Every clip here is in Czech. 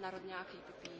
národňák IPP.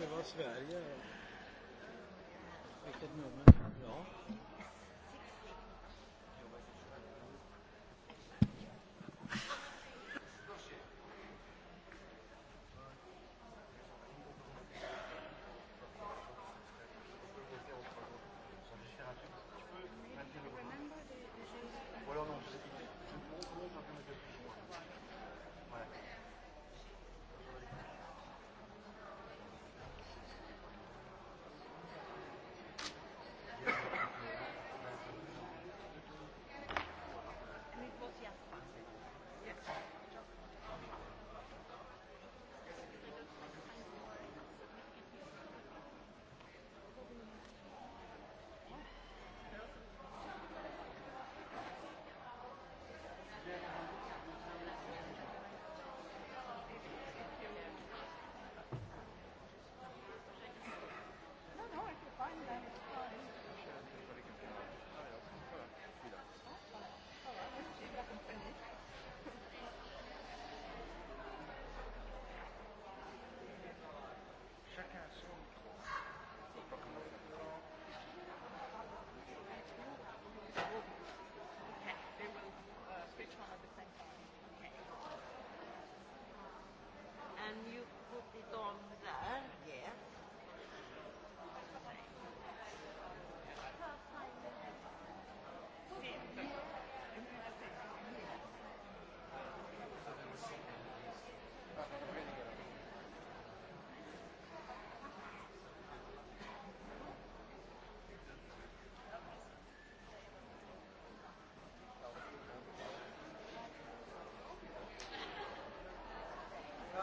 se vad Sverige... Vilket nummer? Ja.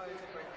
Thank you.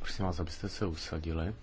Prosím vás, abyste se usadili.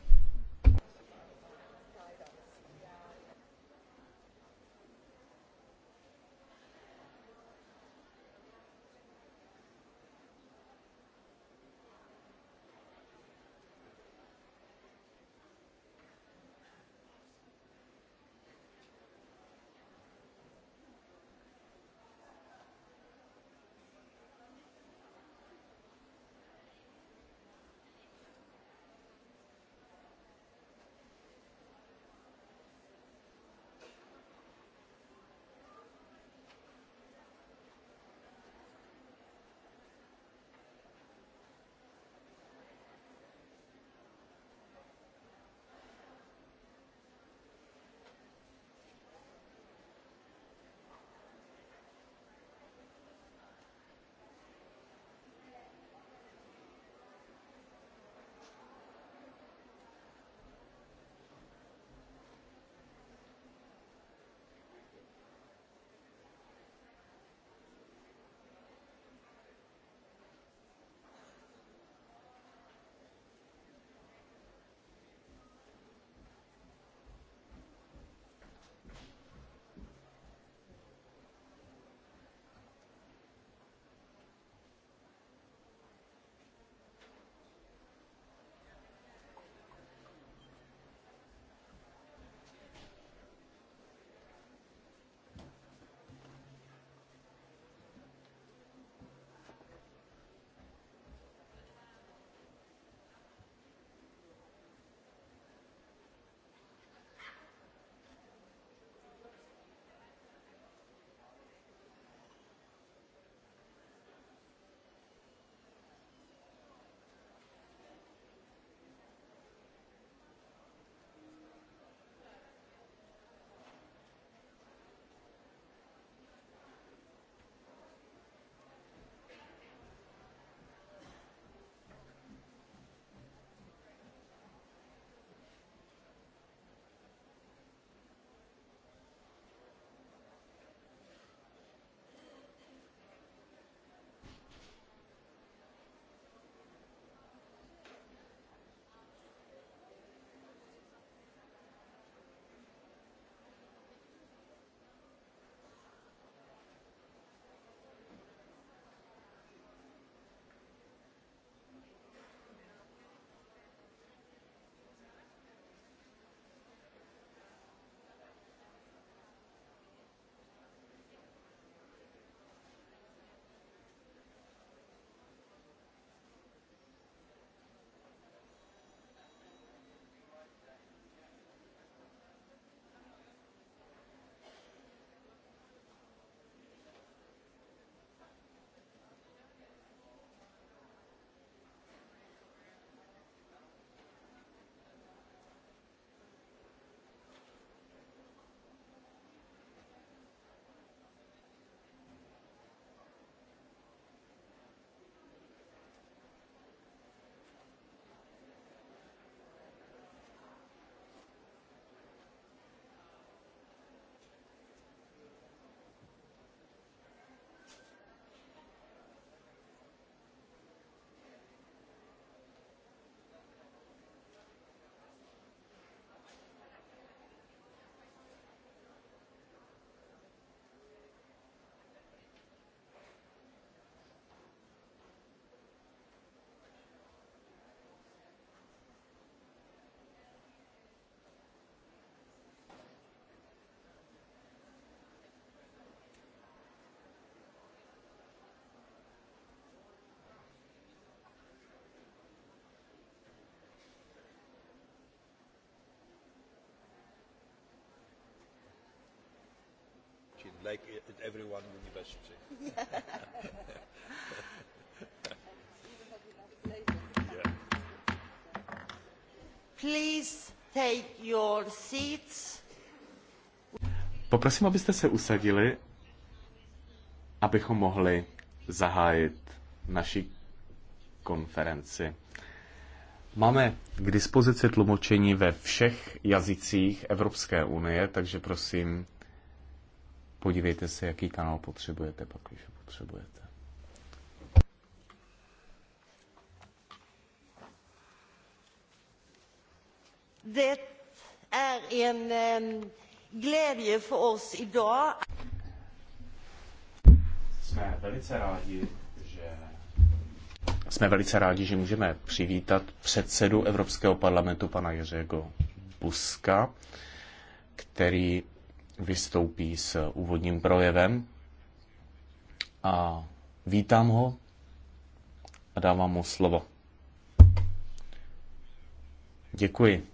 like at every one university. yeah. Please take your seats. Poprosím, abyste se usadili, abychom mohli zahájit naši konferenci. Máme k dispozici tlumočení ve všech jazycích Evropské unie, takže prosím, podívejte se, jaký kanál potřebujete, pak když ho potřebujete. Det är en um, glädje för oss idag. Jsme velice rádi, že jsme velice rádi, že můžeme přivítat předsedu Evropského parlamentu pana Jiřího Buska, který vystoupí s úvodním projevem a vítám ho a dávám mu slovo. Děkuji.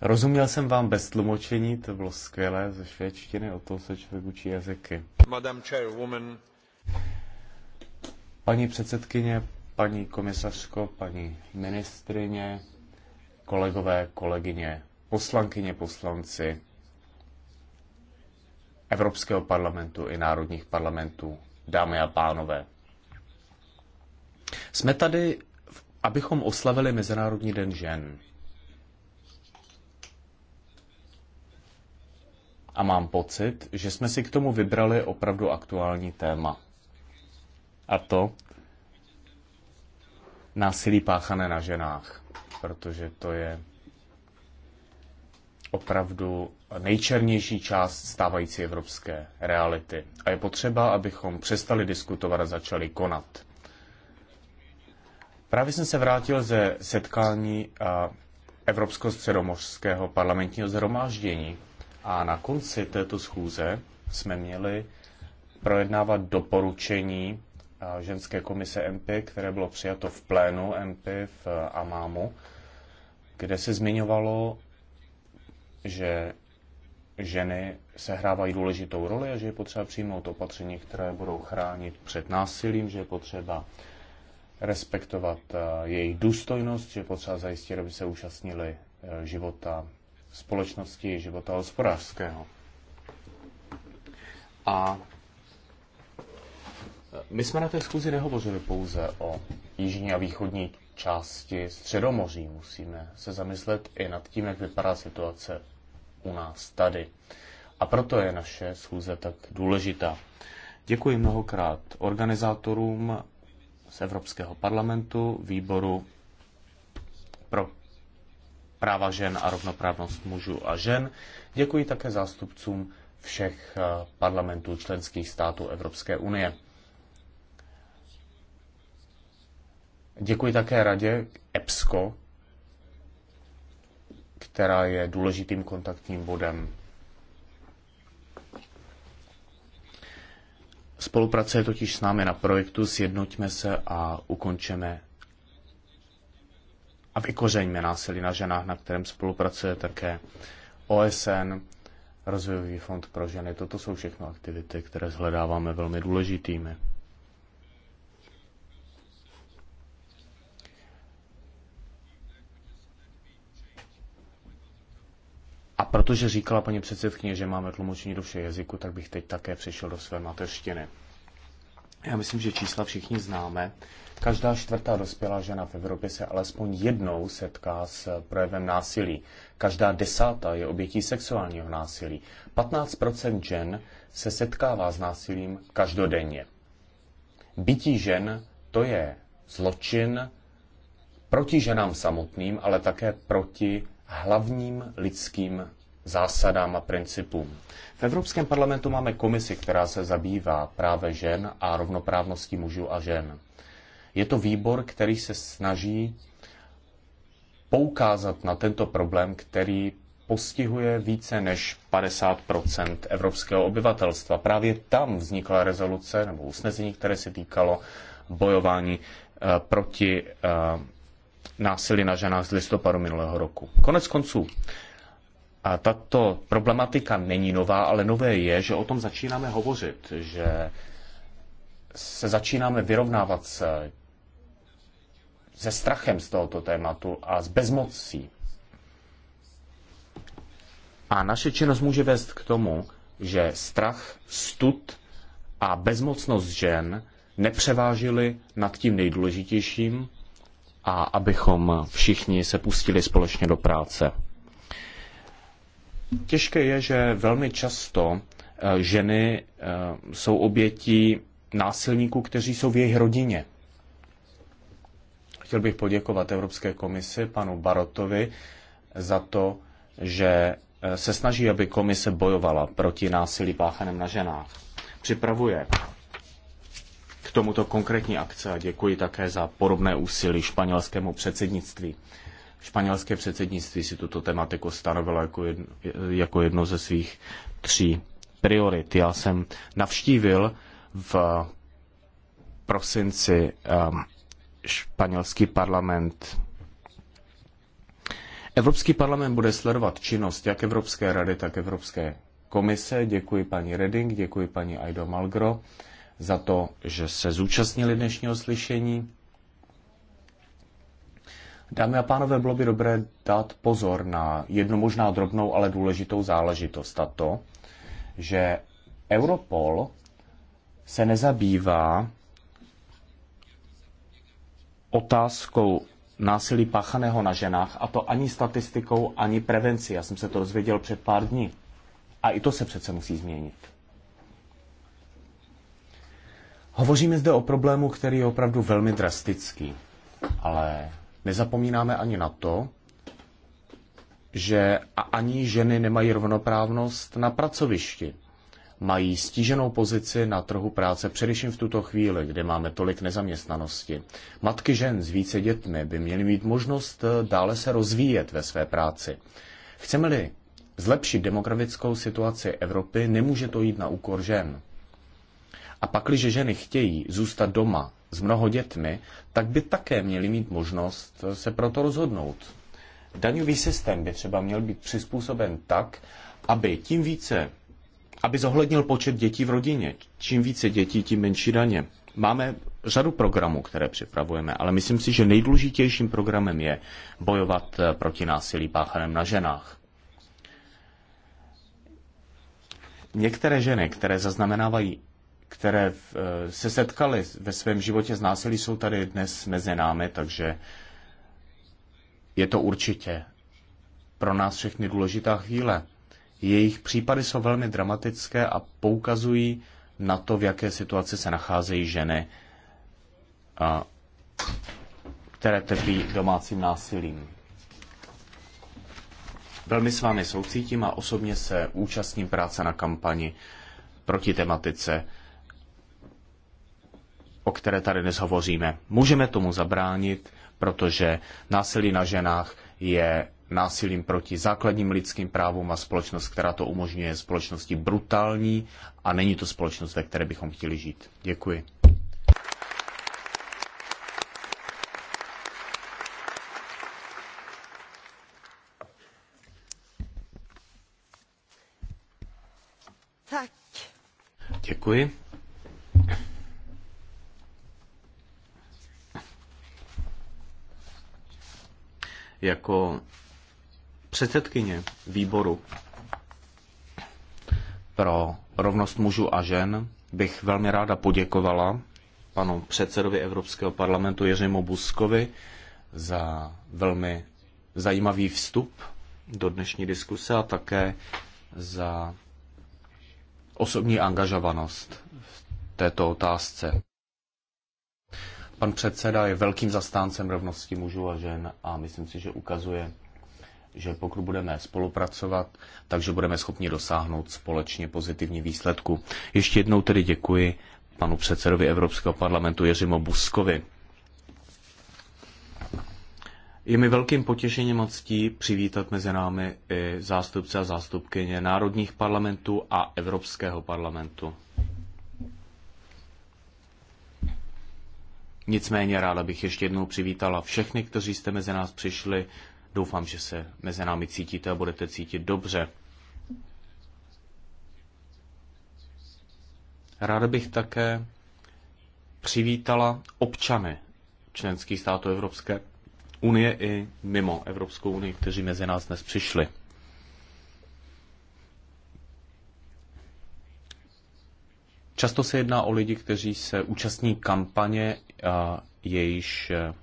Rozuměl jsem vám bez tlumočení, to bylo skvělé ze švédštiny, o tom se člověk učí jazyky. Chairwoman. Paní předsedkyně, paní komisařko, paní ministrině, kolegové, kolegyně, poslankyně poslanci Evropského parlamentu i národních parlamentů, dámy a pánové. Jsme tady, abychom oslavili Mezinárodní den žen. A mám pocit, že jsme si k tomu vybrali opravdu aktuální téma. A to násilí páchané na ženách, protože to je opravdu nejčernější část stávající evropské reality. A je potřeba, abychom přestali diskutovat a začali konat. Právě jsem se vrátil ze setkání Evropského středomořského parlamentního zhromáždění a na konci této schůze jsme měli projednávat doporučení ženské komise MP, které bylo přijato v plénu MP v Amámu, kde se zmiňovalo že ženy sehrávají důležitou roli a že je potřeba přijmout opatření, které budou chránit před násilím, že je potřeba respektovat eh, jejich důstojnost, že je potřeba zajistit, aby se účastnili eh, života společnosti, života hospodářského. A eh, my jsme na té schůzi nehovořili pouze o jižní a východní části Středomoří. Musíme se zamyslet i nad tím, jak vypadá situace u nás tady. A proto je naše schůze tak důležitá. Děkuji mnohokrát organizátorům z Evropského parlamentu, výboru pro práva žen a rovnoprávnost mužů a žen. Děkuji také zástupcům všech eh, parlamentů členských států Evropské unie. Děkuji také radě EPSCO, která je důležitým kontaktním bodem. Spolupracuje totiž s námi na projektu Sjednoťme se a ukončeme a vykořeňme násilí na ženách, na kterém spolupracuje také OSN, Rozvojový fond pro ženy. Toto jsou všechno aktivity, které shledáváme velmi důležitými. A protože říkala paní předsedkyně, že máme tlumočení do všech jazyků, tak bych teď také přešel do své mateřštiny. Já myslím, že čísla všichni známe. Každá čtvrtá dospělá žena v Evropě se alespoň jednou setká s projevem násilí. Každá desátá je obětí sexuálního násilí. 15% žen se setkává s násilím každodenně. Bytí žen to je zločin proti ženám samotným, ale také proti hlavním lidským zásadám a principům. V Evropském parlamentu máme komisi, která se zabývá právě žen a rovnoprávností mužů a žen. Je to výbor, který se snaží poukázat na tento problém, který postihuje více než 50 evropského obyvatelstva. Právě tam vznikla rezoluce nebo usnesení, které se týkalo bojování eh, proti eh, násilí na ženách z listopadu minulého roku. Konec konců, a tato problematika není nová, ale nové je, že o tom začínáme hovořit, že se začínáme vyrovnávat se, se strachem z tohoto tématu a s bezmocí. A naše činnost může vést k tomu, že strach, stud a bezmocnost žen nepřevážily nad tím nejdůležitějším, a abychom všichni se pustili společně do práce. Těžké je, že velmi často eh, ženy eh, jsou obětí násilníků, kteří jsou v jejich rodině. Chtěl bych poděkovat Evropské komisi, panu Barotovi, za to, že eh, se snaží, aby komise bojovala proti násilí páchaném na ženách. Připravuje tomuto konkrétní akce a děkuji také za podobné úsilí španělskému předsednictví. Španělské předsednictví si tuto tematiku stanovilo jako jedno, jako jedno ze svých tří priorit. Já jsem navštívil v prosinci ehm, španělský parlament. Evropský parlament bude sledovat činnost jak Evropské rady, tak Evropské komise. Děkuji paní Reding, děkuji paní Aido Malgro za to, že se zúčastnili dnešního slyšení. Dámy a pánové, bylo by dobré dát pozor na jednu možná drobnou, ale důležitou záležitost a to, že Europol se nezabývá otázkou násilí páchaného na ženách, a to ani statistikou, ani prevenci. Já jsem se to dozvěděl před pár dní. A i to se přece musí změnit. Hovoříme zde o problému, který je opravdu velmi drastický, ale nezapomínáme ani na to, že ani ženy nemají rovnoprávnost na pracovišti. Mají stíženou pozici na trhu práce, především v tuto chvíli, kde máme tolik nezaměstnanosti. Matky žen s více dětmi by měly mít možnost eh, dále se rozvíjet ve své práci. Chceme-li zlepšit demografickou situaci Evropy, nemůže to jít na úkor žen. A pak, když ženy chtějí zůstat doma s mnoho dětmi, tak by také měly mít možnost eh, se proto rozhodnout. Daňový systém by třeba měl být přizpůsoben tak, aby tím více, aby zohlednil počet dětí v rodině. Čím více dětí, tím menší daně. Máme řadu programů, které připravujeme, ale myslím si, že nejdůležitějším programem je bojovat eh, proti násilí páchaném na ženách. Některé ženy, které zaznamenávají které eh, se setkaly ve svém životě s násilí, jsou tady dnes mezi námi, takže je to určitě pro nás všechny důležitá chvíle. Jejich případy jsou velmi dramatické a poukazují na to, v jaké situaci se nacházejí ženy, a, které trpí domácím násilím. Velmi s vámi soucítím a osobně se účastním práce na kampani proti tematice o které tady dnes hovoříme. Můžeme tomu zabránit, protože násilí na ženách je násilím proti základním lidským právům a společnost, která to umožňuje, společnosti společností brutální a není to společnost, ve které bychom chtěli žít. Děkuji. Tak. Děkuji. jako předsedkyně výboru pro rovnost mužů a žen bych velmi ráda poděkovala panu předsedovi Evropského parlamentu Jeřimu Buskovi za velmi zajímavý vstup do dnešní diskuse a také za osobní angažovanost v této otázce. Pan předseda je velkým zastáncem rovnosti mužů a žen a myslím si, že ukazuje, že pokud budeme spolupracovat, takže budeme schopni dosáhnout společně pozitivní výsledku. Ještě jednou tedy děkuji panu předsedovi Evropského parlamentu Jeřimo Buskovi. Je mi velkým potěšením a ctí přivítat mezi námi i zástupce a zástupkyně národních parlamentů a Evropského parlamentu. Nicméně ráda bych ještě jednou přivítala všechny, kteří jste mezi nás přišli. Doufám, že se mezi námi cítíte a budete cítit dobře. Ráda bych také přivítala občany členských států Evropské unie i mimo Evropskou unii, kteří mezi nás dnes přišli. Často se jedná o lidi, kteří se účastní kampaně jejíž eh,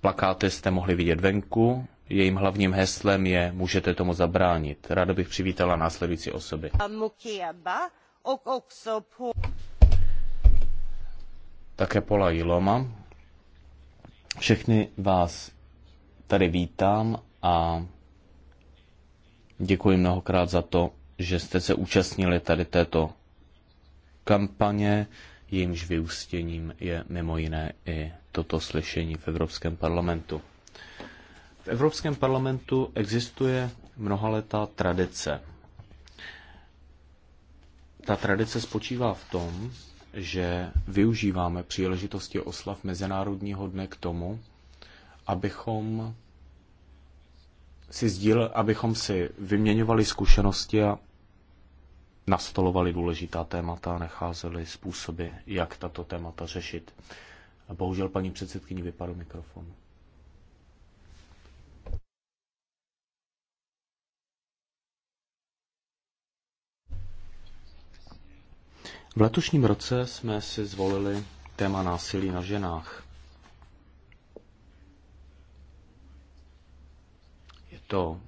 plakáty jste mohli vidět venku. Jejím hlavním heslem je Můžete tomu zabránit. Ráda bych přivítala následující osoby. Také Pola Jiloma. Všechny vás tady vítám a děkuji mnohokrát za to, že jste se účastnili tady této kampaně jímž vyústěním je mimo jiné i toto slyšení v Evropském parlamentu. V Evropském parlamentu existuje mnohaletá tradice. Ta tradice spočívá v tom, že využíváme příležitosti oslav Mezinárodního dne k tomu, abychom si, sdíle, abychom si vyměňovali zkušenosti a nastolovali důležitá témata a nacházeli způsoby, jak tato témata řešit. A bohužel paní předsedkyni vypadl mikrofon. V letošním roce jsme si zvolili téma násilí na ženách. Je to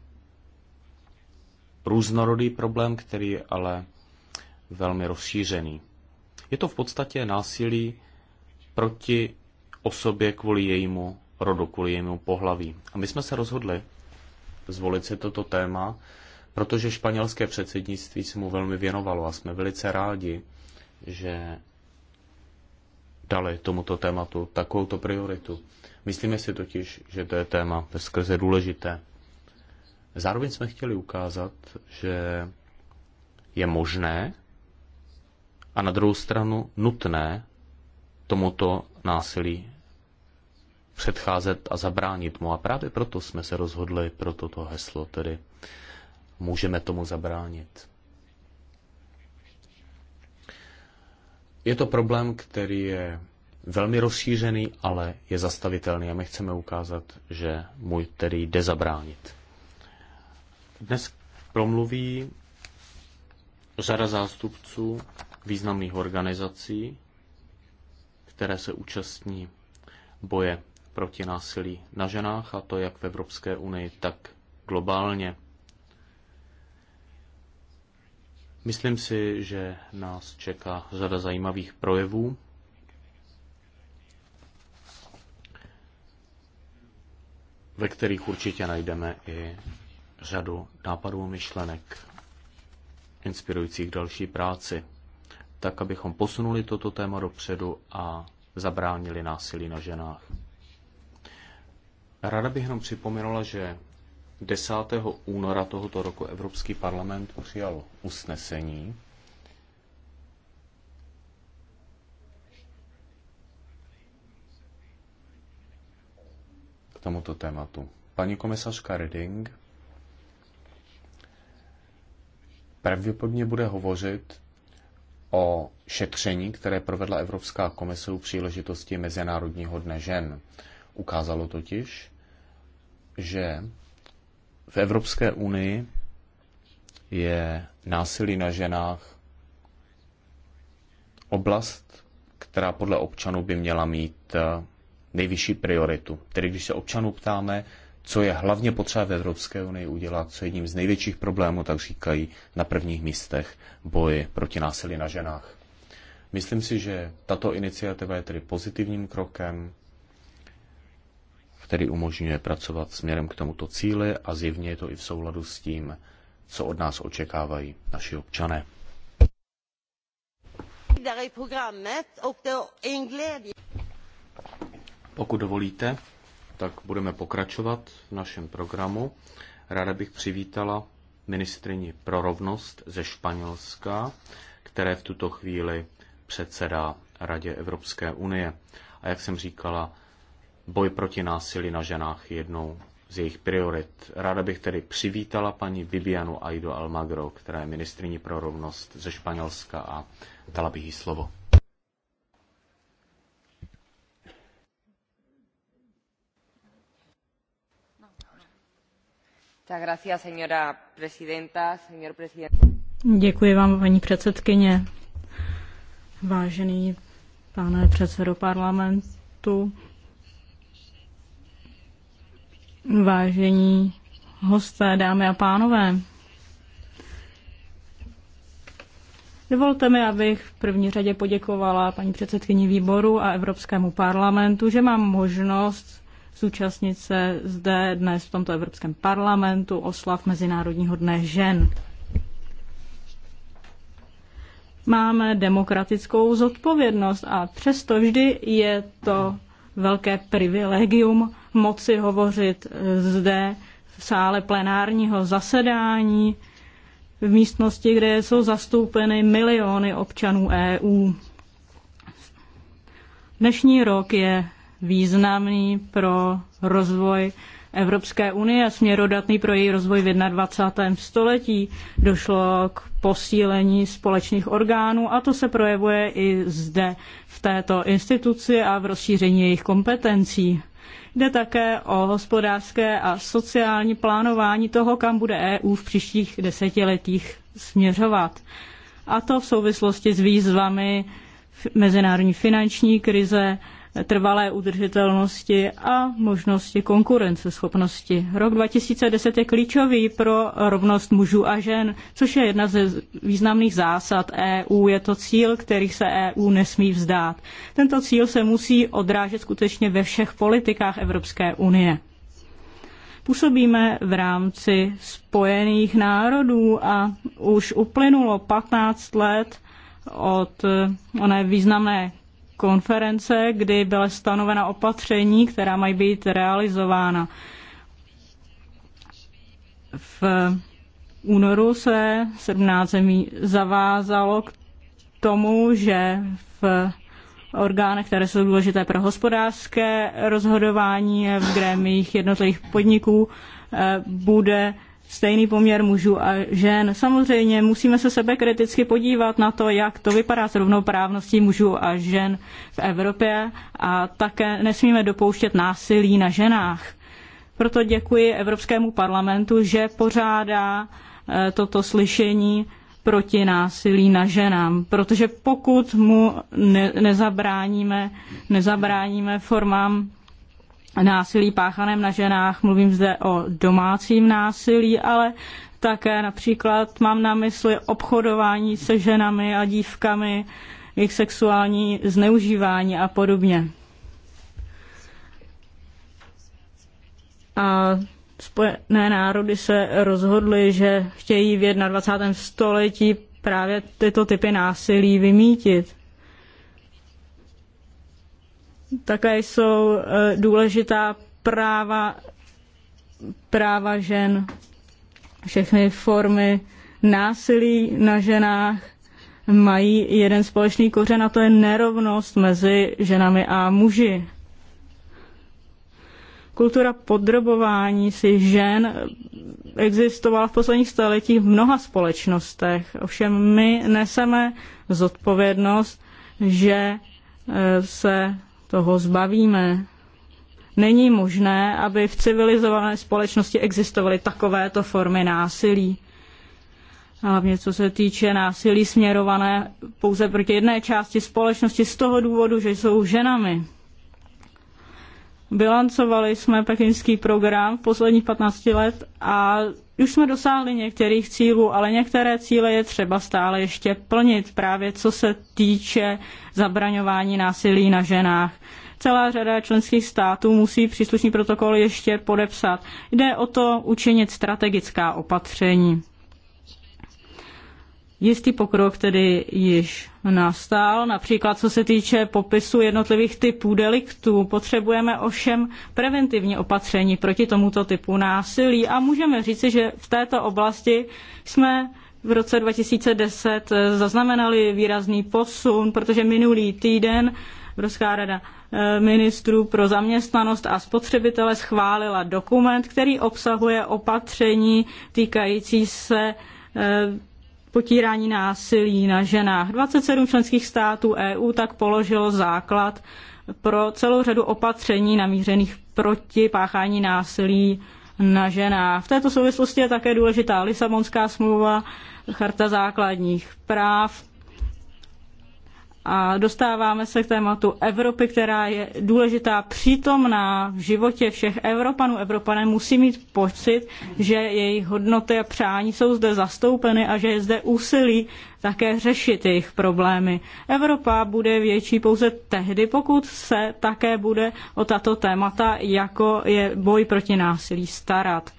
různorodý problém, který ale velmi rozšířený. Je to v podstatě násilí proti osobě kvůli jejímu rodu, kvůli jejímu pohlaví. A my jsme se rozhodli zvolit si toto téma, protože španělské předsednictví se mu velmi věnovalo a jsme velice rádi, že dali tomuto tématu takovouto prioritu. Myslíme si totiž, že to je téma skrze důležité. Zároveň jsme chtěli ukázat, že je možné a na druhou stranu nutné tomuto násilí předcházet a zabránit mu. A právě proto jsme se rozhodli pro toto heslo, tedy můžeme tomu zabránit. Je to problém, který je velmi rozšířený, ale je zastavitelný a my chceme ukázat, že můj tedy jde zabránit. Dnes promluví řada zástupců významných organizací, které se účastní boje proti násilí na ženách, a to jak v Evropské unii, tak globálně. Myslím si, že nás čeká řada zajímavých projevů. ve kterých určitě najdeme i řadu nápadů myšlenek inspirujících další práci tak abychom posunuli toto téma dopředu a zabránili násilí na ženách. Rada bych jenom připomenula, že 10. února tohoto roku Evropský parlament přijal usnesení, k tomuto tématu. Paní komisařka Reding pravděpodobně bude hovořit o šetření, které provedla Evropská komise u příležitosti Mezinárodního dne žen. Ukázalo totiž, že v Evropské unii je násilí na ženách oblast, která podle občanů by měla mít eh, nejvyšší prioritu. Tedy když se občanů ptáme, co je hlavně potřeba v Evropské unii udělat, co je jedním z největších problémů, tak říkají na prvních místech boji proti násilí na ženách. Myslím si, že tato iniciativa je tedy pozitivním krokem, který umožňuje pracovat směrem k tomuto cíli a zjevně je to i v souladu s tím, co od nás očekávají naši občané. Pokud dovolíte, tak budeme pokračovat v našem programu. Ráda bych přivítala ministrini pro rovnost ze Španělska, které v tuto chvíli předsedá Radě Evropské unie. A jak jsem říkala, boj proti násilí na ženách je jednou z jejich priorit. Ráda bych tedy přivítala paní Vivianu Aido Almagro, která je ministriní pro rovnost ze Španělska a dala bych jí slovo. Děkuji vám, paní předsedkyně. Vážený pane předsedo parlamentu, vážení hosté, dámy a pánové, Dovolte mi, abych v první řadě poděkovala paní předsedkyni výboru a Evropskému parlamentu, že mám možnost zúčastnit se zde dnes v tomto Evropském parlamentu oslav Mezinárodního dne žen. Máme demokratickou zodpovědnost a přesto vždy je to velké privilegium moci hovořit zde v sále plenárního zasedání, v místnosti, kde jsou zastoupeny miliony občanů EU. Dnešní rok je významný pro rozvoj Evropské unie a směrodatný pro její rozvoj v 21. století. Došlo k posílení společných orgánů a to se projevuje i zde v této instituci a v rozšíření jejich kompetencí. Jde také o hospodářské a sociální plánování toho, kam bude EU v příštích desetiletích směřovat. A to v souvislosti s výzvami mezinárodní finanční krize, trvalé udržitelnosti a možnosti konkurenceschopnosti. Rok 2010 je klíčový pro rovnost mužů a žen, což je jedna ze významných zásad EU. Je to cíl, který se EU nesmí vzdát. Tento cíl se musí odrážet skutečně ve všech politikách Evropské unie. Působíme v rámci Spojených národů a už uplynulo 15 let od oné významné konference, kdy byla stanovena opatření, která mají být realizována. V únoru se 17 zemí zavázalo k tomu, že v orgánech, které jsou důležité pro hospodářské rozhodování v grémiích jednotlivých podniků, eh, bude stejný poměr mužů a žen. Samozřejmě musíme se sebe kriticky podívat na to, jak to vypadá s rovnoprávností mužů a žen v Evropě a také nesmíme dopouštět násilí na ženách. Proto děkuji Evropskému parlamentu, že pořádá eh, toto slyšení proti násilí na ženám, protože pokud mu ne, nezabráníme, nezabráníme formám násilí páchaném na ženách, mluvím zde o domácím násilí, ale také například mám na mysli obchodování se ženami a dívkami, jejich sexuální zneužívání a podobně. A Spojené národy se rozhodly, že chtějí v 21. století právě tyto typy násilí vymítit. Také jsou e, důležitá práva, práva žen, všechny formy násilí na ženách mají jeden společný kořen a to je nerovnost mezi ženami a muži. Kultura podrobování si žen existovala v posledních staletích v mnoha společnostech. Ovšem my neseme zodpovědnost, že e, se toho zbavíme. Není možné, aby v civilizované společnosti existovaly takovéto formy násilí. Hlavně co se týče násilí směrované pouze proti jedné části společnosti z toho důvodu, že jsou ženami. Bilancovali jsme pekinský program v posledních 15 let a už jsme dosáhli některých cílů, ale některé cíle je třeba stále ještě plnit, právě co se týče zabraňování násilí na ženách. Celá řada členských států musí příslušný protokol ještě podepsat. Jde o to učinit strategická opatření. Jistý pokrok tedy již nastal, například co se týče popisu jednotlivých typů deliktů. Potřebujeme ovšem preventivní opatření proti tomuto typu násilí a můžeme říci, že v této oblasti jsme v roce 2010 zaznamenali výrazný posun, protože minulý týden Evropská rada eh, ministrů pro zaměstnanost a spotřebitele schválila dokument, který obsahuje opatření týkající se eh, potírání násilí na ženách. 27 členských států EU tak položilo základ pro celou řadu opatření namířených proti páchání násilí na ženách. V této souvislosti je také důležitá Lisabonská smlouva, Charta základních práv, a dostáváme se k tématu Evropy, která je důležitá přítomná v životě všech Evropanů. Evropané musí mít pocit, že jejich hodnoty a přání jsou zde zastoupeny a že je zde úsilí také řešit jejich problémy. Evropa bude větší pouze tehdy, pokud se také bude o tato témata, jako je boj proti násilí, starat.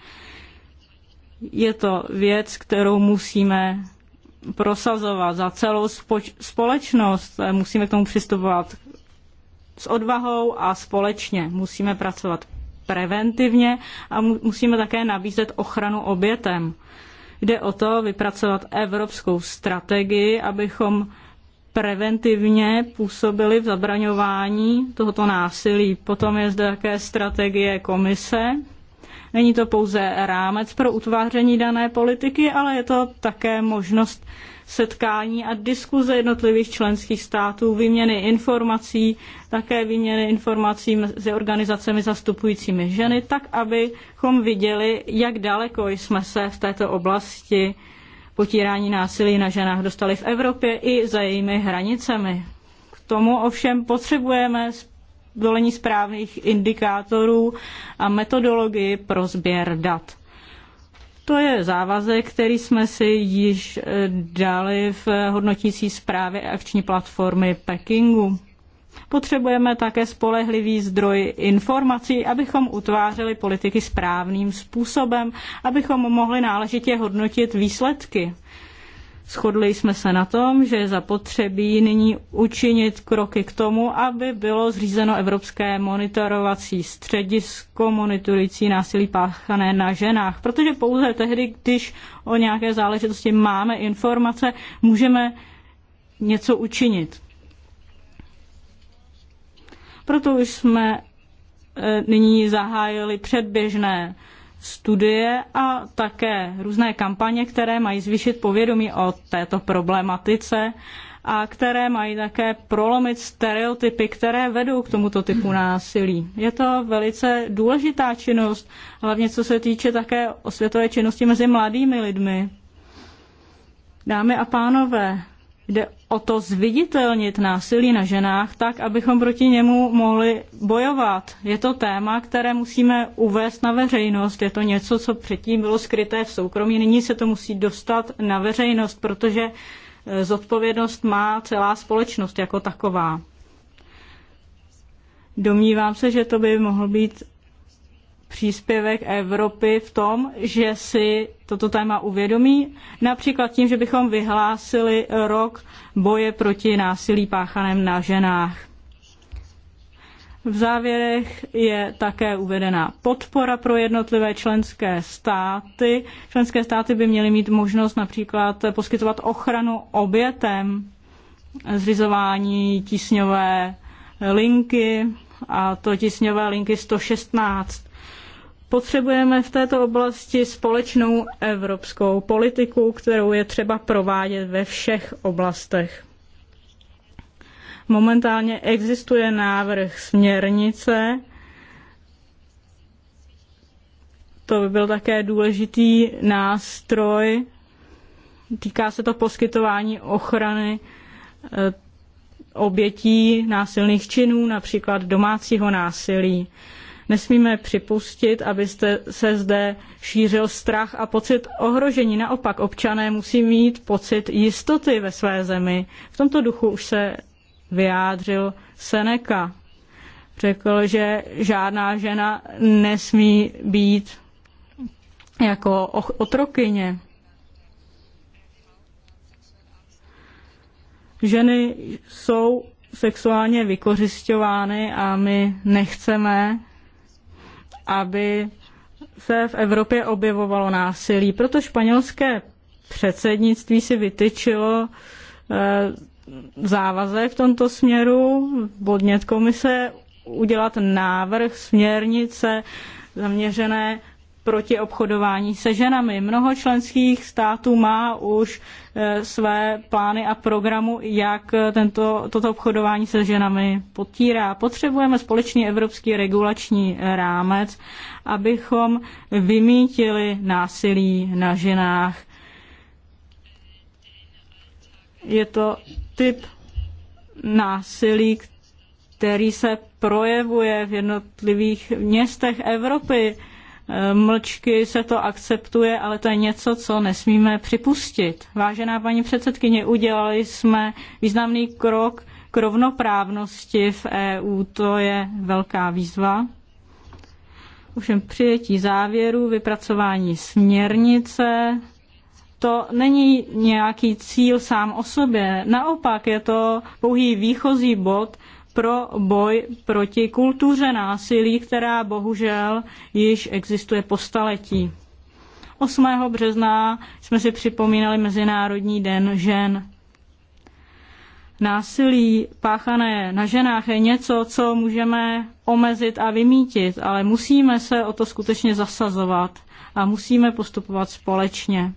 Je to věc, kterou musíme prosazovat za celou společnost. Musíme k tomu přistupovat s odvahou a společně. Musíme pracovat preventivně a musíme také nabízet ochranu obětem. Jde o to vypracovat evropskou strategii, abychom preventivně působili v zabraňování tohoto násilí. Potom je zde také strategie komise, Není to pouze rámec pro utváření dané politiky, ale je to také možnost setkání a diskuze jednotlivých členských států, výměny informací, také výměny informací mezi organizacemi zastupujícími ženy, tak abychom viděli, jak daleko jsme se v této oblasti potírání násilí na ženách dostali v Evropě i za jejími hranicemi. K tomu ovšem potřebujeme volení správných indikátorů a metodologii pro sběr dat. To je závazek, který jsme si již eh, dali v eh, hodnotící zprávě akční platformy Pekingu. Potřebujeme také spolehlivý zdroj informací, abychom utvářeli politiky správným způsobem, abychom mohli náležitě hodnotit výsledky. Shodli jsme se na tom, že je zapotřebí nyní učinit kroky k tomu, aby bylo zřízeno Evropské monitorovací středisko monitorující násilí páchané na ženách. Protože pouze tehdy, když o nějaké záležitosti máme informace, můžeme něco učinit. Proto už jsme eh, nyní zahájili předběžné studie a také různé kampaně, které mají zvýšit povědomí o této problematice a které mají také prolomit stereotypy, které vedou k tomuto typu násilí. Je to velice důležitá činnost, hlavně co se týče také osvětové činnosti mezi mladými lidmi. Dámy a pánové, Jde o to zviditelnit násilí na ženách tak, abychom proti němu mohli bojovat. Je to téma, které musíme uvést na veřejnost. Je to něco, co předtím bylo skryté v soukromí. Nyní se to musí dostat na veřejnost, protože eh, zodpovědnost má celá společnost jako taková. Domnívám se, že to by mohl být příspěvek Evropy v tom, že si toto téma uvědomí, například tím, že bychom vyhlásili rok boje proti násilí páchaném na ženách. V závěrech je také uvedena podpora pro jednotlivé členské státy. Členské státy by měly mít možnost například poskytovat ochranu obětem, zřizování tísňové linky, a to tísňové linky 116. Potřebujeme v této oblasti společnou evropskou politiku, kterou je třeba provádět ve všech oblastech. Momentálně existuje návrh směrnice, to by byl také důležitý nástroj. Týká se to poskytování ochrany e, obětí násilných činů, například domácího násilí. Nesmíme připustit, abyste se zde šířil strach a pocit ohrožení. Naopak občané musí mít pocit jistoty ve své zemi. V tomto duchu už se vyjádřil Seneca. Řekl, že žádná žena nesmí být jako otrokyně. Ženy jsou sexuálně vykořišťovány a my nechceme, aby se v Evropě objevovalo násilí. Proto španělské předsednictví si vytyčilo eh, závazek v tomto směru, podnět komise udělat návrh směrnice zaměřené proti obchodování se ženami. Mnoho členských států má už e, své plány a programu, jak e, tento, toto obchodování se ženami potírá. Potřebujeme společný evropský regulační rámec, abychom vymítili násilí na ženách. Je to typ násilí, který se projevuje v jednotlivých městech Evropy mlčky se to akceptuje, ale to je něco, co nesmíme připustit. Vážená paní předsedkyně, udělali jsme významný krok k rovnoprávnosti v EU. To je velká výzva. Ovšem přijetí závěru, vypracování směrnice, to není nějaký cíl sám o sobě. Naopak je to pouhý výchozí bod, pro boj proti kultuře násilí, která bohužel již existuje po staletí. 8. března jsme si připomínali Mezinárodní den žen. Násilí páchané na ženách je něco, co můžeme omezit a vymítit, ale musíme se o to skutečně zasazovat a musíme postupovat společně.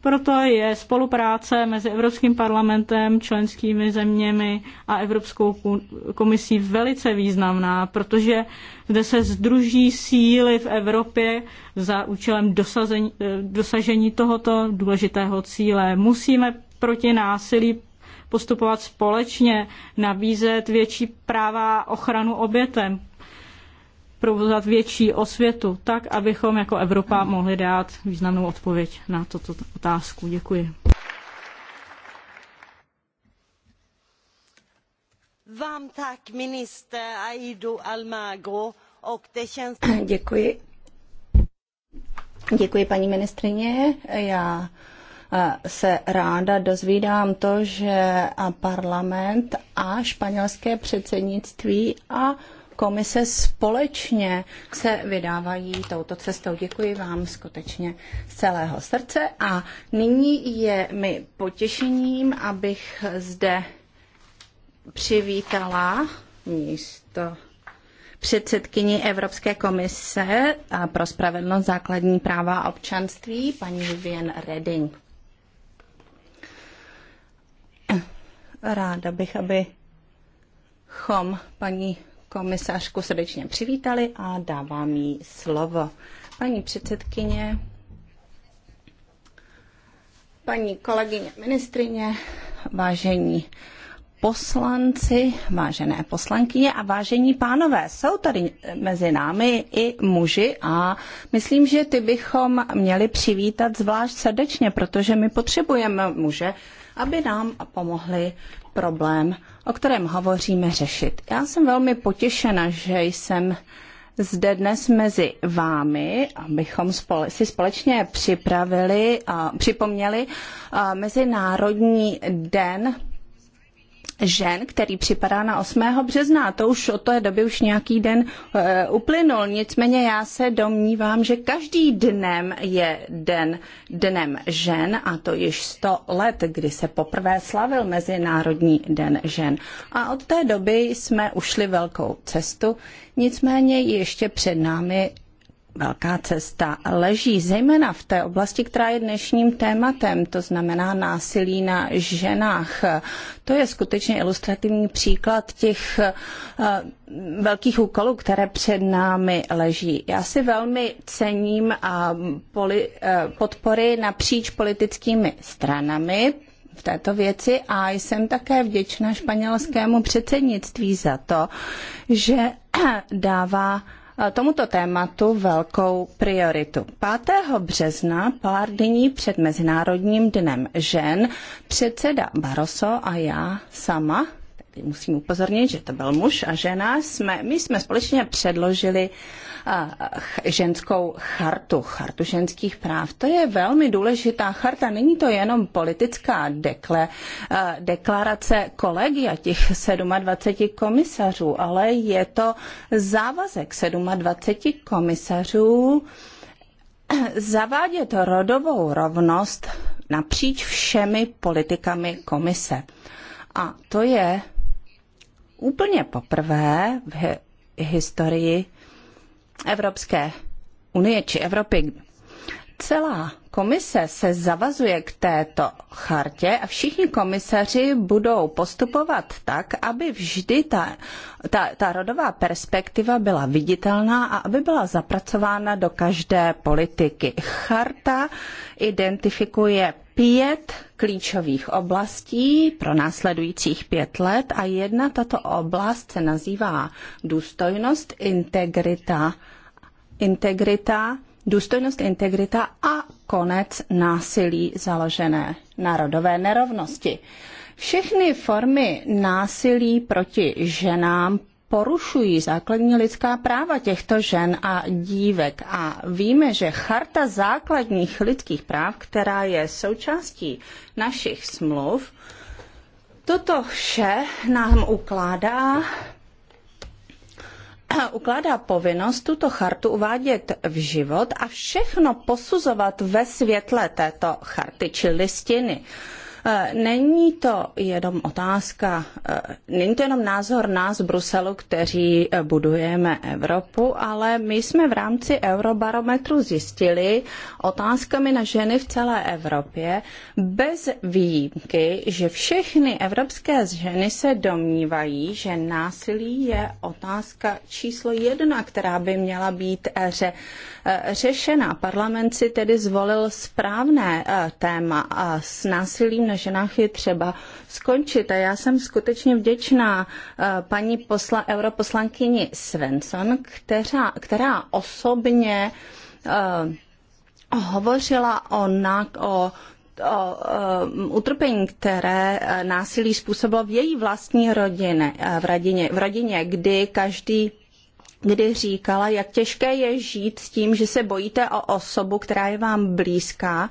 Proto je spolupráce mezi Evropským parlamentem, členskými zeměmi a Evropskou komisí velice významná, protože zde se združí síly v Evropě za účelem dosazení, eh, dosažení tohoto důležitého cíle. Musíme proti násilí postupovat společně, nabízet větší práva ochranu obětem, provozovat větší osvětu, tak abychom jako Evropa mohli dát významnou odpověď na toto otázku. Děkuji. Vám tak minister Aidu Almagro. Děkuji. Děkuji, paní ministrině. Já eh, se ráda dozvídám to, že parlament a španělské předsednictví a komise společně se vydávají touto cestou. Děkuji vám skutečně z celého srdce a nyní je mi potěšením, abych zde přivítala místo předsedkyni Evropské komise pro spravedlnost základní práva a občanství, paní Vivian Redding. Ráda bych, abychom paní komisařku srdečně přivítali a dávám jí slovo. Paní předsedkyně, paní kolegyně ministrině, vážení poslanci, vážené poslankyně a vážení pánové. Jsou tady mezi námi i muži a myslím, že ty bychom měli přivítat zvlášť srdečně, protože my potřebujeme muže, aby nám pomohli problém o kterém hovoříme, řešit. Já jsem velmi potěšena, že jsem zde dnes mezi vámi, abychom si společně připravili a připomněli Mezinárodní den žen, který připadá na 8. března. To už od té doby už nějaký den e, uplynul. Nicméně já se domnívám, že každý dnem je den dnem žen a to již 100 let, kdy se poprvé slavil Mezinárodní den žen. A od té doby jsme ušli velkou cestu. Nicméně ještě před námi velká cesta leží, zejména v té oblasti, která je dnešním tématem, to znamená násilí na ženách. To je skutečně ilustrativní příklad těch eh, velkých úkolů, které před námi leží. Já si velmi cením eh, eh, podpory napříč politickými stranami, v této věci a jsem také vděčná španělskému předsednictví za to, že dává Eh, tomuto tématu velkou prioritu. 5. března, pár dní před Mezinárodním dnem žen, předseda Barroso a já sama musím upozornit, že to byl muž a žena, jsme, my jsme společně předložili ženskou chartu, chartu ženských práv. To je velmi důležitá charta, není to jenom politická dekle, deklarace a těch 27 komisařů, ale je to závazek 27 komisařů zavádět rodovou rovnost napříč všemi politikami komise. A to je úplně poprvé v historii Evropské unie či Evropy celá komise se zavazuje k této chartě a všichni komisaři budou postupovat tak, aby vždy ta, ta, ta rodová perspektiva byla viditelná a aby byla zapracována do každé politiky. Charta identifikuje pět klíčových oblastí pro následujících pět let a jedna tato oblast se nazývá důstojnost, integrita, integrita, důstojnost, integrita a konec násilí založené na rodové nerovnosti. Všechny formy násilí proti ženám porušují základní lidská práva těchto žen a dívek. A víme, že Charta základních lidských práv, která je součástí našich smluv, toto vše nám ukládá ukládá povinnost tuto chartu uvádět v život a všechno posuzovat ve světle této charty či listiny. Uh, E, není to jenom otázka, e, není to jenom názor nás v Bruselu, kteří e, budujeme Evropu, ale my jsme v rámci Eurobarometru zjistili otázkami na ženy v celé Evropě bez výjimky, že všechny evropské ženy se domnívají, že násilí je otázka číslo jedna, která by měla být ře, řešena. Parlament si tedy zvolil správné téma s násilím na ženách je třeba skončit. A já jsem skutečně vděčná eh, paní posla, europoslankyni Svensson, která, která osobně uh, hovořila o, na, o o o eh, utrpení, které násilí způsobilo v její vlastní rodině, v rodině, v rodině kdy každý kdy říkala, jak těžké je žít s tím, že se bojíte o osobu, která je vám blízká,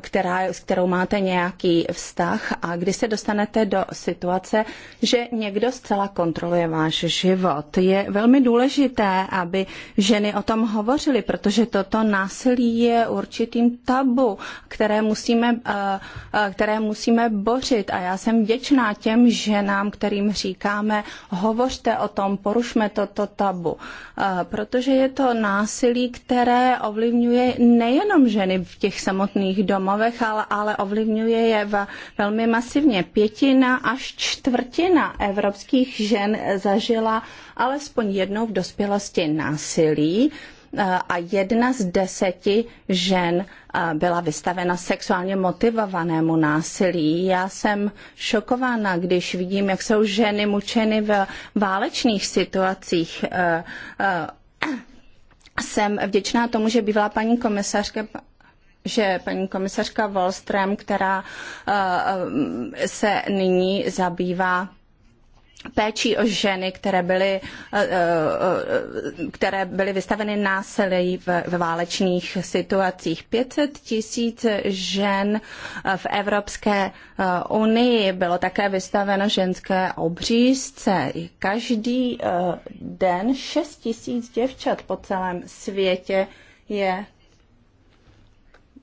která, s kterou máte nějaký vztah a kdy se dostanete do situace, že někdo zcela kontroluje váš život. Je velmi důležité, aby ženy o tom hovořily, protože toto násilí je určitým tabu, které musíme, které musíme bořit. A já jsem vděčná těm ženám, kterým říkáme, hovořte o tom, porušme toto tabu. Protože je to násilí, které ovlivňuje nejenom ženy v těch samotných domovech, ale, ale ovlivňuje je v, velmi masivně. Pětina až čtvrtina evropských žen zažila alespoň jednou v dospělosti násilí eh, a jedna z deseti žen eh, byla vystavena sexuálně motivovanému násilí. Já jsem šokována, když vidím, jak jsou ženy mučeny v válečných situacích. Eh, jsem vděčná tomu, že bývala paní komisařka že paní komisařka Wallström, která eh, se nyní zabývá péčí o ženy, které byly, eh, eh, které byly vystaveny násilí v válečných situacích. 500 tisíc žen v Evropské unii bylo také vystaveno ženské obřízce. Každý den 6 tisíc děvčat po celém světě je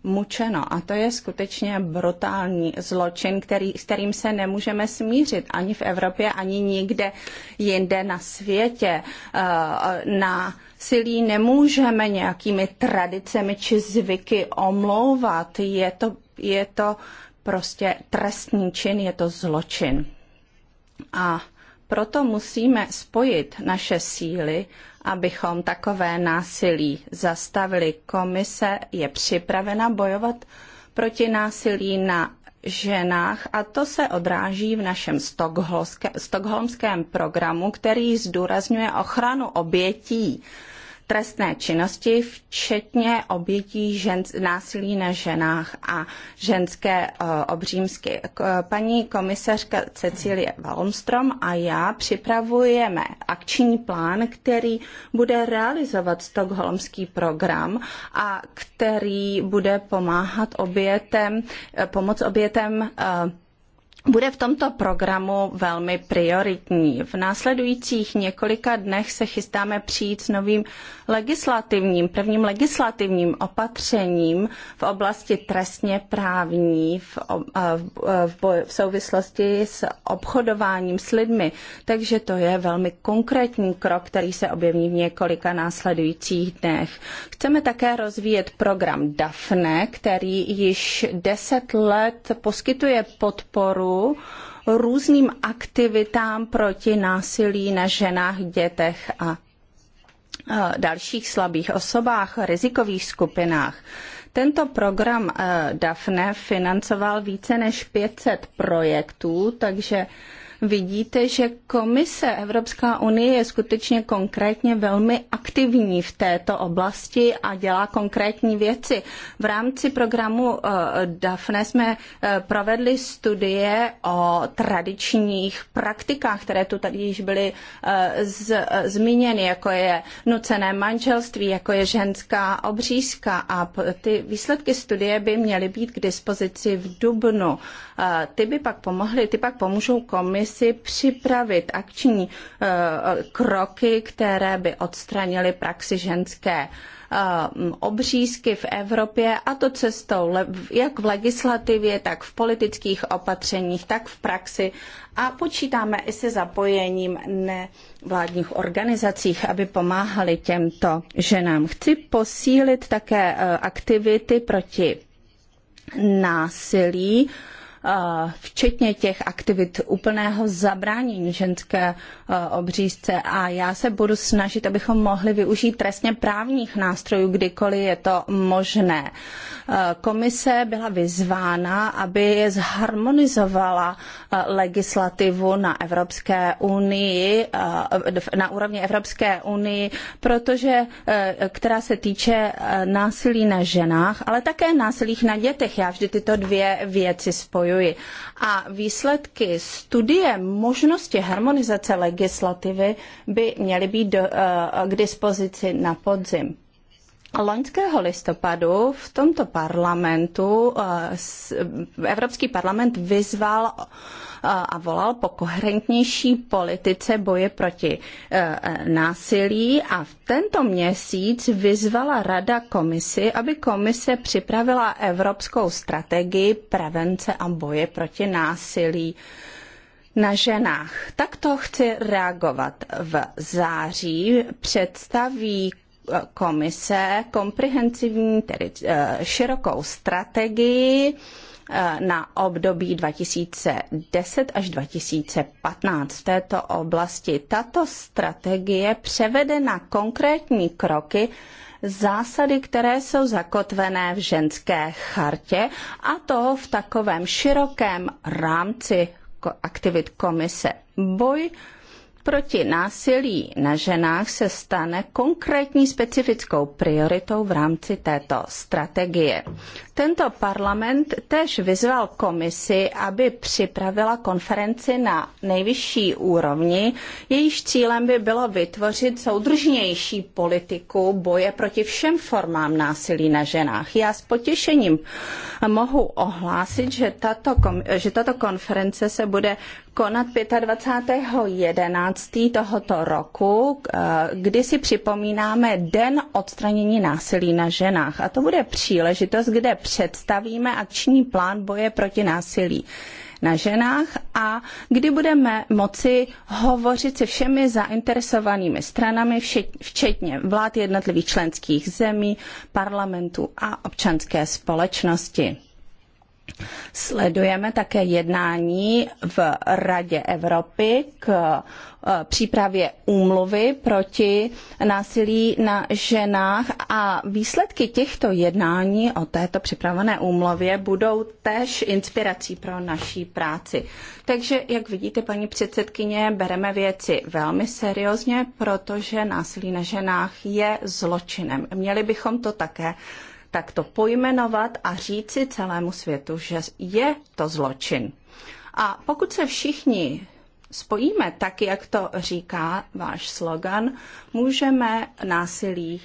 mučeno. A to je skutečně brutální zločin, který, s kterým se nemůžeme smířit ani v Evropě, ani nikde jinde na světě. Eh, na silí nemůžeme nějakými tradicemi či zvyky omlouvat. Je to, je to prostě trestní čin, je to zločin. A proto musíme spojit naše síly, abychom takové násilí zastavili. Komise je připravena bojovat proti násilí na ženách a to se odráží v našem stokholmském programu, který zdůrazňuje ochranu obětí trestné činnosti, včetně obětí násilí na ženách a ženské uh, obřímsky. K, eh, paní komisařka Cecilie Malmstrom a já připravujeme akční plán, který bude realizovat stokholmský program a který bude pomáhat obětem, eh, pomoc obětem uh, bude v tomto programu velmi prioritní. V následujících několika dnech se chystáme přijít s novým legislativním, prvním legislativním opatřením v oblasti trestně právní v, v, boj, v souvislosti s obchodováním s lidmi. Takže to je velmi konkrétní krok, který se objeví v několika následujících dnech. Chceme také rozvíjet program DAFNE, který již deset let poskytuje podporu různým aktivitám proti násilí na ženách, dětech a dalších slabých osobách, rizikových skupinách. Tento program eh, DAFNE financoval více než 500 projektů, takže vidíte, že komise Evropská unie je skutečně konkrétně velmi aktivní v této oblasti a dělá konkrétní věci. V rámci programu eh, DAFNE jsme eh, provedli studie o tradičních praktikách, které tu tady již byly eh, z, zmíněny, jako je nucené manželství, jako je ženská obřízka a ty výsledky studie by měly být k dispozici v Dubnu. Ty by pak pomohly, ty pak pomůžou komisi komisi připravit akční eh, kroky, které by odstranily praxi ženské eh, obřízky v Evropě a to cestou jak v legislativě, tak v politických opatřeních, tak v praxi a počítáme i se zapojením nevládních organizacích, aby pomáhali těmto ženám. Chci posílit také eh, aktivity proti násilí včetně těch aktivit úplného zabránění ženské obřízce. A já se budu snažit, abychom mohli využít trestně právních nástrojů, kdykoliv je to možné. Komise byla vyzvána, aby zharmonizovala legislativu na Evropské unii, na úrovni Evropské unii, protože, e, která se týče e, násilí na ženách, ale také násilí na dětech. Já vždy tyto dvě věci spojuji spojuji. A výsledky studie možnosti harmonizace legislativy by měly být do, eh, k dispozici na podzim loňského listopadu v tomto parlamentu eh, Evropský parlament vyzval eh, a volal po koherentnější politice boje proti eh, násilí a v tento měsíc vyzvala Rada komisi, aby komise připravila evropskou strategii prevence a boje proti násilí na ženách. Takto chci reagovat. V září představí komise komprehensivní, tedy eh, širokou strategii eh, na období 2010 až 2015 v této oblasti. Tato strategie převede na konkrétní kroky zásady, které jsou zakotvené v ženské chartě a to v takovém širokém rámci aktivit komise. Boj proti násilí na ženách se stane konkrétní specifickou prioritou v rámci této strategie. Tento parlament též vyzval komisi, aby připravila konferenci na nejvyšší úrovni, jejíž cílem by bylo vytvořit soudržnější politiku boje proti všem formám násilí na ženách. Já s potěšením mohu ohlásit, že tato, že tato konference se bude konat 25.11. tohoto roku, eh, kdy si připomínáme Den odstranění násilí na ženách. A to bude příležitost, kde představíme akční plán boje proti násilí na ženách a kdy budeme moci hovořit se všemi zainteresovanými stranami, včetně vlád jednotlivých členských zemí, parlamentů a občanské společnosti. Sledujeme také jednání v Radě Evropy k e, přípravě úmluvy proti násilí na ženách a výsledky těchto jednání o této připravené úmluvě budou též inspirací pro naší práci. Takže, jak vidíte, paní předsedkyně, bereme věci velmi seriózně, protože násilí na ženách je zločinem. Měli bychom to také tak to pojmenovat a říci celému světu, že je to zločin. A pokud se všichni spojíme, tak jak to říká váš slogan, můžeme násilí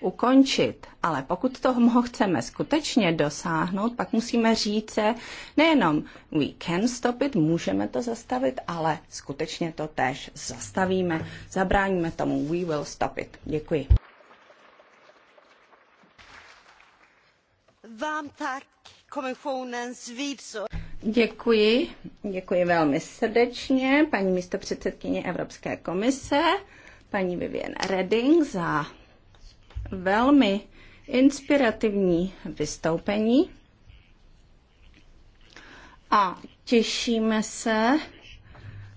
ukončit. Ale pokud toho chceme skutečně dosáhnout, pak musíme říct se nejenom we can stop it, můžeme to zastavit, ale skutečně to též zastavíme, zabráníme tomu we will stop it. Děkuji. Vám tak, Děkuji, děkuji velmi srdečně paní místopředsedkyně Evropské komise, paní Vivian Redding za velmi inspirativní vystoupení. A těšíme se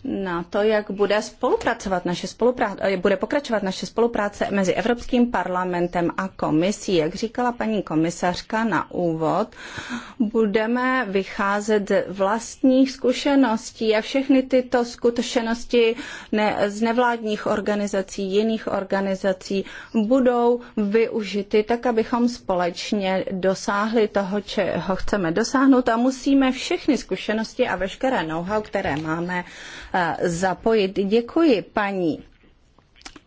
na to, jak bude spolupracovat naše spolupráce, eh, bude pokračovat naše spolupráce mezi Evropským parlamentem a komisí. Jak říkala paní komisařka na úvod, budeme vycházet z vlastních zkušeností a všechny tyto zkušenosti ne, z nevládních organizací, jiných organizací budou využity tak, abychom společně dosáhli toho, čeho chceme dosáhnout a musíme všechny zkušenosti a veškeré know-how, které máme, eh, zapojit. Děkuji paní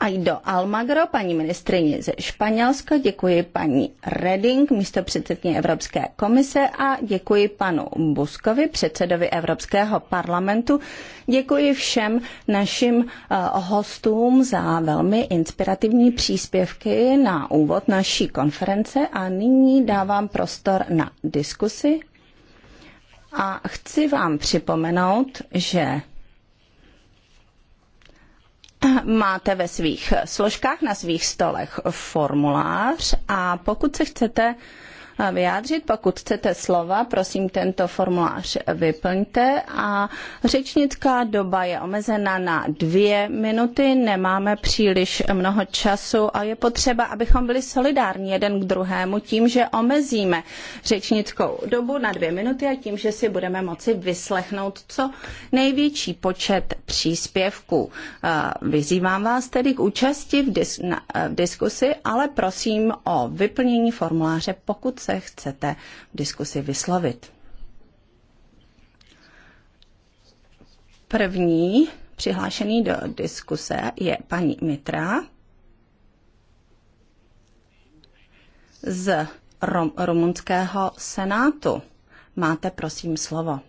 Aido Almagro, paní ministrině ze Španělska, děkuji paní Reding, místo předsedkyně Evropské komise a děkuji panu Buskovi, předsedovi Evropského parlamentu. Děkuji všem našim eh, hostům za velmi inspirativní příspěvky na úvod naší konference a nyní dávám prostor na diskusi. A chci vám připomenout, že máte ve svých složkách na svých stolech formulář a pokud se chcete vyjádřit. Pokud chcete slova, prosím tento formulář vyplňte a řečnická doba je omezena na dvě minuty, nemáme příliš mnoho času a je potřeba, abychom byli solidární jeden k druhému tím, že omezíme řečnickou dobu na dvě minuty a tím, že si budeme moci vyslechnout co největší počet příspěvků. Vyzývám vás tedy k účasti v, dis- na, v diskusi, ale prosím o vyplnění formuláře, pokud se chcete v diskusi vyslovit. První přihlášený do diskuse je paní Mitra z rumunského senátu. Máte prosím slovo.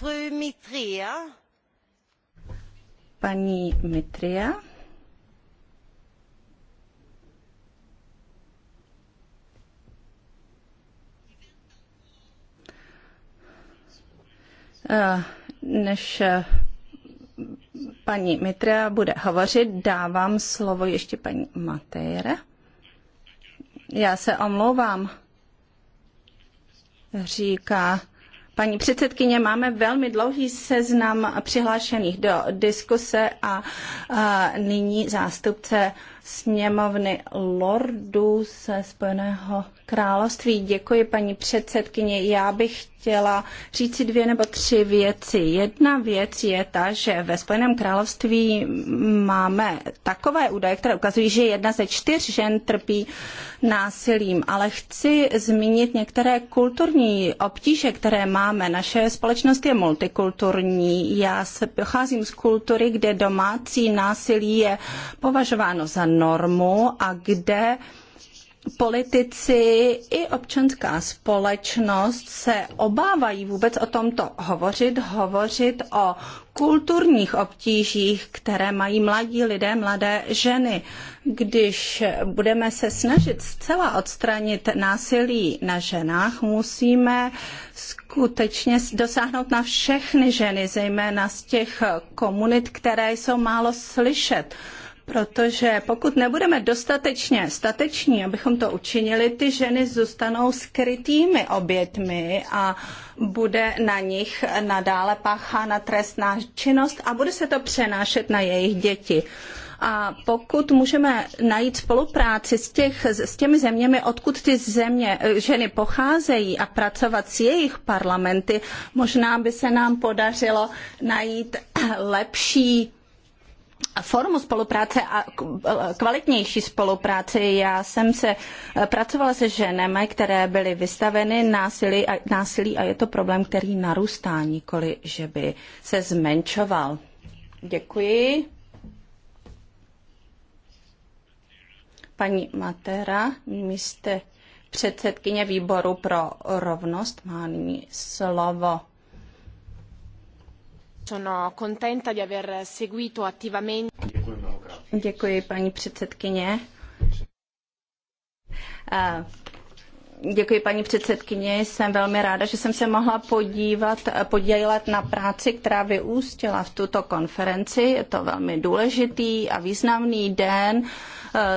Paní Mitria. Eh, než eh, paní Mitra bude hovořit, dávám slovo ještě paní Matejre. Já se omlouvám, říká Paní předsedkyně, máme velmi dlouhý seznam přihlášených do diskuse a, a nyní zástupce sněmovny lordů ze Spojeného království. Děkuji, paní předsedkyně. Já bych chtěla říci dvě nebo tři věci. Jedna věc je ta, že ve Spojeném království máme takové údaje, které ukazují, že jedna ze čtyř žen trpí násilím, ale chci zmínit některé kulturní obtíže, které máme. Naše společnost je multikulturní. Já se pocházím z kultury, kde domácí násilí je považováno za normu a kde politici i občanská společnost se obávají vůbec o tomto hovořit, hovořit o kulturních obtížích, které mají mladí lidé, mladé ženy. Když budeme se snažit zcela odstranit násilí na ženách, musíme skutečně dosáhnout na všechny ženy, zejména z těch komunit, které jsou málo slyšet protože pokud nebudeme dostatečně stateční, abychom to učinili, ty ženy zůstanou skrytými obětmi a bude na nich nadále páchána trestná činnost a bude se to přenášet na jejich děti. A pokud můžeme najít spolupráci s, těch, s těmi zeměmi, odkud ty země, ženy pocházejí a pracovat s jejich parlamenty, možná by se nám podařilo najít lepší formu spolupráce a kvalitnější spolupráci. Já jsem se eh, pracovala se ženami, které byly vystaveny násilí a, násilí a je to problém, který narůstá, nikoli že by se zmenšoval. Děkuji. Paní Matera, místě předsedkyně výboru pro rovnost, má nyní slovo. Sono contenta di aver seguito attivamente. Děkuji paní předsedkyně. Děkuji, paní předsedkyně. Jsem velmi ráda, že jsem se mohla podívat, podílet na práci, která vyústila v tuto konferenci. Je to velmi důležitý a významný den. Uh,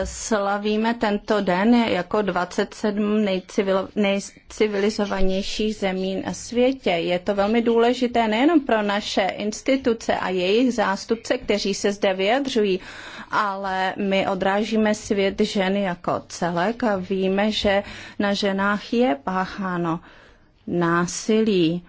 slavíme tento den jako 27 nejcivil, nejcivilizovanějších zemí na světě. Je to velmi důležité nejenom pro naše instituce a jejich zástupce, kteří se zde vyjadřují, ale my odrážíme svět žen jako celek a víme, že na ženách je pácháno násilí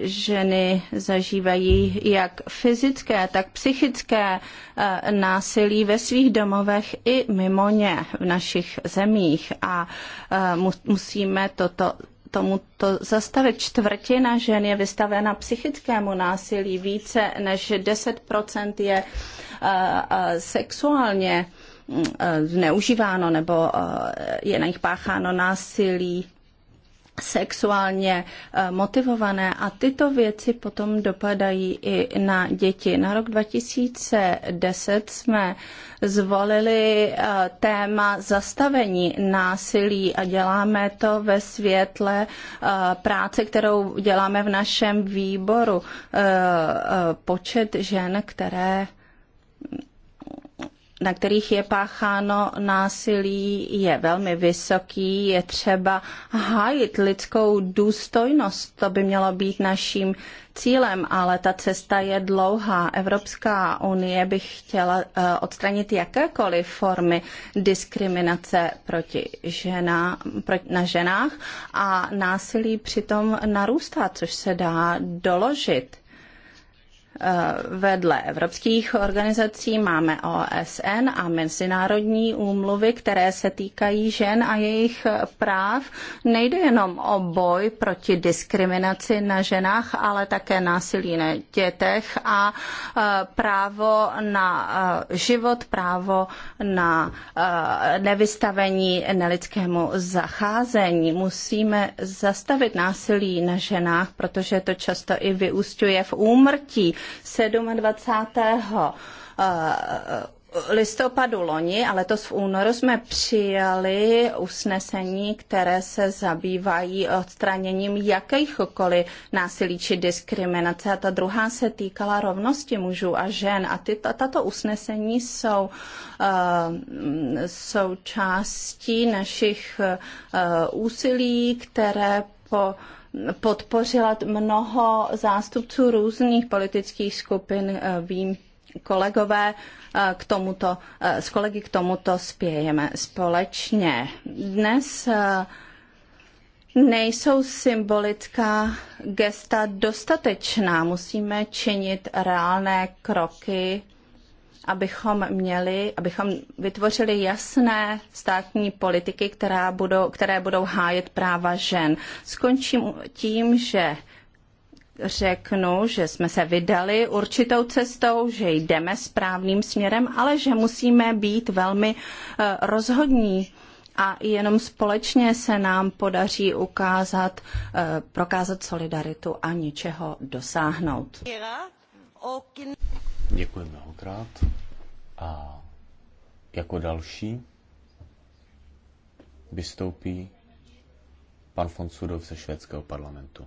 ženy zažívají jak fyzické, tak psychické eh, násilí ve svých domovech i mimo ně v našich zemích a eh, musíme toto tomuto zastavit. Čtvrtina žen je vystavena psychickému násilí, více než 10% je eh, sexuálně mm, zneužíváno nebo je na nich pácháno násilí sexuálně eh, motivované a tyto věci potom dopadají i na děti. Na rok 2010 jsme zvolili eh, téma zastavení násilí a děláme to ve světle eh, práce, kterou děláme v našem výboru. Počet žen, které na kterých je pácháno násilí, je velmi vysoký. Je třeba hájit lidskou důstojnost. To by mělo být naším cílem, ale ta cesta je dlouhá. Evropská unie by chtěla eh, odstranit jakékoliv formy diskriminace proti žena, na ženách a násilí přitom narůstá, což se dá doložit Eh, vedle evropských organizací máme OSN a mezinárodní úmluvy, které se týkají žen a jejich práv. Nejde jenom o boj proti diskriminaci na ženách, ale také násilí na dětech a eh, právo na eh, život, právo na nevystavení nelidskému zacházení. Musíme zastavit násilí na ženách, protože to často i vyústňuje v úmrtí 27 eh, listopadu loni a letos v únoru jsme přijali usnesení, které se zabývají odstraněním jakýchkoliv násilí či diskriminace. A ta druhá se týkala rovnosti mužů a žen. A ty, tato usnesení jsou uh, eh, součástí našich uh, úsilí, které po podpořila mnoho zástupců různých politických skupin. Eh, vím, kolegové eh, k tomuto, eh, s kolegy k tomuto spějeme společně. Dnes nejsou symbolická gesta dostatečná. Musíme činit reálné kroky abychom měli, abychom vytvořili jasné státní politiky, která budou, které budou hájet práva žen. Skončím tím, že řeknu, že jsme se vydali určitou cestou, že jdeme správným směrem, ale že musíme být velmi eh, rozhodní a jenom společně se nám podaří ukázat, eh, prokázat solidaritu a ničeho dosáhnout. Děkuji mnohokrát. A jako další vystoupí pan von Sudov ze švédského parlamentu.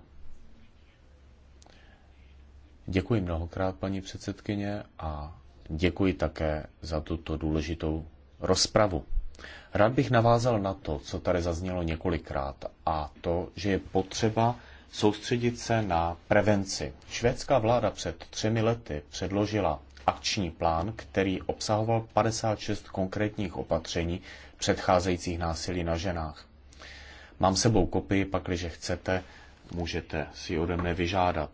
Děkuji mnohokrát, paní předsedkyně, a děkuji také za tuto důležitou rozpravu. Rád bych navázal na to, co tady zaznělo několikrát, a to, že je potřeba soustředit se na prevenci. Švédská vláda před třemi lety předložila akční plán, který obsahoval 56 konkrétních opatření předcházejících násilí na ženách. Mám sebou kopii, pakliže chcete, můžete si ji ode mne vyžádat.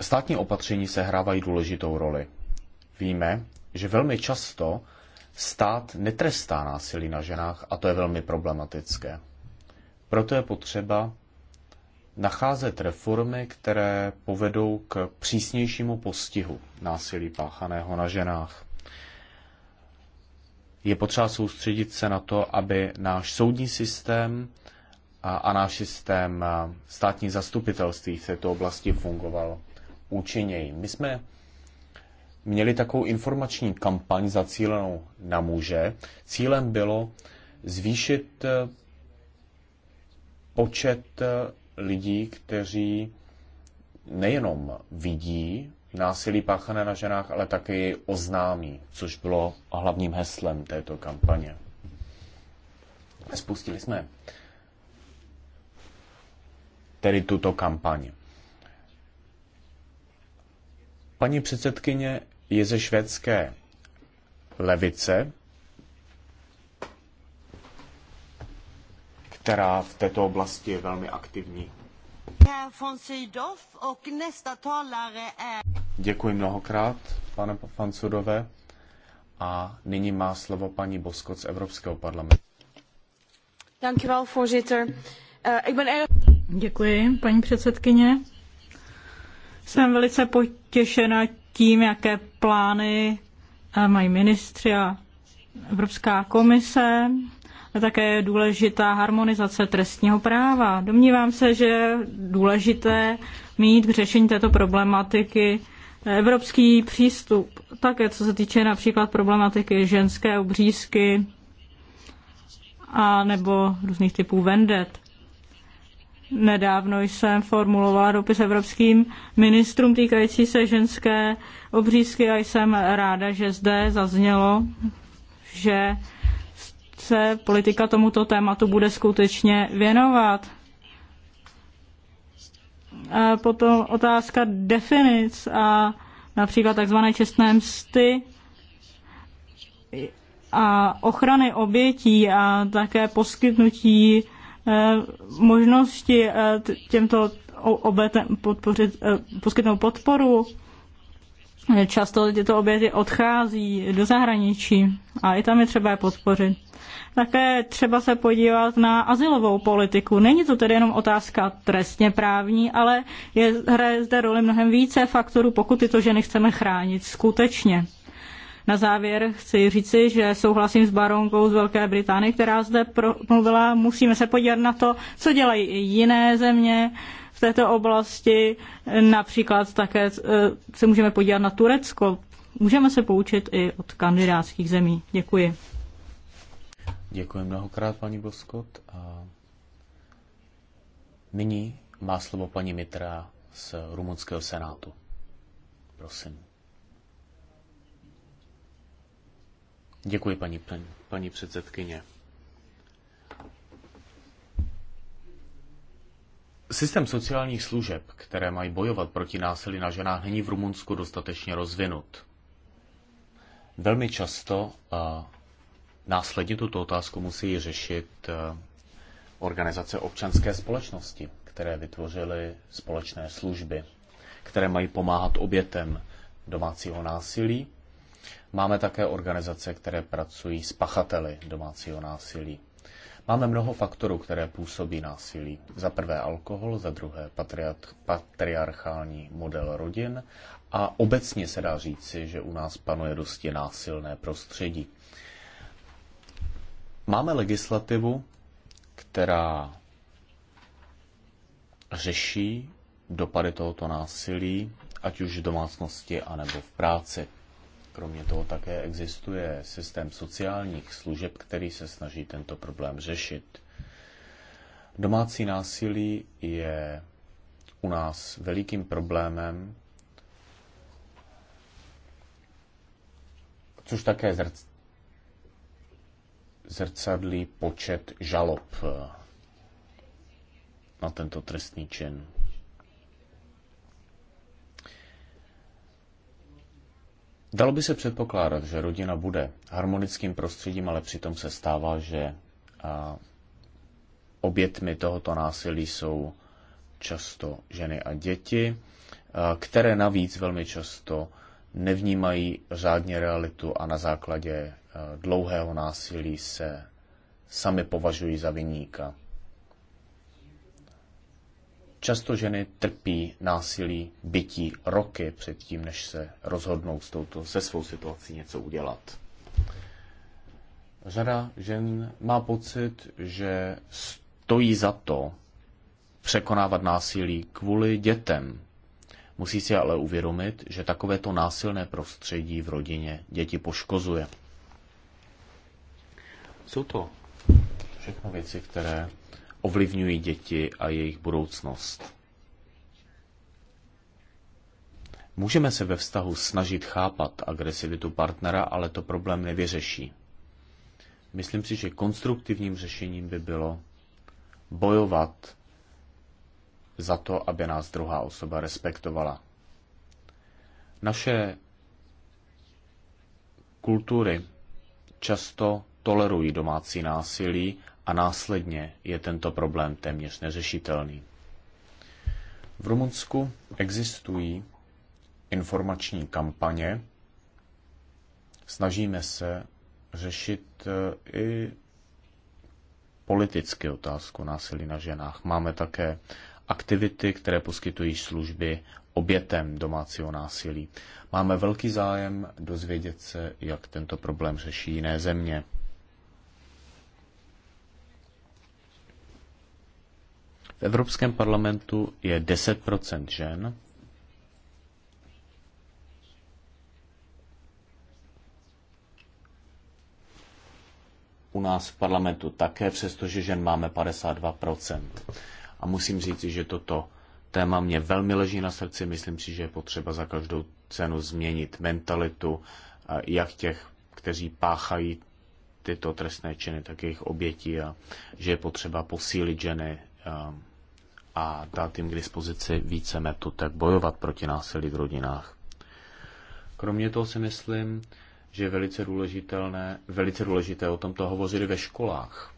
Státní opatření sehrávají důležitou roli. Víme, že velmi často Stát netrestá násilí na ženách a to je velmi problematické. Proto je potřeba nacházet reformy, které povedou k přísnějšímu postihu násilí páchaného na ženách. Je potřeba soustředit se na to, aby náš soudní systém a, a náš systém státní zastupitelství v této oblasti fungoval účinněji. My jsme měli takovou informační kampaň zacílenou na muže. Cílem bylo zvýšit eh, počet eh, lidí, kteří nejenom vidí násilí páchané na ženách, ale také jej oznámí, což bylo hlavním heslem této kampaně. Spustili jsme tedy tuto kampaň. Paní předsedkyně, je ze švédské levice, která v této oblasti je velmi aktivní. Děkuji mnohokrát, pane Fansudové. A nyní má slovo paní Boskot z Evropského parlamentu. Eh, Děkuji, paní předsedkyně. Jsem velice potěšena tím, jaké plány eh, mají ministři a Evropská komise. A také je důležitá harmonizace trestního práva. Domnívám se, že je důležité mít k řešení této problematiky evropský přístup, také co se týče například problematiky ženské obřízky a nebo různých typů vendet. Nedávno jsem formulovala dopis evropským ministrům týkající se ženské obřízky a jsem ráda, že zde zaznělo, že se politika tomuto tématu bude skutečně věnovat. A potom otázka definic a například tzv. čestné msty a ochrany obětí a také poskytnutí Eh, možnosti eh, těmto obětem podpořit, eh, poskytnout podporu. Často tyto oběty odchází do zahraničí a i tam je třeba je podpořit. Také třeba se podívat na asilovou politiku. Není to tedy jenom otázka trestně právní, ale je, hraje zde roli mnohem více faktorů, pokud tyto ženy chceme chránit skutečně. Na závěr chci říci, že souhlasím s baronkou z Velké Británie, která zde promluvila. Musíme se podívat na to, co dělají i jiné země v této oblasti. Například také eh, se můžeme podívat na Turecko. Můžeme se poučit i od kandidátských zemí. Děkuji. Děkuji mnohokrát, paní Boskot. A nyní má slovo paní Mitra z rumunského senátu. Prosím. Děkuji, paní, paní, předsedkyně. Systém sociálních služeb, které mají bojovat proti násilí na ženách, není v Rumunsku dostatečně rozvinut. Velmi často následně tuto otázku musí řešit organizace občanské společnosti, které vytvořily společné služby, které mají pomáhat obětem domácího násilí Máme také organizace, které pracují s pachateli domácího násilí. Máme mnoho faktorů, které působí násilí. Za prvé alkohol, za druhé patriarchální model rodin a obecně se dá říci, že u nás panuje dosti násilné prostředí. Máme legislativu, která řeší dopady tohoto násilí, ať už v domácnosti anebo v práci. Kromě toho také existuje systém sociálních služeb, který se snaží tento problém řešit. Domácí násilí je u nás velikým problémem, což také zrc- zrcadlí počet žalob na tento trestný čin. Dalo by se předpokládat, že rodina bude harmonickým prostředím, ale přitom se stává, že obětmi tohoto násilí jsou často ženy a děti, které navíc velmi často nevnímají řádně realitu a na základě dlouhého násilí se sami považují za vyníka. Často ženy trpí násilí, bytí roky předtím, než se rozhodnou s touto, se svou situací něco udělat. Řada žen má pocit, že stojí za to překonávat násilí kvůli dětem. Musí si ale uvědomit, že takovéto násilné prostředí v rodině děti poškozuje. Jsou to všechno věci, které ovlivňují děti a jejich budoucnost. Můžeme se ve vztahu snažit chápat agresivitu partnera, ale to problém nevyřeší. Myslím si, že konstruktivním řešením by bylo bojovat za to, aby nás druhá osoba respektovala. Naše kultury často tolerují domácí násilí a následně je tento problém téměř neřešitelný. V Rumunsku existují informační kampaně. Snažíme se řešit e, i politicky otázku násilí na ženách. Máme také aktivity, které poskytují služby obětem domácího násilí. Máme velký zájem dozvědět se, jak tento problém řeší jiné země. V Evropském parlamentu je 10 žen. U nás v parlamentu také, přestože žen máme 52 A musím říct, že toto téma mě velmi leží na srdci. Myslím si, že je potřeba za každou cenu změnit mentalitu jak těch, kteří páchají tyto trestné činy, tak jejich obětí a že je potřeba posílit ženy Ehm, a dát jim k dispozici více metod, jak bojovat proti násilí v rodinách. Kromě toho si myslím, že je velice důležité, velice důležité o tomto hovořit ve školách.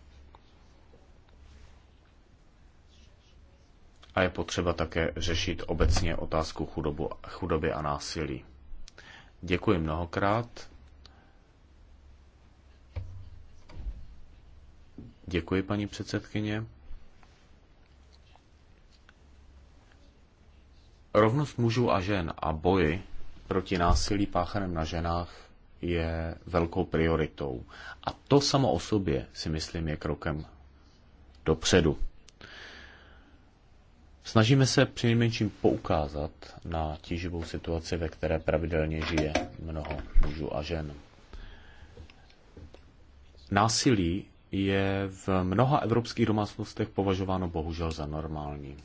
A je potřeba také řešit obecně otázku chudobu, chudoby a násilí. Děkuji mnohokrát. Děkuji, paní předsedkyně. Rovnost mužů a žen a boji proti násilí páchaném na ženách je velkou prioritou. A to samo o sobě si myslím je krokem dopředu. Snažíme se přinejmenším poukázat na tíživou situaci, ve které pravidelně žije mnoho mužů a žen. Násilí je v mnoha evropských domácnostech považováno bohužel za normální.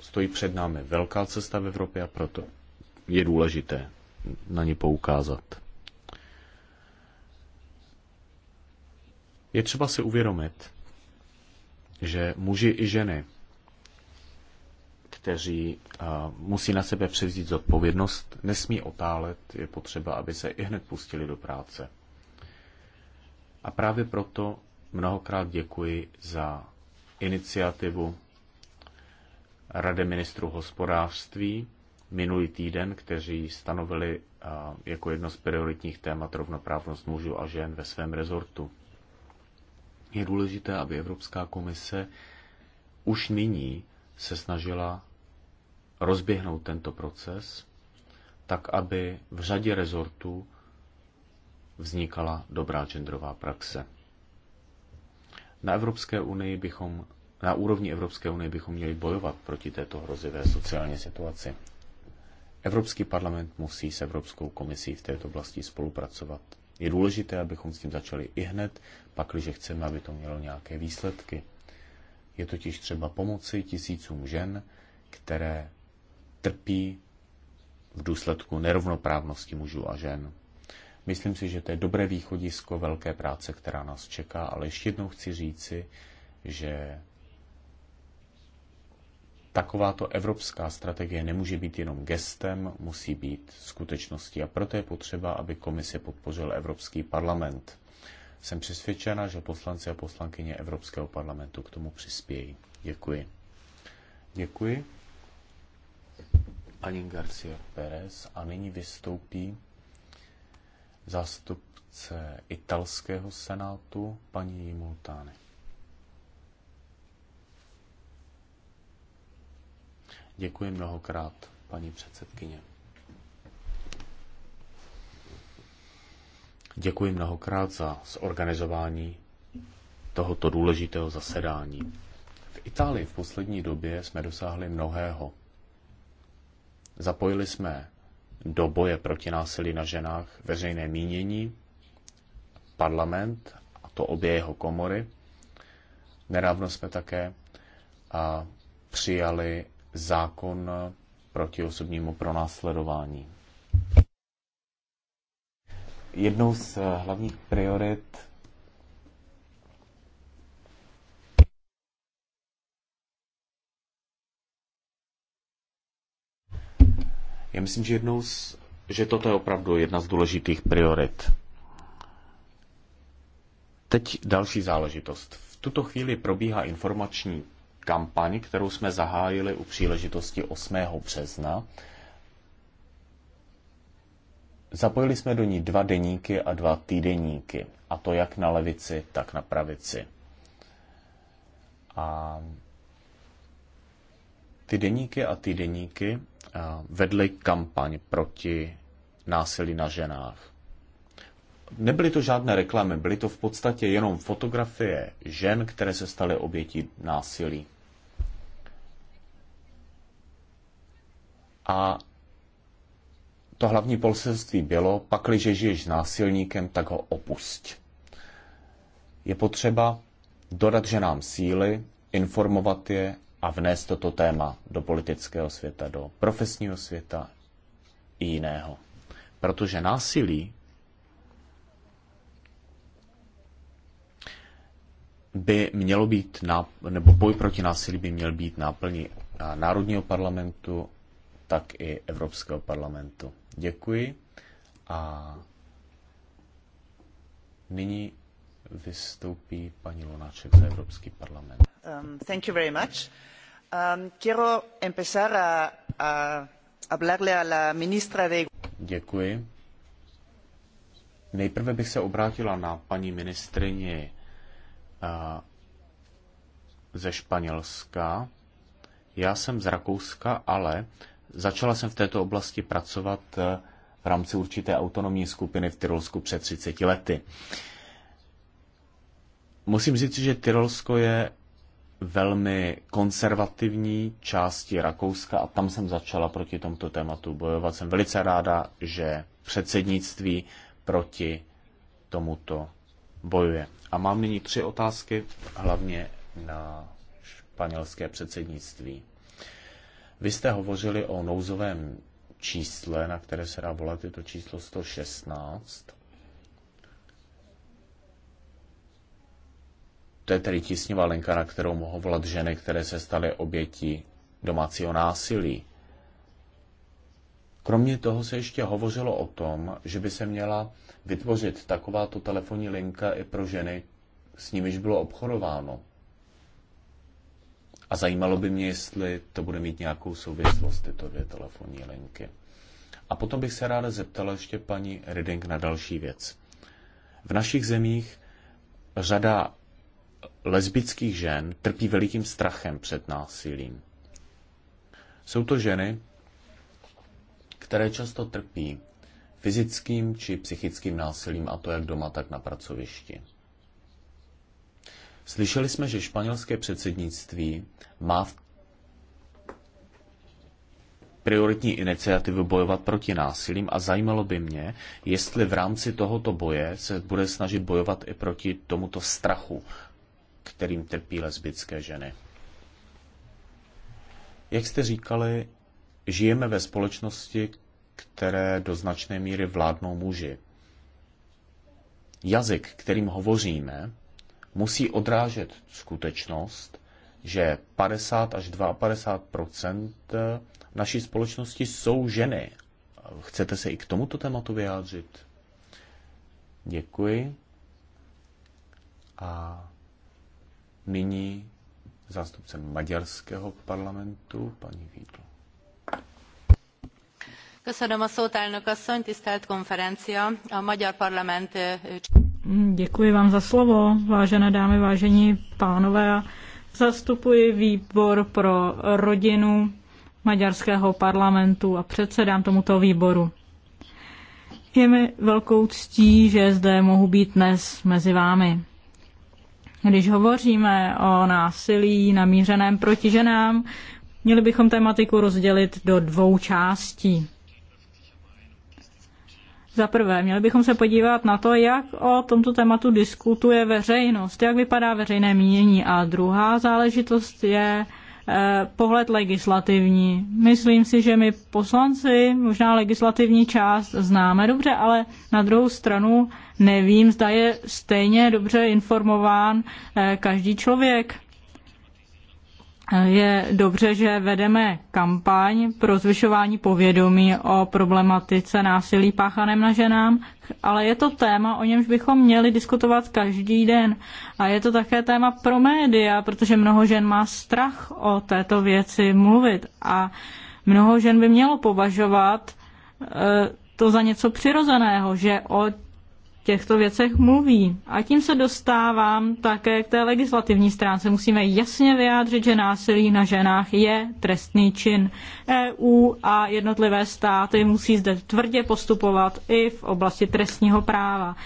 Stojí před námi velká cesta v Evropě a proto je důležité na ní poukázat. Je třeba si uvědomit, že muži i ženy, kteří musí na sebe převzít zodpovědnost, nesmí otálet, je potřeba, aby se i hned pustili do práce. A právě proto mnohokrát děkuji za iniciativu Rady ministrů hospodářství minulý týden, kteří stanovili jako jedno z prioritních témat rovnoprávnost mužů a žen ve svém rezortu. Je důležité, aby Evropská komise už nyní se snažila rozběhnout tento proces, tak aby v řadě rezortů vznikala dobrá genderová praxe. Na Evropské unii bychom na úrovni Evropské unie bychom měli bojovat proti této hrozivé sociální situaci. Evropský parlament musí s Evropskou komisí v této oblasti spolupracovat. Je důležité, abychom s tím začali i hned, pakliže chceme, aby to mělo nějaké výsledky. Je totiž třeba pomoci tisícům žen, které trpí v důsledku nerovnoprávnosti mužů a žen. Myslím si, že to je dobré východisko velké práce, která nás čeká, ale ještě jednou chci říci, že takováto evropská strategie nemůže být jenom gestem, musí být skutečností. A proto je potřeba, aby komise podpořil Evropský parlament. Jsem přesvědčena, že poslanci a poslankyně Evropského parlamentu k tomu přispějí. Děkuji. Děkuji. Paní Garcia Pérez a nyní vystoupí zástupce italského senátu paní Multány. Děkuji mnohokrát, paní předsedkyně. Děkuji mnohokrát za zorganizování tohoto důležitého zasedání. V Itálii v poslední době jsme dosáhli mnohého. Zapojili jsme do boje proti násilí na ženách veřejné mínění, parlament a to obě jeho komory. Nedávno jsme také a přijali zákon proti osobnímu pronásledování. Jednou z eh, hlavních priorit Já myslím, že, jednou z, že toto je opravdu jedna z důležitých priorit. Teď další záležitost. V tuto chvíli probíhá informační kampaň, kterou jsme zahájili u příležitosti 8. března. Zapojili jsme do ní dva deníky a dva týdeníky, a to jak na levici, tak na pravici. A ty deníky a týdeníky vedly kampaň proti násilí na ženách. Nebyly to žádné reklamy, byly to v podstatě jenom fotografie žen, které se staly obětí násilí. A to hlavní polselství bylo, pakliže žiješ s násilníkem, tak ho opust. Je potřeba dodat ženám síly, informovat je a vnést toto téma do politického světa, do profesního světa i jiného. Protože násilí by mělo být, nebo boj proti násilí by měl být náplní Národního parlamentu tak i Evropského parlamentu. Děkuji a nyní vystoupí paní Lonáček za Evropský parlament. Um, thank you very much. Um, quiero empezar a, a hablarle a la ministra de... Děkuji. Nejprve bych se obrátila na paní ministrině uh, ze Španělska. Já jsem z Rakouska, ale Začala jsem v této oblasti pracovat eh, v rámci určité autonomní skupiny v Tyrolsku před 30 lety. Musím říct, že Tyrolsko je velmi konzervativní části Rakouska a tam jsem začala proti tomto tématu bojovat. Jsem velice ráda, že předsednictví proti tomuto bojuje. A mám nyní tři otázky, hlavně na španělské předsednictví. Vy jste hovořili o nouzovém čísle, na které se dá volat, je to číslo 116. To je tedy tisňová linka, na kterou mohou volat ženy, které se staly oběti domácího násilí. Kromě toho se ještě hovořilo o tom, že by se měla vytvořit takováto telefonní linka i pro ženy, s nimiž bylo obchodováno. A zajímalo by mě, jestli to bude mít nějakou souvislost, tyto dvě telefonní linky. A potom bych se ráda zeptala ještě paní Reding na další věc. V našich zemích řada lesbických žen trpí velikým strachem před násilím. Jsou to ženy, které často trpí fyzickým či psychickým násilím, a to jak doma, tak na pracovišti. Slyšeli jsme, že španělské předsednictví má v prioritní iniciativu bojovat proti násilím a zajímalo by mě, jestli v rámci tohoto boje se bude snažit bojovat i proti tomuto strachu, kterým trpí lesbické ženy. Jak jste říkali, žijeme ve společnosti, které do značné míry vládnou muži. Jazyk, kterým hovoříme, musí odrážet skutečnost, že 50 až 52 eh, naší společnosti jsou ženy. Chcete se i k tomuto tématu vyjádřit? Děkuji. A nyní zástupce maďarského parlamentu, paní Vítl. Köszönöm a szót, elnök asszony, tisztelt konferencia. A Magyar Parlament eh, Hm, děkuji vám za slovo, vážené dámy, vážení pánové. zastupuji výbor pro rodinu maďarského parlamentu a předsedám tomuto výboru. Je mi velkou ctí, že zde mohu být dnes mezi vámi. Když hovoříme o násilí namířeném proti ženám, měli bychom tematiku rozdělit do dvou částí. Za prvé, měli bychom se podívat na to, jak o tomto tématu diskutuje veřejnost, jak vypadá veřejné mínění. A druhá záležitost je eh, pohled legislativní. Myslím si, že my poslanci možná legislativní část známe dobře, ale na druhou stranu nevím, zda je stejně dobře informován eh, každý člověk je dobře, že vedeme kampaň pro zvyšování povědomí o problematice násilí páchaném na ženám, ale je to téma, o němž bychom měli diskutovat každý den. A je to také téma pro média, protože mnoho žen má strach o této věci mluvit. A mnoho žen by mělo považovat eh, to za něco přirozeného, že o těchto věcech mluví. A tím se dostávám také k té legislativní stránce. Musíme jasně vyjádřit, že násilí na ženách je trestný čin. EU a jednotlivé státy musí zde tvrdě postupovat i v oblasti trestního práva.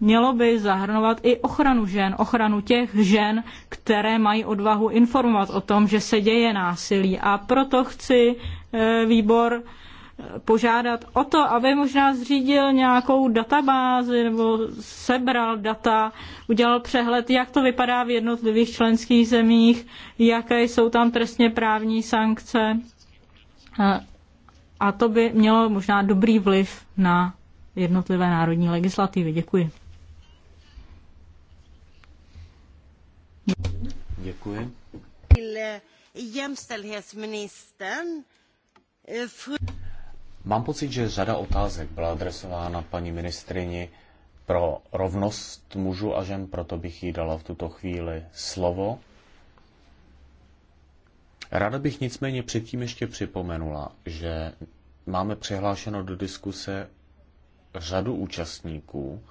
Mělo by zahrnovat i ochranu žen, ochranu těch žen, které mají odvahu informovat o tom, že se děje násilí. A proto chci e, výbor požádat o to, aby možná zřídil nějakou databázi nebo sebral data, udělal přehled, jak to vypadá v jednotlivých členských zemích, jaké jsou tam trestně právní sankce. A to by mělo možná dobrý vliv na jednotlivé národní legislativy. Děkuji. Děkuji. Till eh, jämställdhetsministern. Eh, Mám pocit, že řada otázek byla adresována paní ministrini pro rovnost mužů a žen, proto bych jí dala v tuto chvíli slovo. Ráda bych nicméně předtím ještě připomenula, že máme přihlášeno do diskuse řadu účastníků,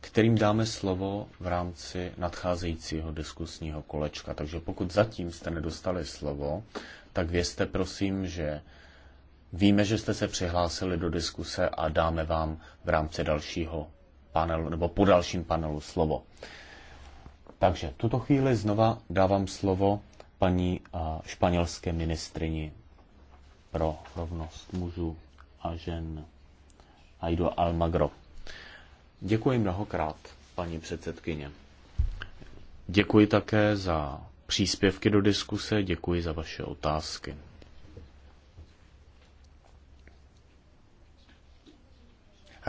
kterým dáme slovo v rámci nadcházejícího diskusního kolečka. Takže pokud zatím jste nedostali slovo, tak vězte prosím, že Víme, že jste se přihlásili do diskuse a dáme vám v rámci dalšího panelu, nebo po dalším panelu slovo. Takže tuto chvíli znova dávám slovo paní španělské ministrini pro rovnost mužů a žen Aido Almagro. Děkuji mnohokrát, paní předsedkyně. Děkuji také za příspěvky do diskuse, děkuji za vaše otázky.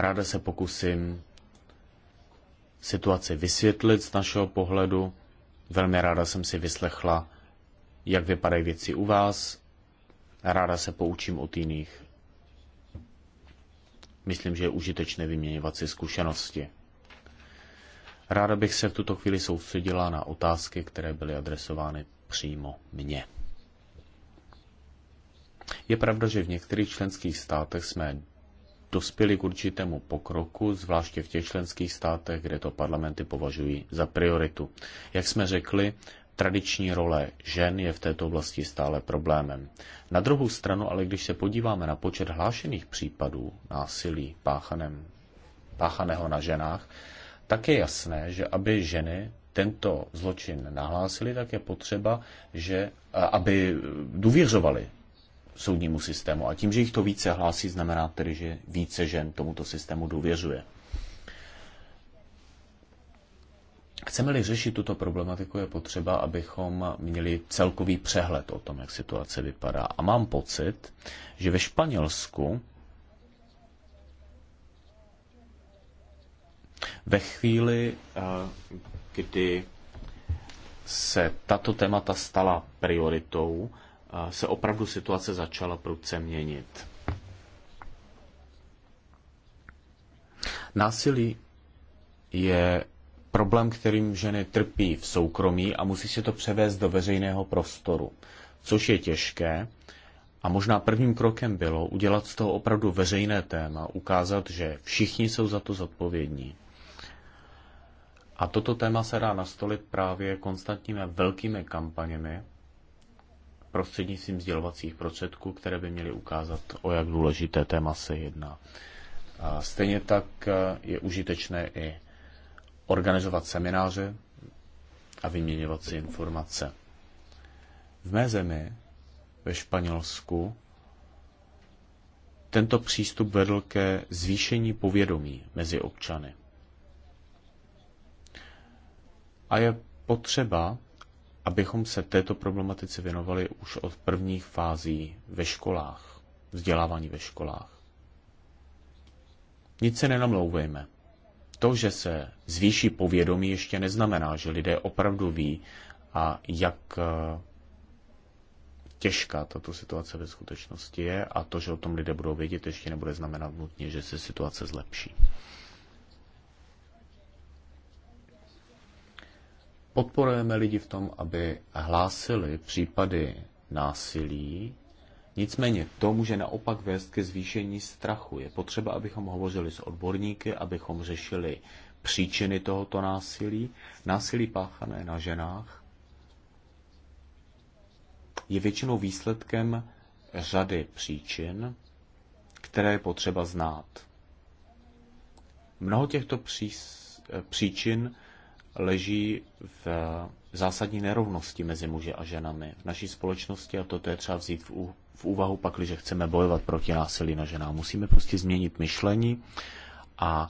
Ráda se pokusím situaci vysvětlit z našeho pohledu. Velmi ráda jsem si vyslechla, jak vypadají věci u vás. Ráda se poučím od jiných. Myslím, že je užitečné vyměňovat si zkušenosti. Ráda bych se v tuto chvíli soustředila na otázky, které byly adresovány přímo mně. Je pravda, že v některých členských státech jsme dospěli k určitému pokroku, zvláště v těch členských státech, kde to parlamenty považují za prioritu. Jak jsme řekli, tradiční role žen je v této oblasti stále problémem. Na druhou stranu, ale když se podíváme na počet hlášených případů násilí páchanem, páchaného na ženách, tak je jasné, že aby ženy tento zločin nahlásili, tak je potřeba, že aby důvěřovali soudnímu systému. A tím, že jich to více hlásí, znamená tedy, že více žen tomuto systému důvěřuje. Chceme-li řešit tuto problematiku, je potřeba, abychom měli celkový přehled o tom, jak situace vypadá. A mám pocit, že ve Španělsku ve chvíli, eh, kdy se tato témata stala prioritou, se opravdu situace začala prudce měnit. Násilí je problém, kterým ženy trpí v soukromí a musí se to převést do veřejného prostoru, což je těžké. A možná prvním krokem bylo udělat z toho opravdu veřejné téma, ukázat, že všichni jsou za to zodpovědní. A toto téma se dá nastolit právě konstantními velkými kampaněmi, prostřednictvím sdělovacích prostředků, které by měly ukázat, o jak důležité téma se jedná. Stejně tak eh, je užitečné i organizovat semináře a vyměňovat si informace. V mé zemi, ve Španělsku, tento přístup vedl ke zvýšení povědomí mezi občany. A je potřeba abychom se této problematice věnovali už od prvních fází ve školách, vzdělávání ve školách. Nic se nenamlouvejme. To, že se zvýší povědomí, ještě neznamená, že lidé opravdu ví, a jak eh, těžká tato situace ve skutečnosti je a to, že o tom lidé budou vědět, ještě nebude znamenat nutně, že se situace zlepší. podporujeme lidi v tom, aby hlásili případy násilí, nicméně to může naopak vést ke zvýšení strachu. Je potřeba, abychom hovořili s odborníky, abychom řešili příčiny tohoto násilí. Násilí páchané na ženách je většinou výsledkem řady příčin, které je potřeba znát. Mnoho těchto příčin leží v zásadní nerovnosti mezi muži a ženami v naší společnosti a toto je třeba vzít v, ú, v úvahu pak, když chceme bojovat proti násilí na ženách. Musíme prostě změnit myšlení a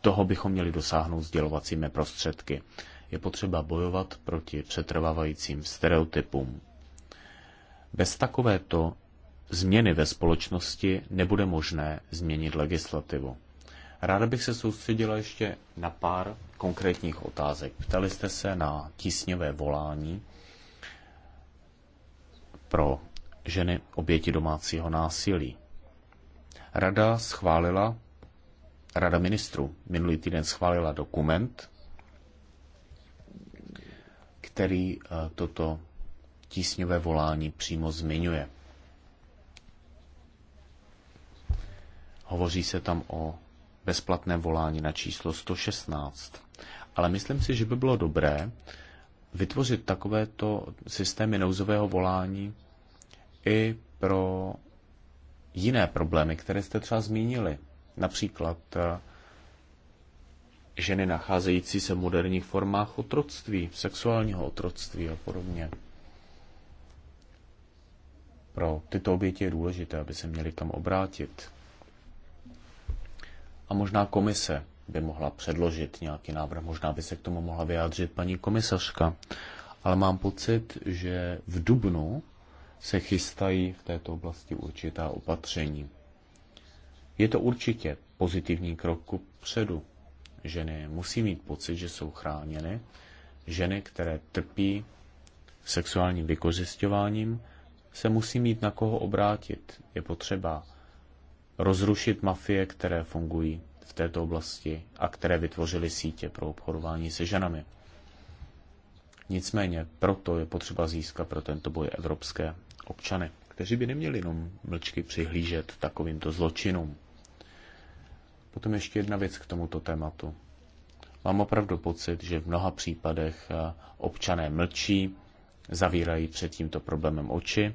toho bychom měli dosáhnout sdělovacími prostředky. Je potřeba bojovat proti přetrvávajícím stereotypům. Bez takovéto změny ve společnosti nebude možné změnit legislativu. Ráda bych se soustředila ještě na pár konkrétních otázek. Ptali jste se na tísňové volání pro ženy oběti domácího násilí. Rada schválila, Rada ministru minulý týden schválila dokument, který eh, toto tísňové volání přímo zmiňuje. Hovoří se tam o bezplatné volání na číslo 116. Ale myslím si, že by bylo dobré vytvořit takovéto systémy nouzového volání i pro jiné problémy, které jste třeba zmínili. Například eh, ženy nacházející se v moderních formách otroctví, sexuálního otroctví a podobně. Pro tyto oběti je důležité, aby se měli kam obrátit a možná komise by mohla předložit nějaký návrh, možná by se k tomu mohla vyjádřit paní komisařka. Ale mám pocit, že v Dubnu se chystají v této oblasti určitá opatření. Je to určitě pozitivní krok ku předu. Ženy musí mít pocit, že jsou chráněny. Ženy, které trpí sexuálním vykořisťováním, se musí mít na koho obrátit. Je potřeba rozrušit mafie, které fungují v této oblasti a které vytvořily sítě pro obchodování se ženami. Nicméně proto je potřeba získat pro tento boj evropské občany, kteří by neměli jenom mlčky přihlížet takovýmto zločinům. Potom ještě jedna věc k tomuto tématu. Mám opravdu pocit, že v mnoha případech eh, občané mlčí, zavírají před tímto problémem oči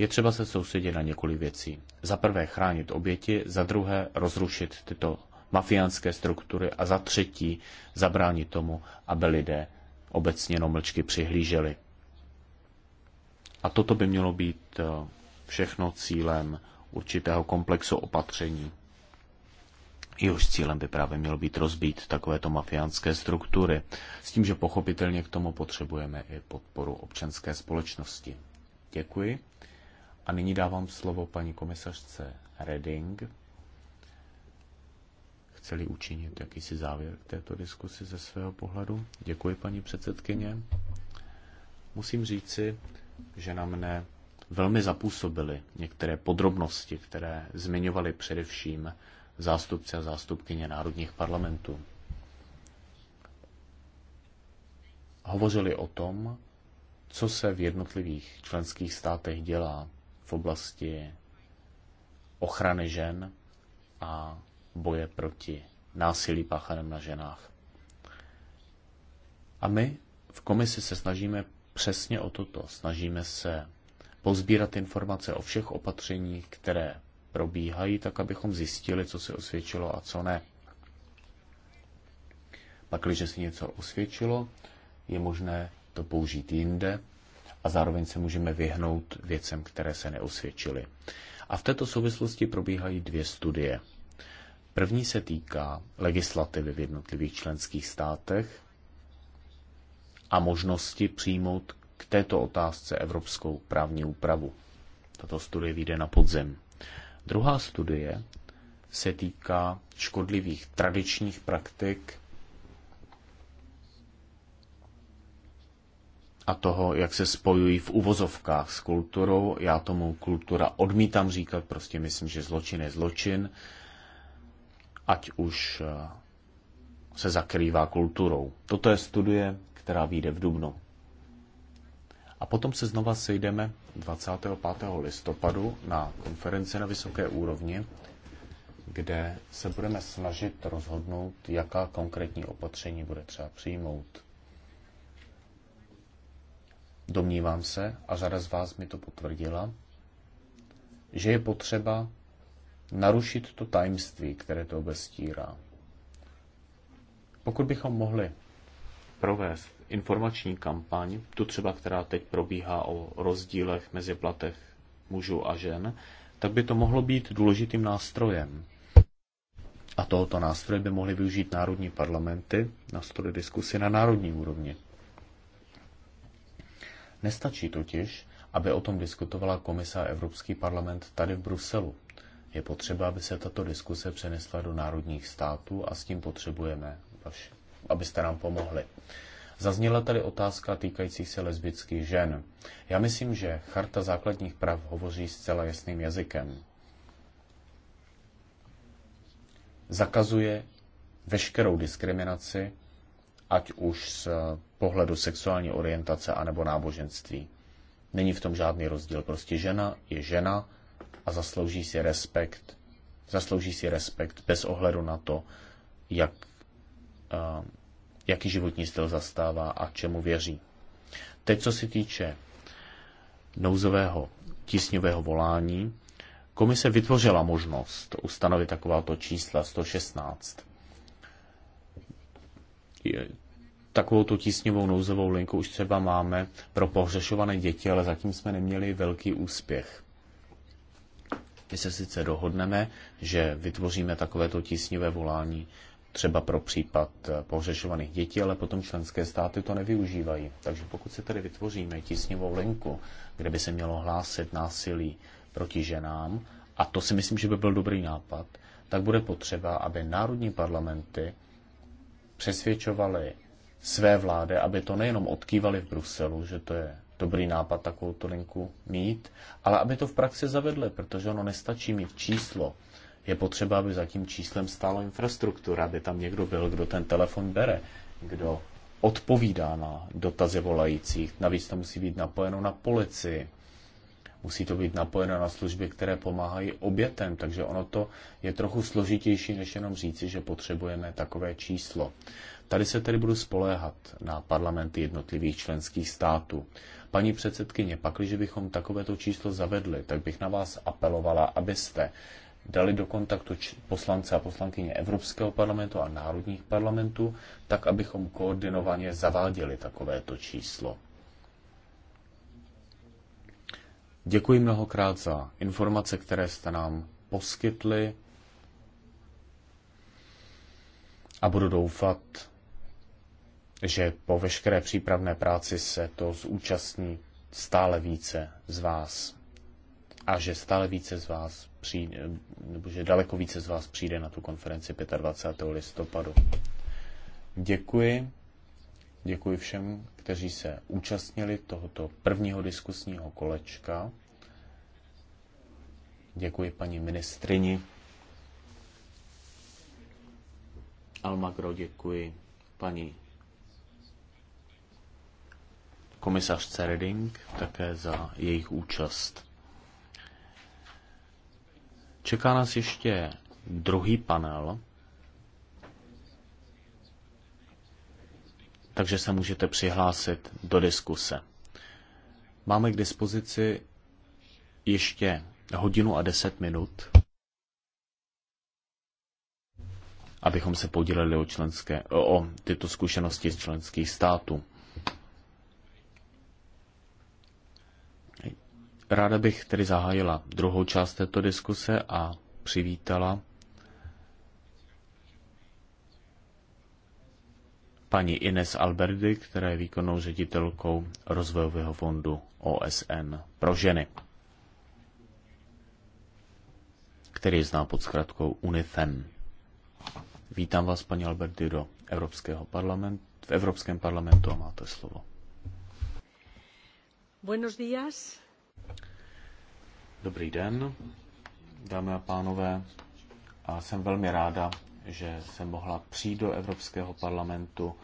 je třeba se soustředit na několik věcí. Za prvé chránit oběti, za druhé rozrušit tyto mafiánské struktury a za třetí zabránit tomu, aby lidé obecně mlčky přihlíželi. A toto by mělo být eh, všechno cílem určitého komplexu opatření. Jehož cílem by právě mělo být rozbít takovéto mafiánské struktury, s tím, že pochopitelně k tomu potřebujeme i podporu občanské společnosti. Děkuji. A nyní dávám slovo paní komisařce Reding. Chceli učinit jakýsi závěr k této diskusi ze svého pohledu. Děkuji, paní předsedkyně. Musím říci, že na mne velmi zapůsobily některé podrobnosti, které zmiňovali především zástupci a zástupkyně národních parlamentů. Hovořili o tom, co se v jednotlivých členských státech dělá v oblasti ochrany žen a boje proti násilí páchaném na ženách. A my v komisi se snažíme přesně o toto. Snažíme se pozbírat informace o všech opatřeních, které probíhají, tak abychom zjistili, co se osvědčilo a co ne. Pak, když se něco osvědčilo, je možné to použít jinde a zároveň se můžeme vyhnout věcem, které se neosvědčily. A v této souvislosti probíhají dvě studie. První se týká legislativy v jednotlivých členských státech a možnosti přijmout k této otázce evropskou právní úpravu. Tato studie vyjde na podzem. Druhá studie se týká škodlivých tradičních praktik a toho, jak se spojují v uvozovkách s kulturou. Já tomu kultura odmítám říkat, prostě myslím, že zločin je zločin, ať už eh, se zakrývá kulturou. Toto je studie, která vyjde v Dubnu. A potom se znova sejdeme 25. listopadu na konferenci na vysoké úrovni, kde se budeme snažit rozhodnout, jaká konkrétní opatření bude třeba přijmout. Domnívám se, a řada z vás mi to potvrdila, že je potřeba narušit to tajemství, které to obestírá. Pokud bychom mohli provést informační kampaň, tu třeba, která teď probíhá o rozdílech mezi platech mužů a žen, tak by to mohlo být důležitým nástrojem. A tohoto nástroje by mohly využít národní parlamenty, nástroje diskusy na národní úrovni. Nestačí totiž, aby o tom diskutovala komisa Evropský parlament tady v Bruselu. Je potřeba, aby se tato diskuse přenesla do národních států a s tím potřebujeme, abyste nám pomohli. Zazněla tady otázka týkající se lesbických žen. Já myslím, že Charta základních práv hovoří zcela jasným jazykem. Zakazuje veškerou diskriminaci ať už z pohledu sexuální orientace anebo náboženství. Není v tom žádný rozdíl, prostě žena je žena a zaslouží si respekt, zaslouží si respekt bez ohledu na to, jak, eh, jaký životní styl zastává a čemu věří. Teď, co se týče nouzového tísňového volání, komise vytvořila možnost ustanovit takováto čísla 116 takovou tu tísňovou nouzovou linku už třeba máme pro pohřešované děti, ale zatím jsme neměli velký úspěch. My se sice dohodneme, že vytvoříme takovéto tísňové volání třeba pro případ eh, pohřešovaných dětí, ale potom členské státy to nevyužívají. Takže pokud se tedy vytvoříme tísňovou linku, kde by se mělo hlásit násilí proti ženám, a to si myslím, že by byl dobrý nápad, tak bude potřeba, aby národní parlamenty přesvědčovali své vlády, aby to nejenom odkývali v Bruselu, že to je dobrý nápad takovou tu linku mít, ale aby to v praxi zavedli, protože ono nestačí mít číslo. Je potřeba, aby za tím číslem stála infrastruktura, aby tam někdo byl, kdo ten telefon bere, kdo odpovídá na dotazy volajících. Navíc to musí být napojeno na policii, Musí to být napojeno na služby, které pomáhají obětem, takže ono to je trochu složitější, než jenom říci, že potřebujeme takové číslo. Tady se tedy budu spoléhat na parlamenty jednotlivých členských států. Paní předsedkyně, pakliže bychom takovéto číslo zavedli, tak bych na vás apelovala, abyste dali do kontaktu poslance a poslankyně Evropského parlamentu a národních parlamentů, tak abychom koordinovaně zaváděli takovéto číslo. Děkuji mnohokrát za informace, které jste nám poskytli a budu doufat, že po veškeré přípravné práci se to zúčastní stále více z vás a že stále více z vás přijde, nebo že daleko více z vás přijde na tu konferenci 25. listopadu. Děkuji. Děkuji všem, kteří se účastnili tohoto prvního diskusního kolečka. Děkuji paní ministrini. Almagro, děkuji paní komisařce Reding také za jejich účast. Čeká nás ještě druhý panel, takže se můžete přihlásit do diskuse. Máme k dispozici ještě hodinu a deset minut, abychom se podělili o, členské, o, o tyto zkušenosti z členských států. Ráda bych tedy zahájila druhou část této diskuse a přivítala paní Ines Alberdy, která je výkonnou ředitelkou rozvojového fondu OSN pro ženy. který zná pod zkratkou UNIFEM. Vítám vás, paní Albert do Evropského parlamentu, v Evropském parlamentu a máte slovo. Buenos días. Dobrý den, dámy a pánové. A jsem velmi ráda, že jsem mohla přijít do Evropského parlamentu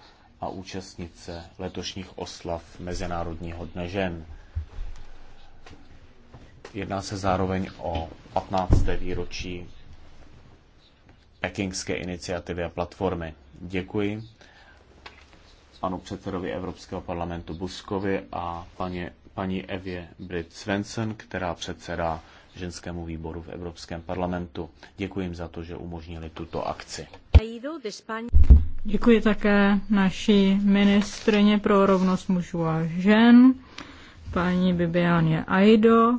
a účastnit se letošních oslav Mezinárodního dne žen. Jedná se zároveň o 15. výročí pekingské iniciativy a platformy. Děkuji panu předsedovi Evropského parlamentu Buskovi a paně, paní Evě Brit Svensson, která předsedá ženskému výboru v Evropském parlamentu. Děkuji jim za to, že umožnili tuto akci. Děkuji také naší ministrině pro rovnost mužů a žen, paní Bibianě Aido,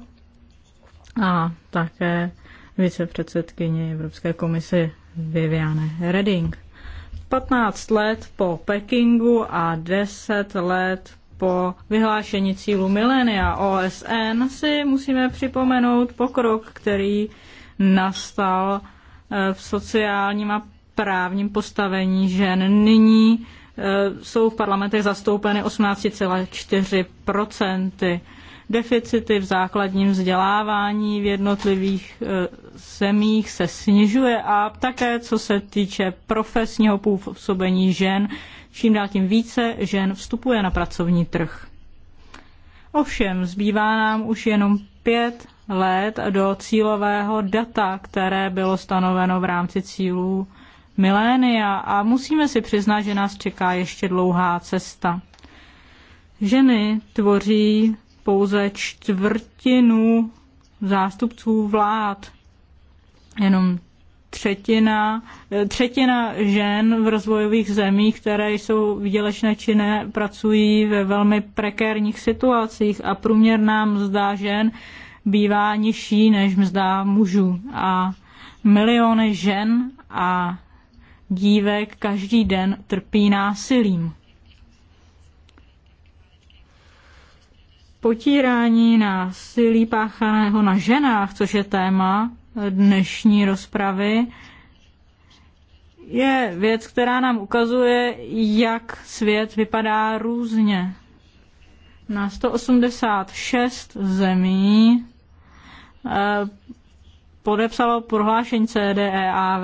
a také vicepředsedkyni Evropské komise Viviane Reding. 15 let po Pekingu a 10 let po vyhlášení cílu milénia OSN si musíme připomenout pokrok, který nastal eh, v sociálním a právním postavení žen. Nyní eh, jsou v parlamentech zastoupeny 18,4 deficity v základním vzdělávání v jednotlivých e, zemích se snižuje a také co se týče profesního působení žen, čím dál tím více žen vstupuje na pracovní trh. Ovšem, zbývá nám už jenom pět let do cílového data, které bylo stanoveno v rámci cílů milénia a musíme si přiznat, že nás čeká ještě dlouhá cesta. Ženy tvoří pouze čtvrtinu zástupců vlád. Jenom třetina, eh, třetina žen v rozvojových zemích, které jsou výdělečné činné, pracují ve velmi prekérních situacích a průměrná mzda žen bývá nižší než mzda mužů. A miliony žen a dívek každý den trpí násilím. potírání násilí páchaného na ženách, což je téma dnešní rozpravy, je věc, která nám ukazuje, jak svět vypadá různě. Na 186 zemí eh, podepsalo prohlášení CDEAV.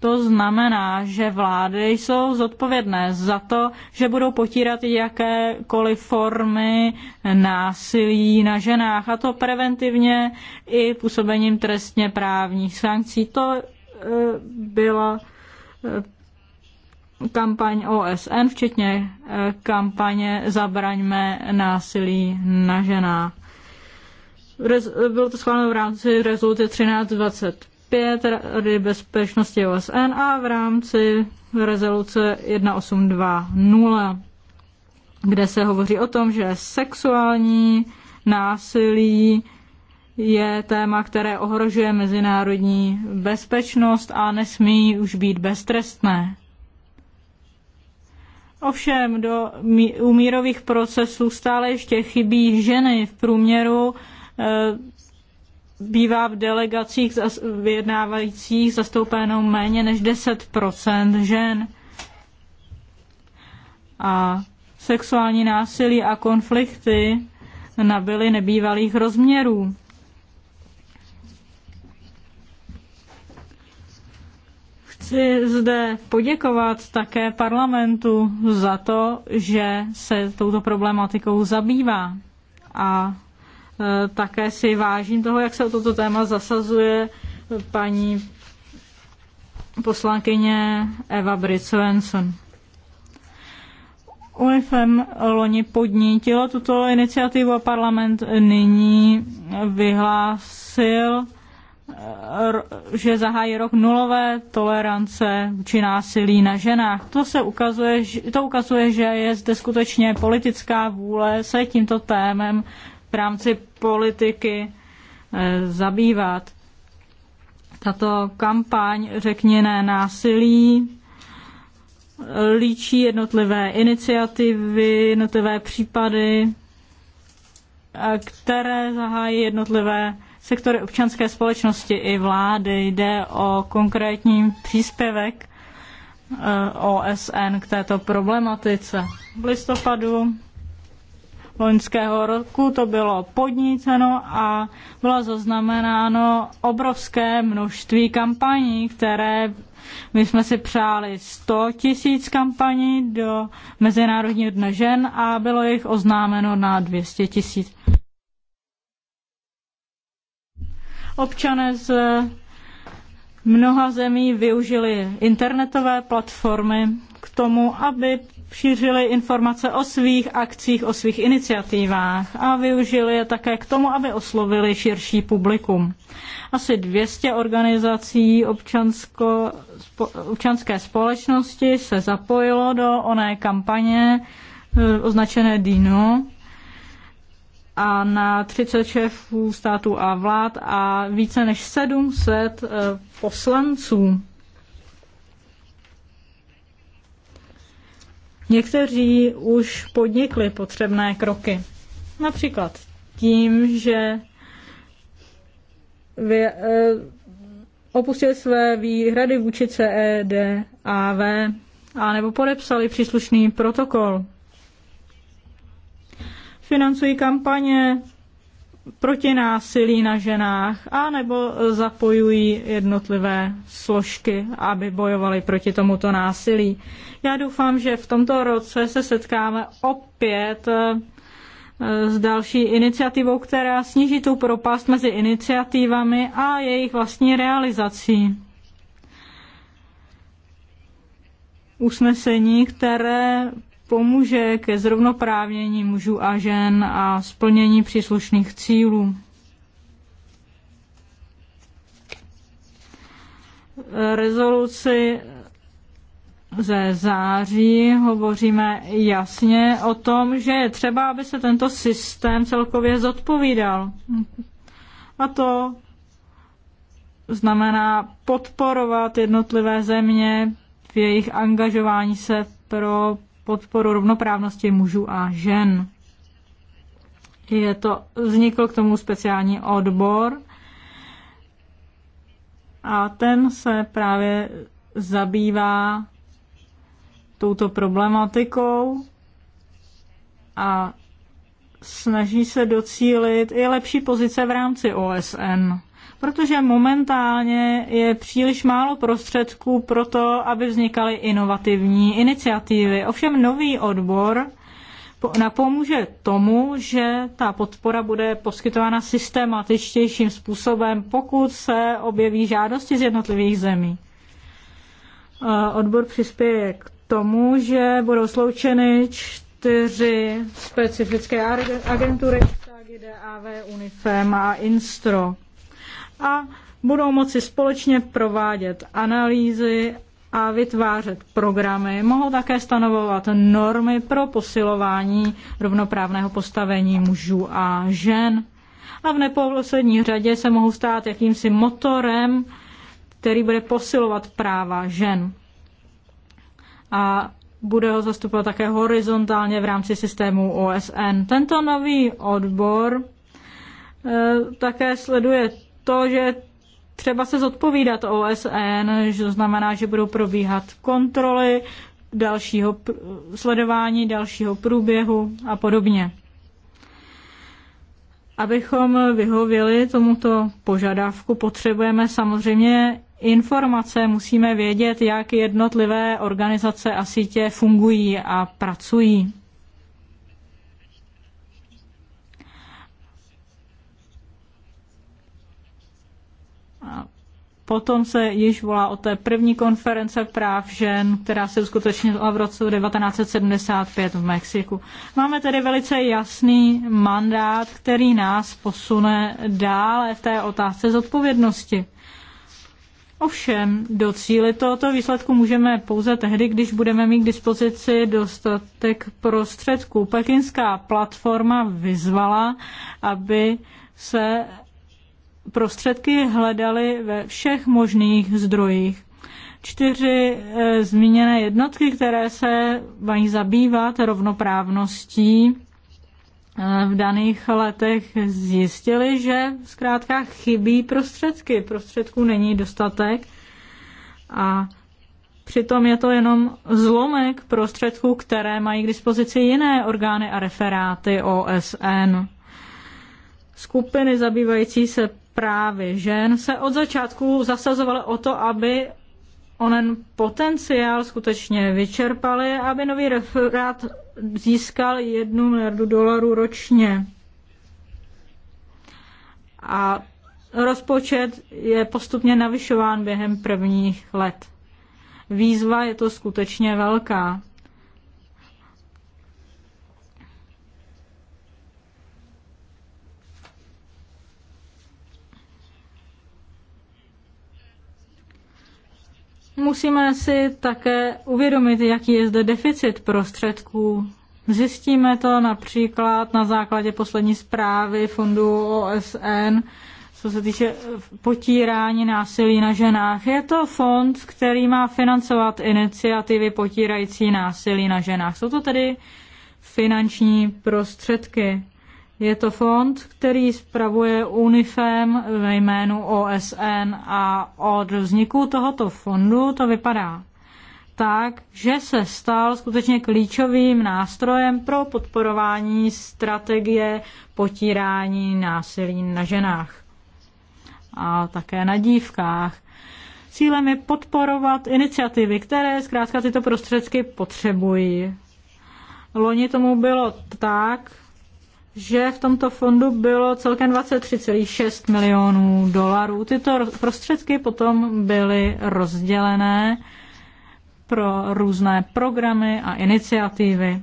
To znamená, že vlády jsou zodpovědné za to, že budou potírat jakékoliv formy násilí na ženách, a to preventivně i působením trestně právních sankcí. To eh, byla eh, kampaň OSN, včetně eh, kampaně Zabraňme násilí na ženách. Bylo to schváleno v rámci rezoluce 1325 5 Rady bezpečnosti OSN a v rámci rezoluce 1820, kde se hovoří o tom, že sexuální násilí je téma, které ohrožuje mezinárodní bezpečnost a nesmí už být beztrestné. Ovšem do umírových procesů stále ještě chybí ženy v průměru eh, bývá v delegacích vyjednávajících zastoupeno méně než 10 žen. A sexuální násilí a konflikty nabyly nebývalých rozměrů. chci zde poděkovat také parlamentu za to, že se touto problematikou zabývá. A Eh, také si vážím toho, jak se o toto téma zasazuje paní poslankyně Eva britt UNIFEM loni podnítilo tuto iniciativu a parlament nyní vyhlásil, eh, že zahájí rok nulové tolerance vůči násilí na ženách. To, se ukazuje, to ukazuje, že je zde skutečně politická vůle se tímto témem v rámci politiky eh, zabývat. Tato kampaň řekněné ne násilí líčí jednotlivé iniciativy, jednotlivé případy, eh, které zahájí jednotlivé sektory občanské společnosti i vlády. Jde o konkrétní příspěvek eh, OSN k této problematice. V listopadu loňského roku to bylo podníceno a bylo zaznamenáno obrovské množství kampaní, které my jsme si přáli 100 tisíc kampaní do Mezinárodního dne žen a bylo jich oznámeno na 200 tisíc. Občané z mnoha zemí využili internetové platformy k tomu, aby šířili informace o svých akcích, o svých iniciativách a využili je také k tomu, aby oslovili širší publikum. Asi 200 organizací občansko, občanské společnosti se zapojilo do oné kampaně e, označené DINO a na 30 šéfů států a vlád a více než 700 e, poslanců Někteří už podnikli potřebné kroky. Například tím, že vy, eh, opustili své výhrady vůči CED a V, a nebo podepsali příslušný protokol. Financují kampaně proti násilí na ženách a nebo zapojují jednotlivé složky, aby bojovali proti tomuto násilí. Já doufám, že v tomto roce se setkáme opět eh, s další iniciativou, která sníží tu propast mezi iniciativami a jejich vlastní realizací. Usnesení, které pomůže ke zrovnoprávnění mužů a žen a splnění příslušných cílů. Rezoluci ze září hovoříme jasně o tom, že je třeba, aby se tento systém celkově zodpovídal. A to znamená podporovat jednotlivé země v jejich angažování se pro podporu rovnoprávnosti mužů a žen. Je to, vznikl k tomu speciální odbor a ten se právě zabývá touto problematikou a snaží se docílit i lepší pozice v rámci OSN protože momentálně je příliš málo prostředků pro to, aby vznikaly inovativní iniciativy. Ovšem nový odbor napomůže tomu, že ta podpora bude poskytována systematičtějším způsobem, pokud se objeví žádosti z jednotlivých zemí. E, odbor přispěje k tomu, že budou sloučeny čtyři specifické agentury, GDAV, UNIFEM a INSTRO a budou moci společně provádět analýzy a vytvářet programy. Mohou také stanovovat normy pro posilování rovnoprávného postavení mužů a žen. A v neposlední řadě se mohou stát jakýmsi motorem, který bude posilovat práva žen. A bude ho zastupovat také horizontálně v rámci systému OSN. Tento nový odbor eh, také sleduje to, že třeba se zodpovídat OSN, že to znamená, že budou probíhat kontroly dalšího sledování, dalšího průběhu a podobně. Abychom vyhověli tomuto požadavku, potřebujeme samozřejmě informace, musíme vědět, jak jednotlivé organizace a sítě fungují a pracují. potom se již volá o té první konference práv žen, která se uskutečnila v roce 1975 v Mexiku. Máme tedy velice jasný mandát, který nás posune dále v té otázce zodpovědnosti. Ovšem, do docílit tohoto výsledku můžeme pouze tehdy, když budeme mít k dispozici dostatek prostředků. Pekinská platforma vyzvala, aby se prostředky hledali ve všech možných zdrojích. Čtyři e, zmíněné jednotky, které se mají zabývat rovnoprávností, eh, v daných letech zjistili, že zkrátka chybí prostředky. Prostředků není dostatek a přitom je to jenom zlomek prostředků, které mají k dispozici jiné orgány a referáty OSN. Skupiny zabývající se právy žen se od začátku zasazovaly o to, aby onen potenciál skutečně vyčerpali, aby nový referát získal jednu miliardu dolarů ročně. A rozpočet je postupně navyšován během prvních let. Výzva je to skutečně velká. Musíme si také uvědomit, jaký je zde deficit prostředků. Zjistíme to například na základě poslední zprávy fondu OSN, co se týče potírání násilí na ženách. Je to fond, který má financovat iniciativy potírající násilí na ženách. Jsou to tedy finanční prostředky. Je to fond, který spravuje UNIFEM ve jménu OSN a od vzniku tohoto fondu to vypadá tak, že se stal skutečně klíčovým nástrojem pro podporování strategie potírání násilí na ženách a také na dívkách. Cílem je podporovat iniciativy, které zkrátka tyto prostředky potřebují. Loni tomu bylo tak, že v tomto fondu bylo celkem 23,6 milionů dolarů. Tyto prostředky potom byly rozdělené pro různé programy a iniciativy.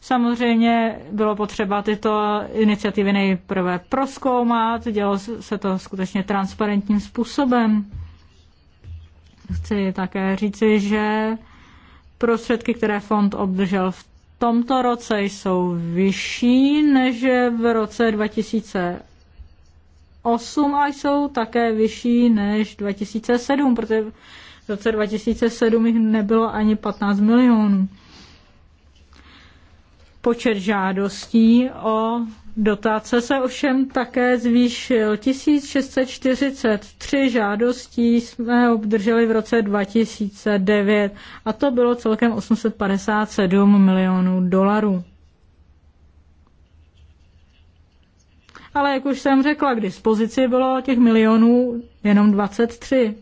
Samozřejmě bylo potřeba tyto iniciativy nejprve proskoumat, dělo se to skutečně transparentním způsobem. Chci také říci, že prostředky, které fond obdržel v tomto roce jsou vyšší než v roce 2008 a jsou také vyšší než 2007, protože v roce 2007 jich nebylo ani 15 milionů. Počet žádostí o Dotace se ovšem také zvýšil. 1643 žádostí jsme obdrželi v roce 2009 a to bylo celkem 857 milionů dolarů. Ale jak už jsem řekla, k dispozici bylo těch milionů jenom 23.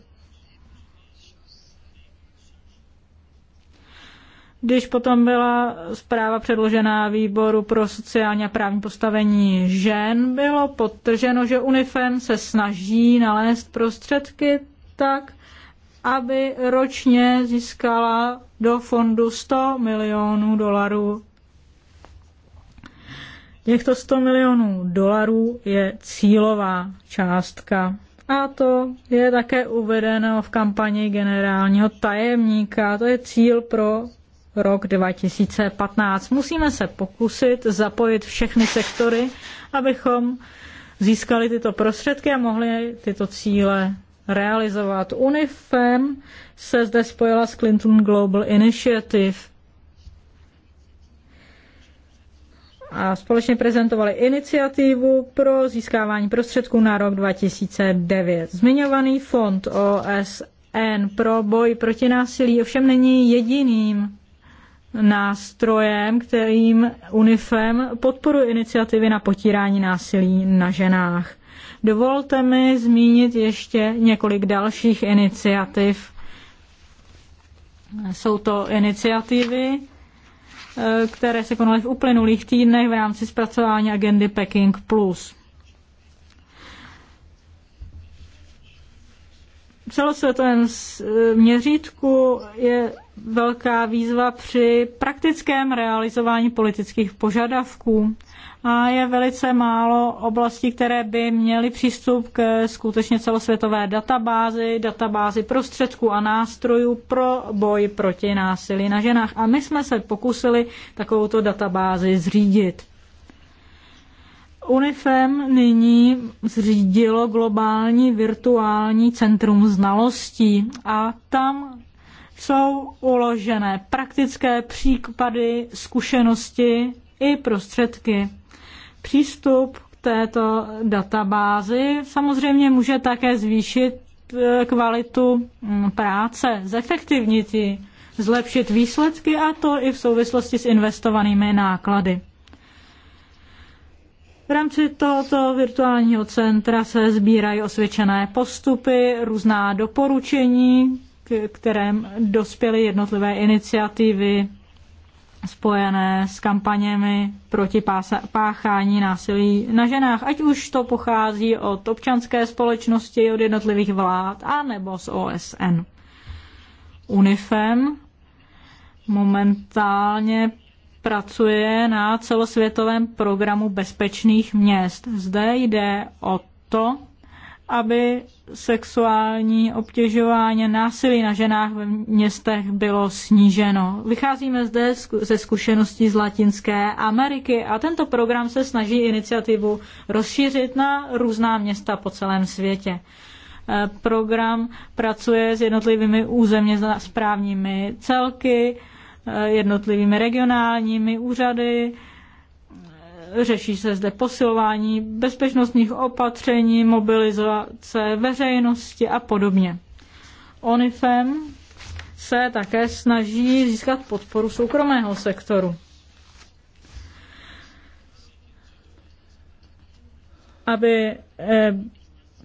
Když potom byla zpráva předložená výboru pro sociální a právní postavení žen, bylo podtrženo, že UNIFEM se snaží nalézt prostředky tak, aby ročně získala do fondu 100 milionů dolarů. Těchto 100 milionů dolarů je cílová částka. A to je také uvedeno v kampani generálního tajemníka. To je cíl pro rok 2015. Musíme se pokusit zapojit všechny sektory, abychom získali tyto prostředky a mohli tyto cíle realizovat. UNIFEM se zde spojila s Clinton Global Initiative a společně prezentovali iniciativu pro získávání prostředků na rok 2009. Zmiňovaný fond OSN pro boj proti násilí ovšem není jediným nástrojem, kterým UNIFEM podporuje iniciativy na potírání násilí na ženách. Dovolte mi zmínit ještě několik dalších iniciativ. Jsou to iniciativy, eh, které se konaly v uplynulých týdnech v rámci zpracování agendy Peking Plus. V celosvětovém měřítku je velká výzva při praktickém realizování politických požadavků a je velice málo oblastí, které by měly přístup k skutečně celosvětové databázi, databázi prostředků a nástrojů pro boj proti násilí na ženách. A my jsme se pokusili takovouto databázi zřídit. UNIFEM nyní zřídilo globální virtuální centrum znalostí a tam jsou uložené praktické případy, zkušenosti i prostředky. Přístup k této databázi samozřejmě může také zvýšit e, kvalitu mm, práce, zefektivnit ji, zlepšit výsledky a to i v souvislosti s investovanými náklady. V rámci tohoto virtuálního centra se sbírají osvědčené postupy, různá doporučení, k kterém dospěly jednotlivé iniciativy spojené s kampaněmi proti páchání násilí na ženách, ať už to pochází od občanské společnosti, od jednotlivých vlád, a nebo z OSN. UNIFEM momentálně pracuje na celosvětovém programu bezpečných měst. Zde jde o to, aby sexuální obtěžování násilí na ženách ve městech bylo sníženo. Vycházíme zde ze zkušeností z Latinské Ameriky a tento program se snaží iniciativu rozšířit na různá města po celém světě. Eh, program pracuje s jednotlivými územně správními celky, eh, jednotlivými regionálními úřady, Řeší se zde posilování bezpečnostních opatření, mobilizace veřejnosti a podobně. ONIFEM se také snaží získat podporu soukromého sektoru. Aby eh,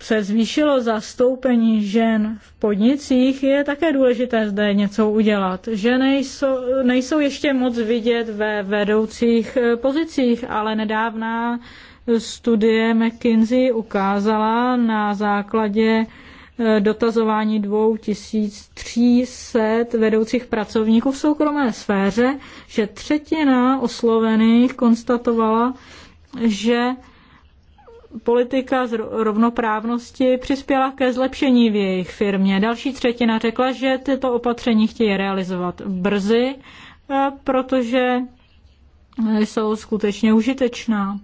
se zvýšilo zastoupení žen v podnicích, je také důležité zde něco udělat. Ženy nejsou, nejsou ještě moc vidět ve vedoucích eh, pozicích, ale nedávná studie McKinsey ukázala na základě eh, dotazování 2300 vedoucích pracovníků v soukromé sféře, že třetina oslovených konstatovala, že politika z rovnoprávnosti přispěla ke zlepšení v jejich firmě. Další třetina řekla, že tyto opatření chtějí realizovat brzy, e, protože jsou skutečně užitečná.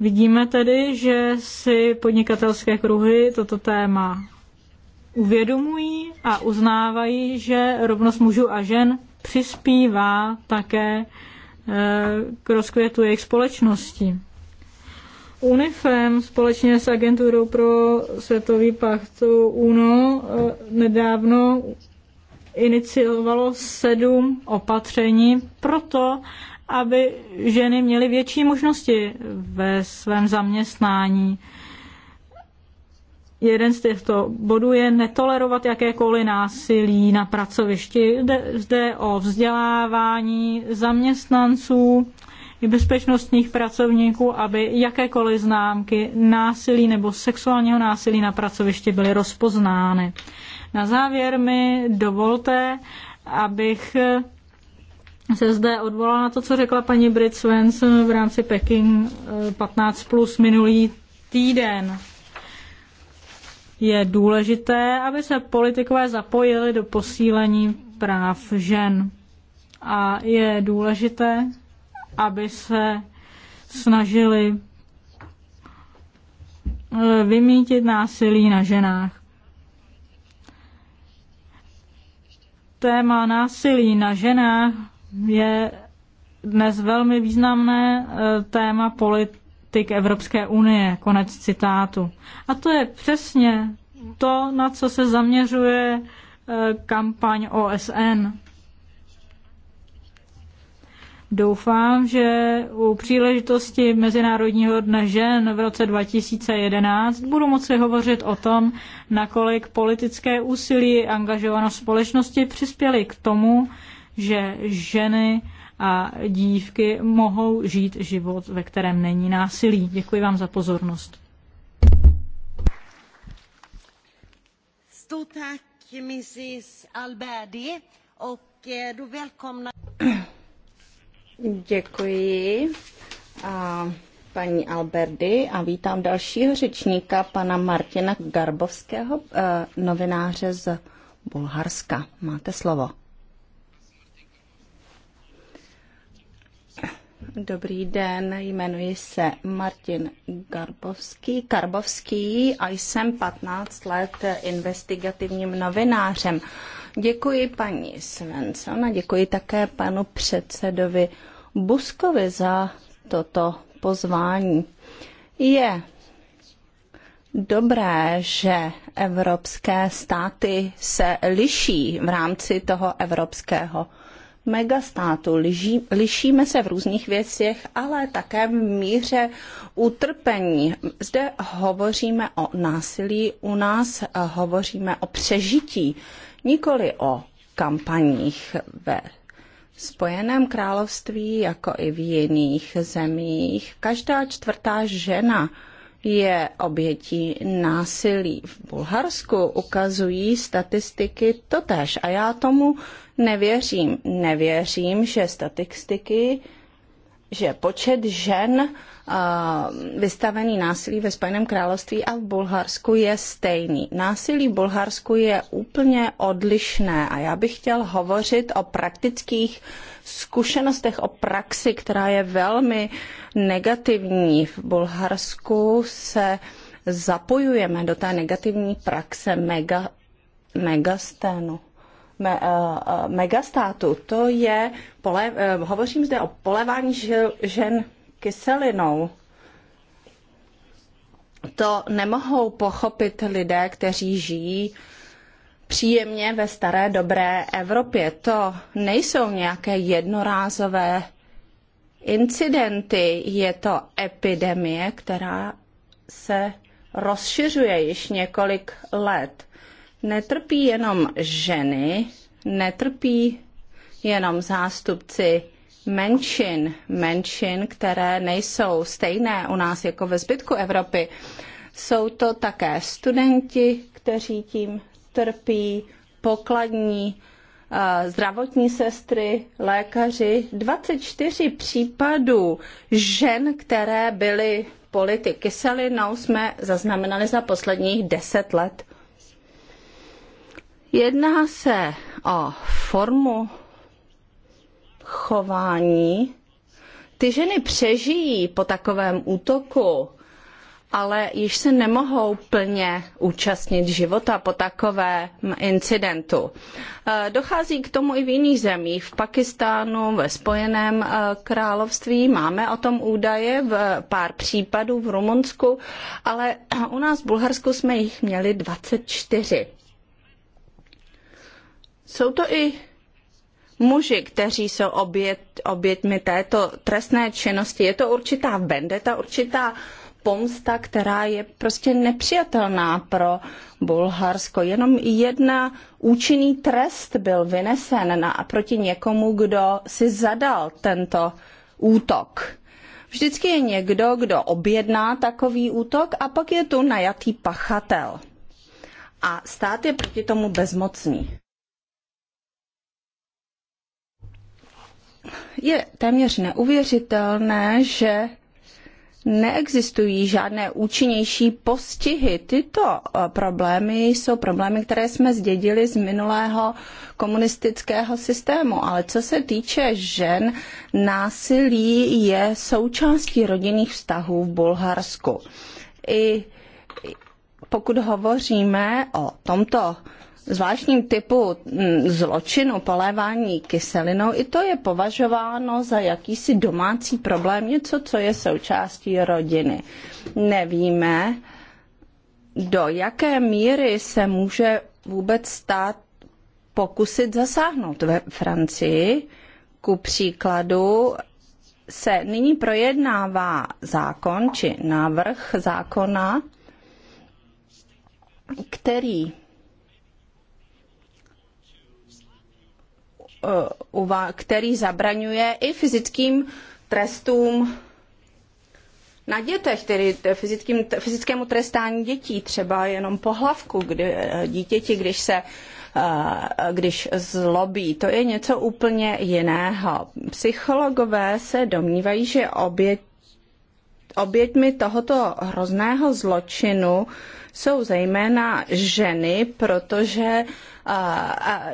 Vidíme tedy, že si podnikatelské kruhy toto téma uvědomují a uznávají, že rovnost mužů a žen přispívá také e, k rozkvětu jejich společnosti. UNIFEM společně s agenturou pro světový pakt UNO eh, nedávno iniciovalo sedm opatření proto, aby ženy měly větší možnosti ve svém zaměstnání. Jeden z těchto bodů je netolerovat jakékoliv násilí na pracovišti. Jde, zde o vzdělávání zaměstnanců, i bezpečnostních pracovníků, aby jakékoliv známky násilí nebo sexuálního násilí na pracovišti byly rozpoznány. Na závěr mi dovolte, abych se zde odvolala na to, co řekla paní Brit Svensson v rámci Peking 15 eh, plus minulý týden. Je důležité, aby se politikové zapojili do posílení práv žen. A je důležité, aby se snažili eh, vymítit násilí na ženách. Téma násilí na ženách je dnes velmi významné eh, téma politik Evropské unie. Konec citátu. A to je přesně to, na co se zaměřuje eh, kampaň OSN. Doufám, že u příležitosti Mezinárodního dne žen v roce 2011 budu moci hovořit o tom, nakolik politické úsilí a angažovanost společnosti přispěly k tomu, že ženy a dívky mohou žít život, ve kterém není násilí. Děkuji vám za pozornost. Stort tack, mrs Alberdi. a eh, då Děkuji. A paní Alberdy a vítám dalšího řečníka, pana Martina Garbovského, novináře z Bulharska. Máte slovo. Dobrý den, jmenuji se Martin Garbovský, Karbovský a jsem 15 let investigativním novinářem. Děkuji paní Svensson a děkuji také panu předsedovi Buskovi za toto pozvání. Je dobré, že evropské státy se liší v rámci toho evropského megastátu. Liží, lišíme se v různých věcech, ale také v míře utrpení. Zde hovoříme o násilí, u nás hovoříme o přežití nikoli o kampaních ve Spojeném království, jako i v jiných zemích, každá čtvrtá žena je obětí násilí. V Bulharsku ukazují statistiky totéž a já tomu nevěřím. Nevěřím, že statistiky že počet žen eh, vystavený násilí ve Spojeném království a v Bulharsku je stejný. Násilí v Bulharsku je úplně odlišné a já bych chtěl hovořit o praktických zkušenostech, o praxi, která je velmi negativní. V Bulharsku se zapojujeme do té negativní praxe mega, megasténu me, eh, eh, megastátu, to je, pole, eh, hovořím zde o polevání žen kyselinou. To nemohou pochopit lidé, kteří žijí příjemně ve staré dobré Evropě. To nejsou nějaké jednorázové incidenty, je to epidemie, která se rozšiřuje již několik let netrpí jenom ženy, netrpí jenom zástupci menšin, menšin, které nejsou stejné u nás jako ve zbytku Evropy. Jsou to také studenti, kteří tím trpí, pokladní, eh, zdravotní sestry, lékaři. 24 případů žen, které byly politiky kyselinou, jsme zaznamenali za posledních 10 let. Jedná se o formu chování. Ty ženy přežijí po takovém útoku, ale již se nemohou plně účastnit života po takovém incidentu. Eh, dochází k tomu i v jiných zemích. V Pakistánu, ve Spojeném eh, království máme o tom údaje v pár případů v Rumunsku, ale u nás v Bulharsku jsme jich měli 24. Jsou to i muži, kteří jsou obět, obětmi této trestné činnosti. Je to určitá vendeta, určitá pomsta, která je prostě nepřijatelná pro Bulharsko. Jenom jedna účinný trest byl vynesen na, a proti někomu, kdo si zadal tento útok. Vždycky je někdo, kdo objedná takový útok a pak je tu najatý pachatel. A stát je proti tomu bezmocný. je téměř neuvěřitelné, že neexistují žádné účinnější postihy. Tyto eh, problémy jsou problémy, které jsme zdědili z minulého komunistického systému. Ale co se týče žen, násilí je součástí rodinných vztahů v Bulharsku. I pokud hovoříme o tomto zvláštním typu mm, zločinu polévání kyselinou, i to je považováno za jakýsi domácí problém, něco, co je součástí rodiny. Nevíme, do jaké míry se může vůbec stát pokusit zasáhnout ve Francii. Ku příkladu se nyní projednává zákon či návrh zákona, který Uh, který zabraňuje i fyzickým trestům na dětech, tedy fyzickým, fyzickému trestání dětí, třeba jenom pohlavku kdy, eh, dítěti, když se eh, když zlobí. To je něco úplně jiného. Psychologové se domnívají, že oběť, oběťmi tohoto hrozného zločinu jsou zejména ženy, protože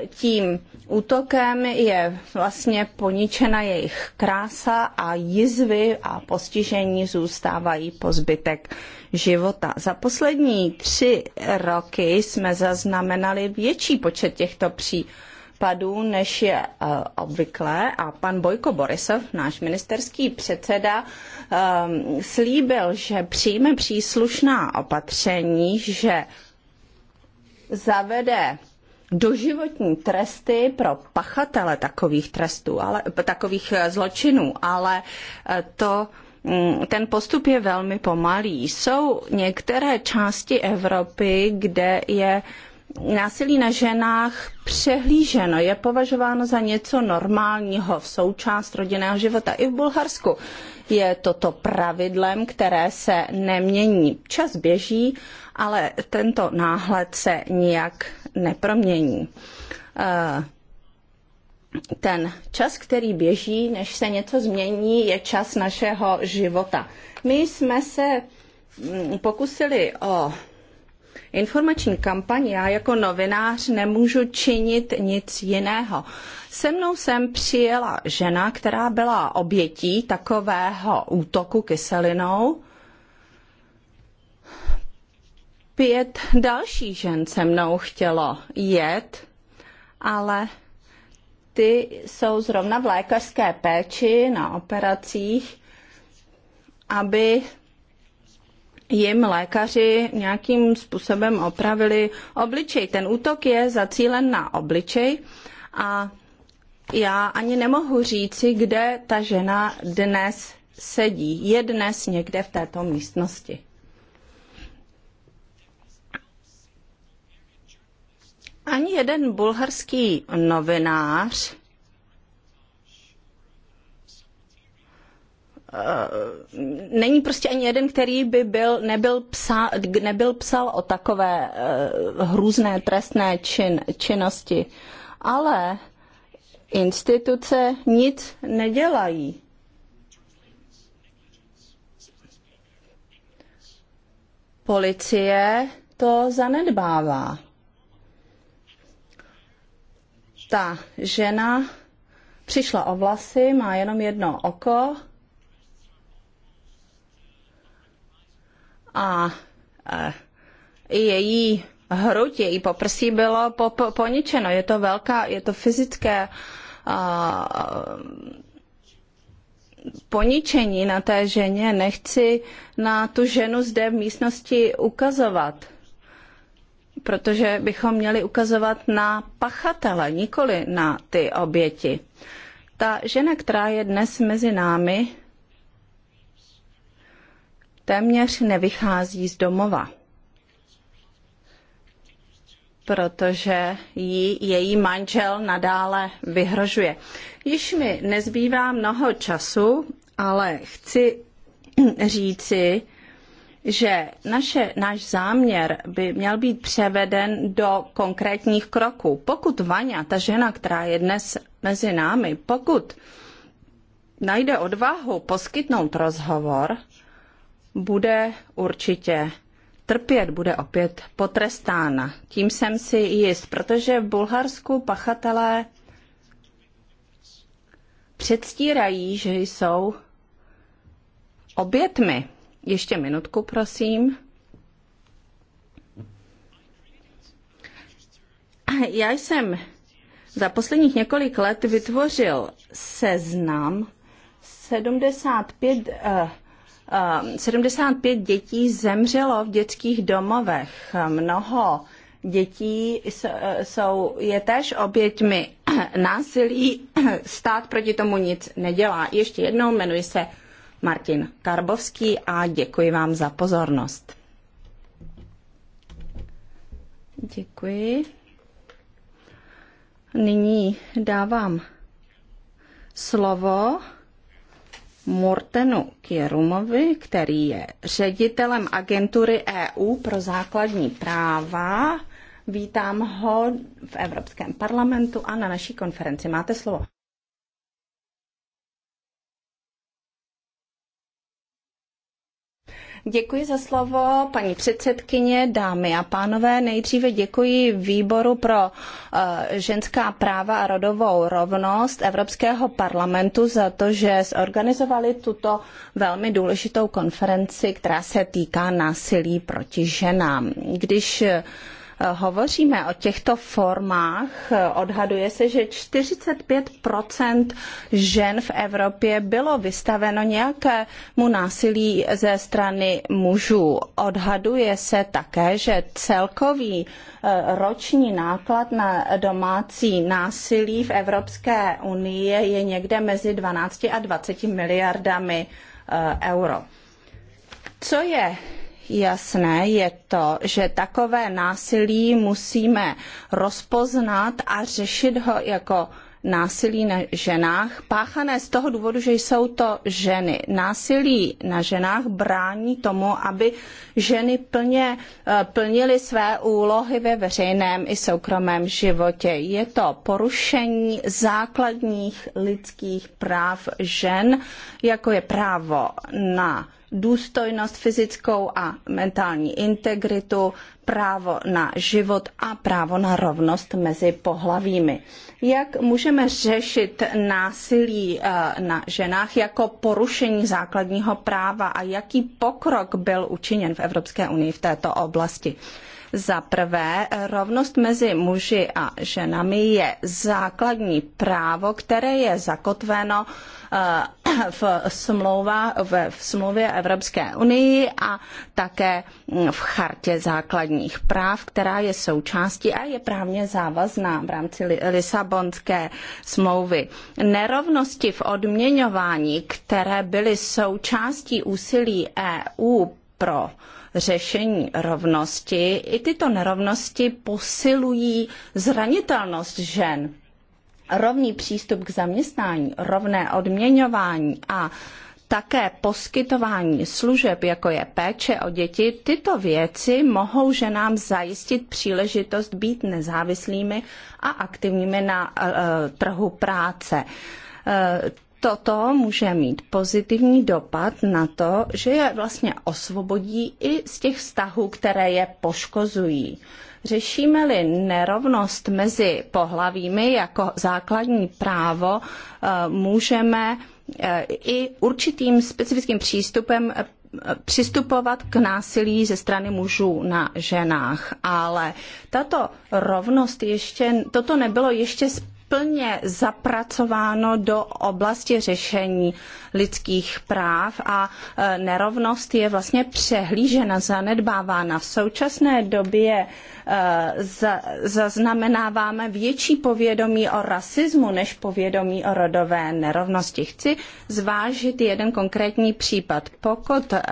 tím útokem je vlastně poničena jejich krása a jizvy a postižení zůstávají po zbytek života. Za poslední tři roky jsme zaznamenali větší počet těchto případů případů, než je eh, obvyklé. A pan Bojko Borisov, náš ministerský předseda, eh, slíbil, že přijme příslušná opatření, že zavede doživotní tresty pro pachatele takových trestů, ale, takových eh, zločinů, ale to mm, ten postup je velmi pomalý. Jsou některé části Evropy, kde je uh, násilí na ženách přehlíženo, je považováno za něco normálního v součást rodinného života. I v Bulharsku je toto pravidlem, které se nemění. Čas běží, ale tento náhled se nijak nepromění. Eh, ten čas, který běží, než se něco změní, je čas našeho života. My jsme se mm, pokusili o informační kampani, já jako novinář nemůžu činit nic jiného. Se mnou jsem přijela žena, která byla obětí takového útoku kyselinou. Pět dalších žen se mnou chtělo jet, ale ty jsou zrovna v lékařské péči na operacích, aby jim lékaři nějakým způsobem opravili obličej. Ten útok je zacílen na obličej a já ani nemohu říci, kde ta žena dnes sedí. Je dnes někde v této místnosti. Ani jeden bulharský novinář Eh, není prostě ani jeden, který by byl, nebyl, psa, nebyl psal o takové eh, hrůzné trestné čin, činnosti. Ale instituce nic nedělají. Policie to zanedbává. Ta žena přišla o vlasy, má jenom jedno oko, a e, její hruď, její poprsí bylo po, po, poničeno. Je to velká, je to fyzické a, poničení na té ženě. Nechci na tu ženu zde v místnosti ukazovat, protože bychom měli ukazovat na pachatele, nikoli na ty oběti. Ta žena, která je dnes mezi námi, téměř nevychází z domova protože jí její manžel nadále vyhrožuje. Již mi nezbývá mnoho času, ale chci říci, že naše, náš záměr by měl být převeden do konkrétních kroků. Pokud Vaňa, ta žena, která je dnes mezi námi, pokud najde odvahu poskytnout rozhovor, bude určitě trpět, bude opět potrestána. Tím jsem si jist, protože v Bulharsku pachatelé předstírají, že jsou obětmi. Ještě minutku, prosím. Já jsem za posledních několik let vytvořil seznam 75 uh, 75 eh, dětí zemřelo v dětských domovech. Mnoho dětí eh, jsou, je též oběťmi násilí. Stát proti tomu nic nedělá. Ještě jednou jmenuji se Martin Karbovský a děkuji vám za pozornost. Děkuji. Nyní dávám slovo Mortenu Kierumovi, který je ředitelem agentury EU pro základní práva. Vítám ho v Evropském parlamentu a na naší konferenci. Máte slovo. Děkuji za slovo, paní předsedkyně, dámy a pánové. Nejdříve děkuji Výboru pro eh, ženská práva a rodovou rovnost Evropského parlamentu za to, že zorganizovali tuto velmi důležitou konferenci, která se týká násilí proti ženám. Když eh, hovoříme o těchto formách, odhaduje se, že 45 žen v Evropě bylo vystaveno nějakému násilí ze strany mužů. Odhaduje se také, že celkový eh, roční náklad na domácí násilí v Evropské unii je někde mezi 12 a 20 miliardami eh, euro. Co je jasné, je to, že takové násilí musíme rozpoznat a řešit ho jako násilí na ženách, páchané z toho důvodu, že jsou to ženy. Násilí na ženách brání tomu, aby ženy plně eh, plnily své úlohy ve veřejném i soukromém životě. Je to porušení základních lidských práv žen, jako je právo na důstojnost fyzickou a mentální integritu, právo na život a právo na rovnost mezi pohlavími. Jak můžeme řešit násilí eh, na ženách jako porušení základního práva a jaký pokrok byl učiněn v Evropské unii v této oblasti? Za prvé, rovnost mezi muži a ženami je základní právo, které je zakotveno v, smlouva, v, v smlouvě Evropské unii a také v chartě základních práv, která je součástí a je právně závazná v rámci Lisabonské smlouvy. Nerovnosti v odměňování, které byly součástí úsilí EU pro řešení rovnosti, i tyto nerovnosti posilují zranitelnost žen rovný přístup k zaměstnání, rovné odměňování a také poskytování služeb, jako je péče o děti, tyto věci mohou ženám zajistit příležitost být nezávislými a aktivními na uh, trhu práce. Uh, toto může mít pozitivní dopad na to, že je vlastně osvobodí i z těch vztahů, které je poškozují. Uh, Řešíme-li nerovnost mezi pohlavími jako základní právo, eh, můžeme eh, i určitým specifickým přístupem eh, přistupovat k násilí ze strany mužů na ženách, ale tato rovnost ještě, toto nebylo ještě plně zapracováno do oblasti řešení lidských práv a e, nerovnost je vlastně přehlížena, zanedbávána. V současné době e, zaznamenáváme větší povědomí o rasismu než povědomí o rodové nerovnosti. Chci zvážit jeden konkrétní případ. Pokud e,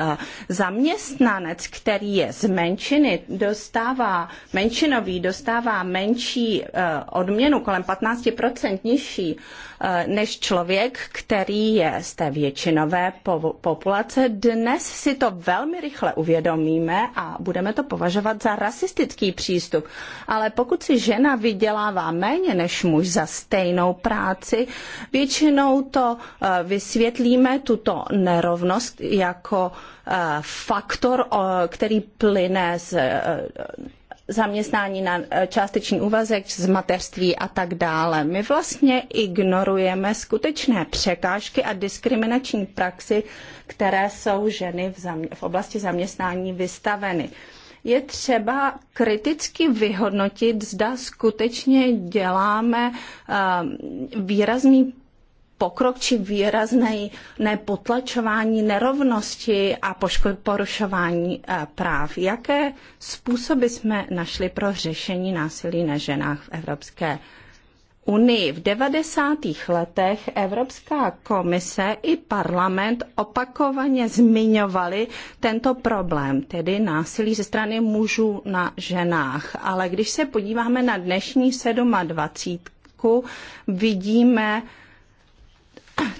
zaměstnanec, který je z menšiny, dostává menšinový, dostává menší odměnu kolem 15% nižší, Eh, než člověk, který je z té většinové populace. Dnes si to velmi rychle uvědomíme a budeme to považovat za rasistický přístup. Ale pokud si žena vydělává méně než muž za stejnou práci, většinou to eh, vysvětlíme, tuto nerovnost, jako eh, faktor, který plyne z zaměstnání na e, částečný úvazek z mateřství a tak dále. My vlastně ignorujeme skutečné překážky a diskriminační praxi, které jsou ženy v, v oblasti zaměstnání vystaveny je třeba kriticky vyhodnotit, zda skutečně děláme e, výrazný pokrok či výrazné potlačování nerovnosti a porušování eh, práv. Jaké způsoby jsme našli pro řešení násilí na ženách v Evropské unii. V 90. letech Evropská komise i parlament opakovaně zmiňovali tento problém, tedy násilí ze strany mužů na ženách. Ale když se podíváme na dnešní 27. vidíme,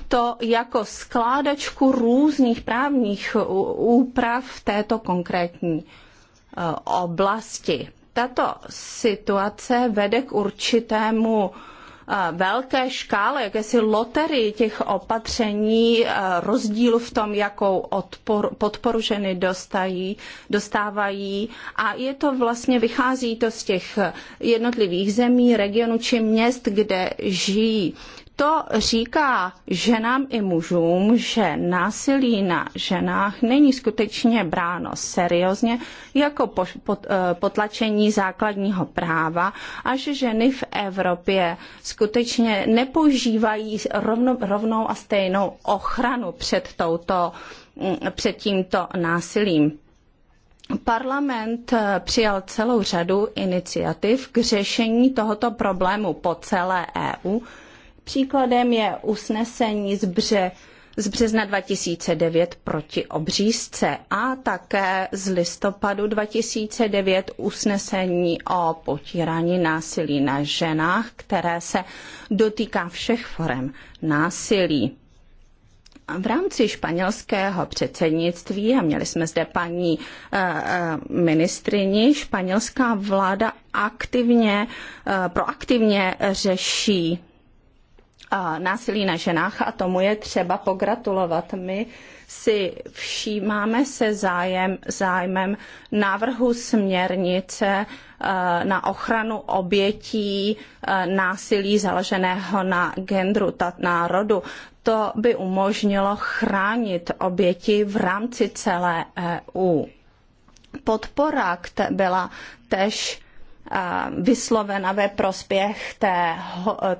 to jako skládačku různých právních úprav v této konkrétní eh, oblasti. Tato situace vede k určitému eh, velké škále, jakési loterii těch opatření, eh, rozdíl v tom, jakou odpor, podporu ženy dostají, dostávají. A je to vlastně, vychází to z těch jednotlivých zemí, regionů či měst, kde žijí. To říká ženám i mužům, že násilí na ženách není skutečně bráno seriózně jako eh, potlačení základního práva a že ženy v Evropě skutečně nepoužívají rovno, rovnou a stejnou ochranu před, touto, mm, před tímto násilím. Parlament eh, přijal celou řadu iniciativ k řešení tohoto problému po celé EU Příkladem je usnesení z bře z března 2009 proti obřízce a také z listopadu 2009 usnesení o potírání násilí na ženách, které se dotýká všech forem násilí. V rámci španělského předsednictví, a měli jsme zde paní eh, eh, ministrini, španělská vláda aktivně, eh, proaktivně řeší násilí na ženách a tomu je třeba pogratulovat. My si všímáme se zájem, zájmem návrhu směrnice eh, na ochranu obětí eh, násilí založeného na genderu, na rodu. To by umožnilo chránit oběti v rámci celé EU. Podpora, která byla tež Eh, vyslovena ve prospěch té,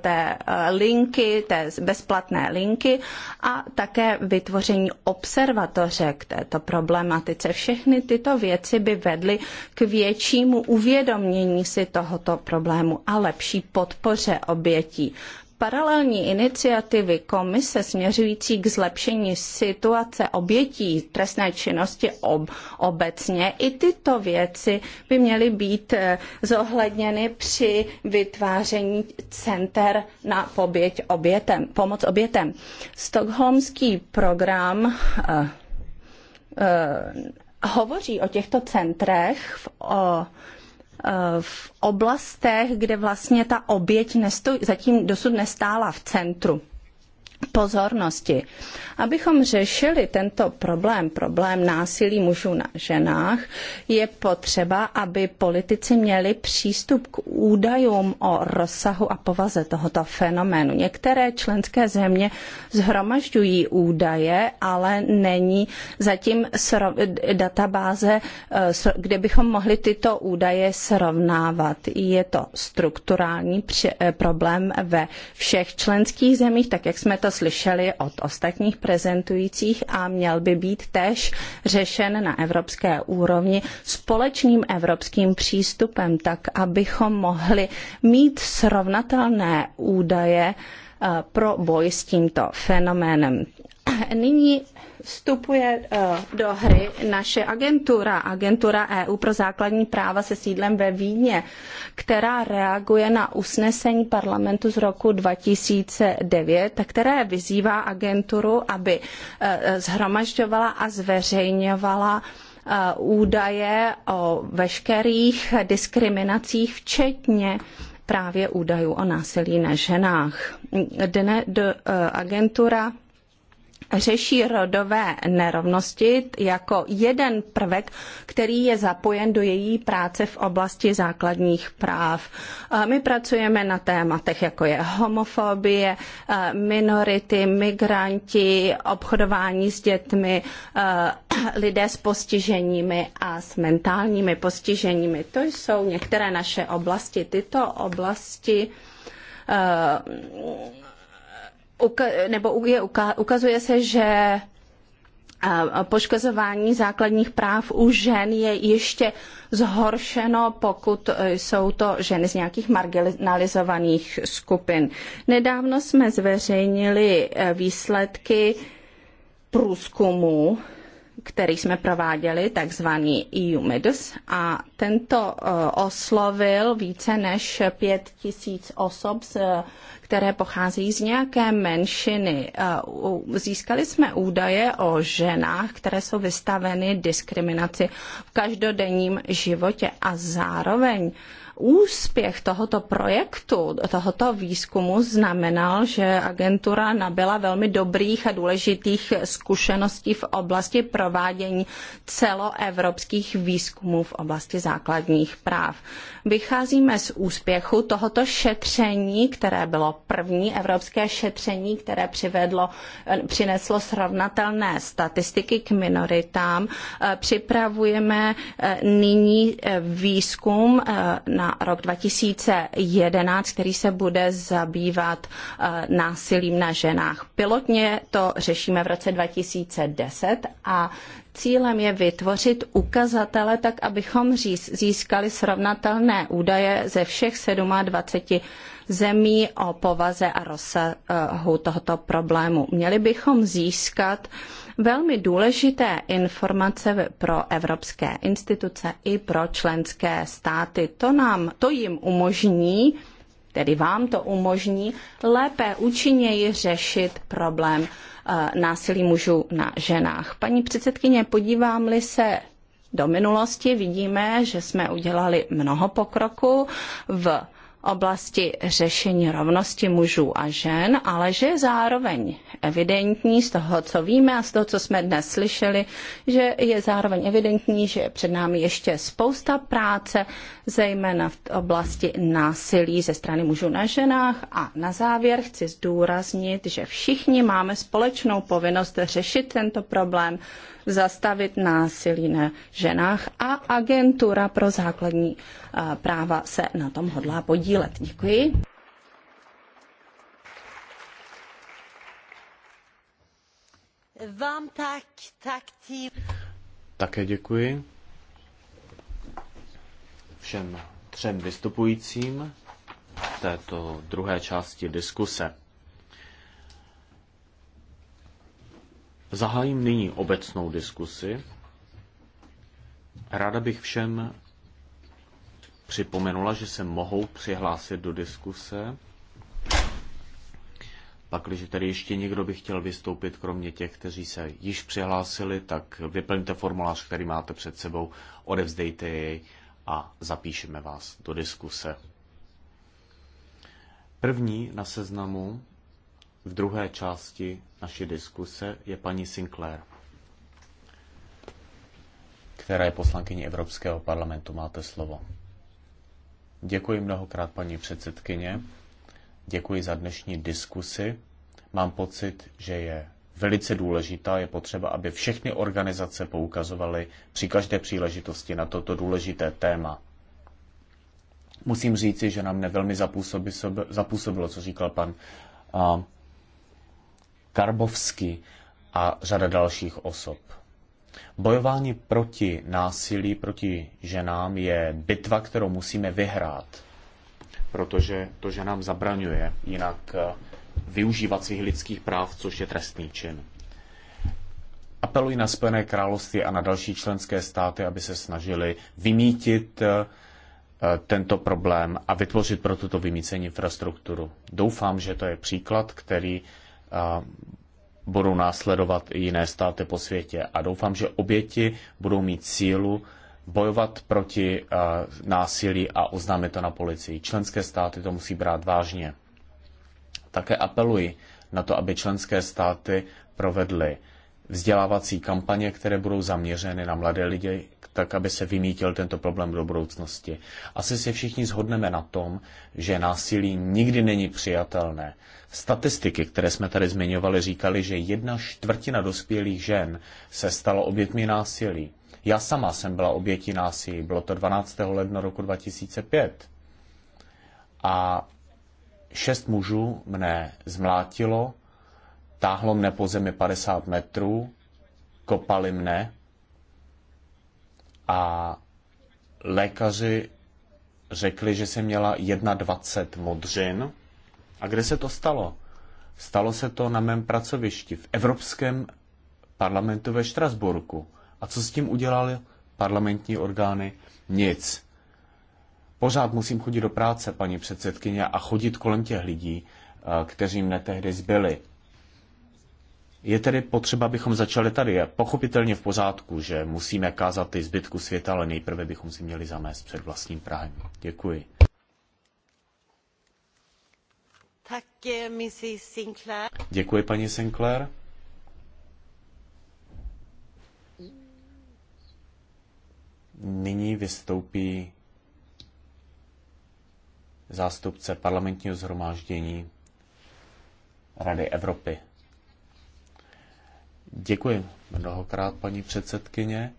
té eh, linky, té bezplatné linky a také vytvoření observatoře k této problematice. Všechny tyto věci by vedly k většímu uvědomění si tohoto problému a lepší podpoře obětí. Paralelní iniciativy komise směřující k zlepšení situace obětí trestné činnosti ob, obecně, i tyto věci by měly být eh, zohledněny při vytváření center na poběť obětem, pomoc obětem. Stockholmský program uh, uh, hovoří o těchto centrech v, o, Eh, v oblastech, kde vlastně ta oběť nestojí, zatím dosud nestála v centru pozornosti. Abychom řešili tento problém, problém násilí mužů na ženách, je potřeba, aby politici měli přístup k údajům o rozsahu a povaze tohoto fenoménu. Některé členské země zhromažďují údaje, ale není zatím databáze, eh, kde bychom mohli tyto údaje srovnávat. Je to strukturální eh, problém ve všech členských zemích, tak jak jsme to slyšeli od ostatních prezentujících a měl by být též řešen na evropské úrovni společným evropským přístupem, tak abychom mohli mít srovnatelné údaje eh, pro boj s tímto fenoménem. Nyní vstupuje eh, do hry naše agentura, agentura EU pro základní práva se sídlem ve Vídni, která reaguje na usnesení parlamentu z roku 2009, které vyzývá agenturu, aby eh, zhromažďovala a zveřejňovala eh, údaje o veškerých diskriminacích, včetně právě údajů o násilí na ženách. Dne do, agentura řeší rodové nerovnosti jako jeden prvek, který je zapojen do její práce v oblasti základních práv. My pracujeme na tématech, jako je homofobie, minority, migranti, obchodování s dětmi, lidé s postiženími a s mentálními postiženími. To jsou některé naše oblasti. Tyto oblasti uh, nebo je, ukazuje se, že poškozování základních práv u žen je ještě zhoršeno, pokud e, jsou to ženy z nějakých marginalizovaných skupin. Nedávno jsme zveřejnili e, výsledky průzkumu který jsme prováděli, takzvaný EU Midas, a tento e, oslovil více než pět tisíc osob, které pocházejí z nějaké menšiny. E, získali jsme údaje o ženách, které jsou vystaveny diskriminaci v každodenním životě a zároveň úspěch tohoto projektu, tohoto výzkumu znamenal, že agentura nabyla velmi dobrých a důležitých zkušeností v oblasti provádění celoevropských výzkumů v oblasti základních práv. Vycházíme z úspěchu tohoto šetření, které bylo první evropské šetření, které přivedlo, přineslo srovnatelné statistiky k minoritám. Připravujeme eh, nyní eh, výzkum eh, na rok 2011, který se bude zabývat eh, násilím na ženách. Pilotně to řešíme v roce 2010 a Cílem je vytvořit ukazatele tak, abychom získali srovnatelné údaje ze všech 27 zemí o povaze a rozsahu tohoto problému. Měli bychom získat velmi důležité informace pro evropské instituce i pro členské státy. To nám, to jim umožní tedy vám to umožní lépe účinněji řešit problém eh, násilí mužů na ženách. Paní předsedkyně, podívám-li se do minulosti, vidíme, že jsme udělali mnoho pokroku v oblasti řešení rovnosti mužů a žen, ale že je zároveň evidentní z toho, co víme a z toho, co jsme dnes slyšeli, že je zároveň evidentní, že je před námi ještě spousta práce, zejména v oblasti násilí ze strany mužů na ženách. A na závěr chci zdůraznit, že všichni máme společnou povinnost řešit tento problém zastavit násilí na ženách a agentura pro základní eh, práva se na tom hodlá podílet. Děkuji. Vám tak, tak tí... Také děkuji všem třem vystupujícím v této druhé části diskuse. Zahájím nyní obecnou diskusi. Ráda bych všem připomenula, že se mohou přihlásit do diskuse. Pak, když tady ještě někdo by chtěl vystoupit, kromě těch, kteří se již přihlásili, tak vyplňte formulář, který máte před sebou, odevzdejte jej a zapíšeme vás do diskuse. První na seznamu v druhé části naší diskuse je paní Sinclair, která je poslankyní Evropského parlamentu. Máte slovo. Děkuji mnohokrát, paní předsedkyně. Děkuji za dnešní diskusi. Mám pocit, že je velice důležitá. Je potřeba, aby všechny organizace poukazovaly při každé příležitosti na toto důležité téma. Musím říci, že nám nevelmi zapůsobilo, co říkal pan Karbovsky a řada dalších osob. Bojování proti násilí, proti ženám je bitva, kterou musíme vyhrát, protože to, že nám zabraňuje jinak eh, využívat svých lidských práv, což je trestný čin. Apeluji na Spojené království a na další členské státy, aby se snažili vymítit eh, tento problém a vytvořit pro tuto vymícení infrastrukturu. Doufám, že to je příklad, který budou následovat i jiné státy po světě. A doufám, že oběti budou mít sílu bojovat proti eh, násilí a oznámit to na policii. Členské státy to musí brát vážně. Také apeluji na to, aby členské státy provedly vzdělávací kampaně, které budou zaměřeny na mladé lidi, tak aby se vymítil tento problém do budoucnosti. Asi se všichni zhodneme na tom, že násilí nikdy není přijatelné. Statistiky, které jsme tady zmiňovali, říkali, že jedna čtvrtina dospělých žen se stala obětmi násilí. Já sama jsem byla obětí násilí, bylo to 12. ledna roku 2005. A šest mužů mne zmlátilo, táhlo mne po zemi 50 metrů, kopali mne a lékaři řekli, že jsem měla 21 modřin. A kde se to stalo? Stalo se to na mém pracovišti v Evropském parlamentu ve Štrasburku. A co s tím udělali parlamentní orgány? Nic. Pořád musím chodit do práce, paní předsedkyně, a chodit kolem těch lidí, eh, kteří mne tehdy zbyli. Je tedy potřeba, abychom začali tady. Je pochopitelně v pořádku, že musíme kázat i zbytku světa, ale nejprve bychom si měli zamést před vlastním Prahem. Děkuji. Tak, eh, Sinclair. Děkuji, paní Sinclair. Nyní vystoupí zástupce parlamentního zhromáždění Rady Evropy. Děkuji mnohokrát, paní předsedkyně.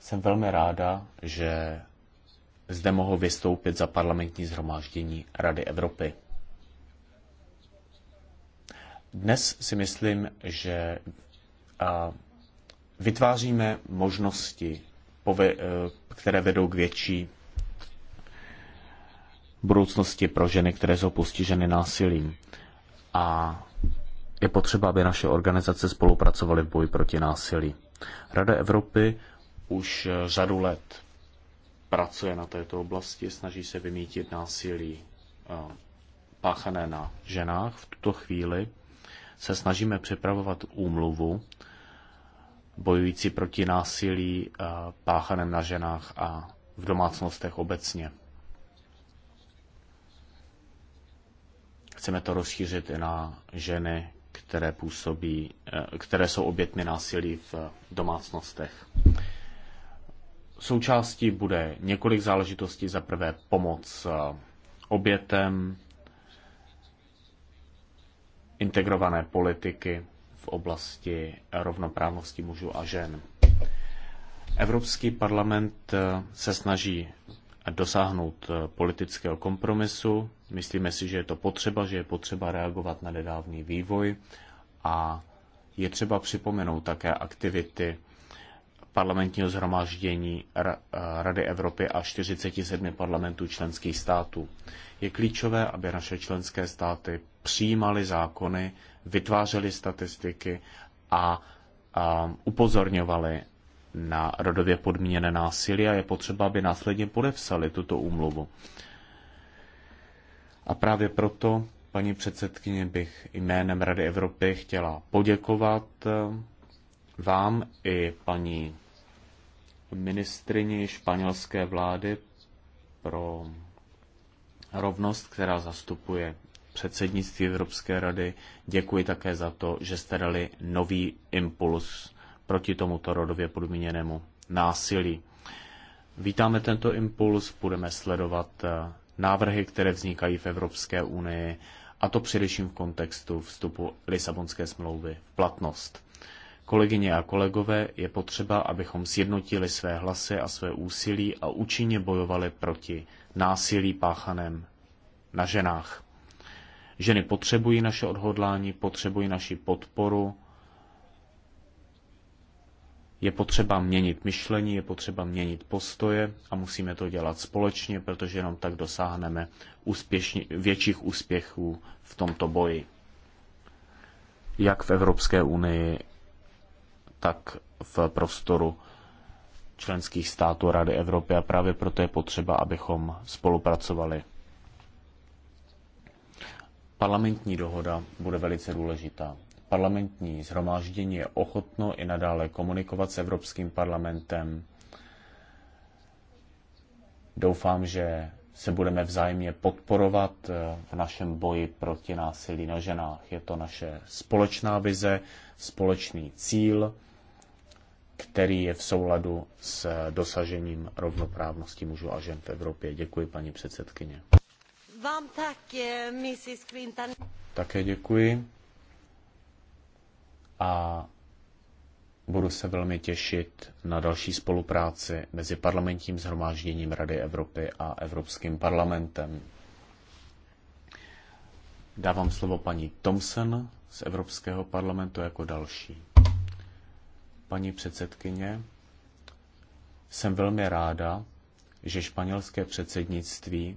Jsem velmi ráda, že zde mohu vystoupit za parlamentní zhromáždění Rady Evropy. Dnes si myslím, že vytváříme možnosti, e, které vedou k větší budoucnosti pro ženy, které jsou postiženy násilím. A je potřeba, aby naše organizace spolupracovaly v boji proti násilí. Rada Evropy už eh, řadu let pracuje na této oblasti, snaží se vymítit násilí eh, páchané na ženách. V tuto chvíli se snažíme připravovat úmluvu bojující proti násilí eh, páchaném na ženách a v domácnostech obecně. Chceme to rozšířit i na ženy, které, působí, eh, které jsou obětmi násilí v domácnostech. Součástí bude několik záležitostí. Za prvé pomoc eh, obětem, integrované politiky v oblasti rovnoprávnosti mužů a žen. Evropský parlament eh, se snaží dosáhnout eh, politického kompromisu. Myslíme si, že je to potřeba, že je potřeba reagovat na nedávný vývoj a je třeba připomenout také aktivity parlamentního zhromáždění eh, Rady Evropy a 47 parlamentů členských států. Je klíčové, aby naše členské státy přijímaly zákony, vytvářely statistiky a, upozorňovaly na rodově podmíněné násilí a je potřeba, aby následně podepsali tuto úmluvu. A právě proto, paní předsedkyně, bych jménem Rady Evropy chtěla poděkovat eh, vám i paní ministrině španělské vlády pro rovnost, která zastupuje předsednictví Evropské rady. Děkuji také za to, že jste dali nový impuls proti tomuto rodově podmíněnému násilí. Vítáme tento impuls, budeme sledovat eh, návrhy, které vznikají v Evropské unii, a to především v kontextu vstupu Lisabonské smlouvy v platnost. Kolegyně a kolegové, je potřeba, abychom sjednotili své hlasy a své úsilí a účinně bojovali proti násilí páchaném na ženách. Ženy potřebují naše odhodlání, potřebují naši podporu je potřeba měnit myšlení, je potřeba měnit postoje a musíme to dělat společně, protože jenom tak dosáhneme úspěšně, větších úspěchů v tomto boji. Jak v Evropské unii, tak v prostoru členských států Rady Evropy a právě proto je potřeba, abychom spolupracovali. Parlamentní dohoda bude velice důležitá parlamentní zhromáždění je ochotno i nadále komunikovat s Evropským parlamentem. Doufám, že se budeme vzájemně podporovat eh, v našem boji proti násilí na ženách. Je to naše společná vize, společný cíl, který je v souladu s dosažením rovnoprávnosti mužů a žen v Evropě. Děkuji, paní předsedkyně. Vám tak, Mrs. Quintan. Také děkuji a budu se velmi těšit na další spolupráci mezi parlamentním zhromážděním Rady Evropy a Evropským parlamentem. Dávám slovo paní Thomson z Evropského parlamentu jako další. Paní předsedkyně, jsem velmi ráda, že španělské předsednictví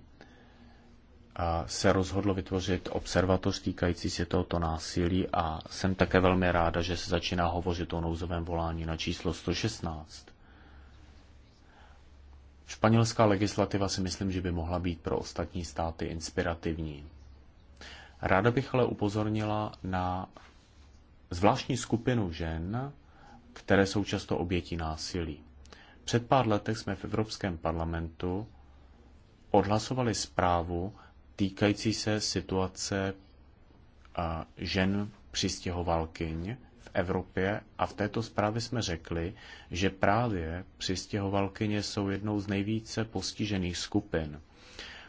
se rozhodlo vytvořit observatoř týkající se tohoto násilí a jsem také velmi ráda, že se začíná hovořit o nouzovém volání na číslo 116. Španělská legislativa si myslím, že by mohla být pro ostatní státy inspirativní. Ráda bych ale upozornila na zvláštní skupinu žen, které jsou často obětí násilí. Před pár lety jsme v Evropském parlamentu odhlasovali zprávu, týkající se situace žen přistěhovalkyň v Evropě a v této zprávě jsme řekli, že právě přistěhovalkyně jsou jednou z nejvíce postižených skupin.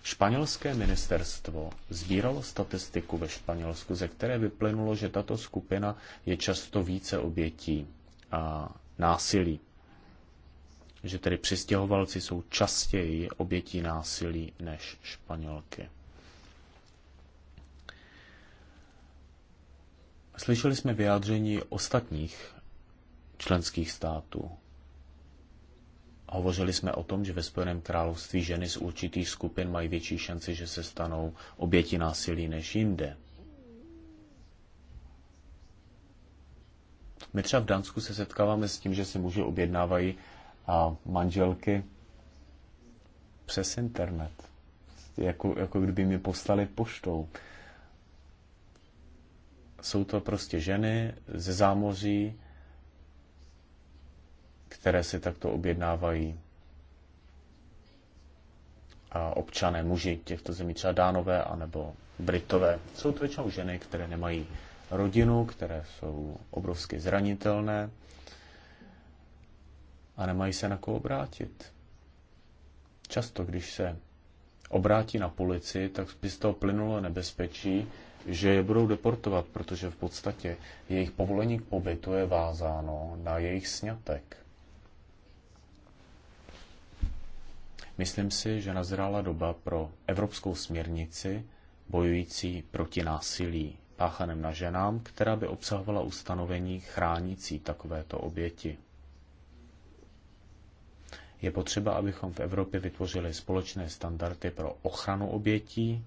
Španělské ministerstvo sbíralo statistiku ve Španělsku, ze které vyplynulo, že tato skupina je často více obětí a násilí. Že tedy přistěhovalci jsou častěji obětí násilí než Španělky. Slyšeli jsme vyjádření ostatních členských států. Hovořili jsme o tom, že ve Spojeném království ženy z určitých skupin mají větší šanci, že se stanou oběti násilí než jinde. My třeba v Dánsku se setkáváme s tím, že si muži objednávají a manželky přes internet. Jako, jako kdyby mi poslali poštou. Jsou to prostě ženy ze zámoří, které si takto objednávají a občané, muži těchto zemí, třeba dánové anebo britové. Jsou to většinou ženy, které nemají rodinu, které jsou obrovsky zranitelné a nemají se na koho obrátit. Často, když se obrátí na policii, tak by z toho plynulo nebezpečí, že je budou deportovat, protože v podstatě jejich povolení k pobytu je vázáno na jejich sňatek. Myslím si, že nazrála doba pro evropskou směrnici bojující proti násilí páchaném na ženám, která by obsahovala ustanovení chránící takovéto oběti. Je potřeba, abychom v Evropě vytvořili společné standardy pro ochranu obětí,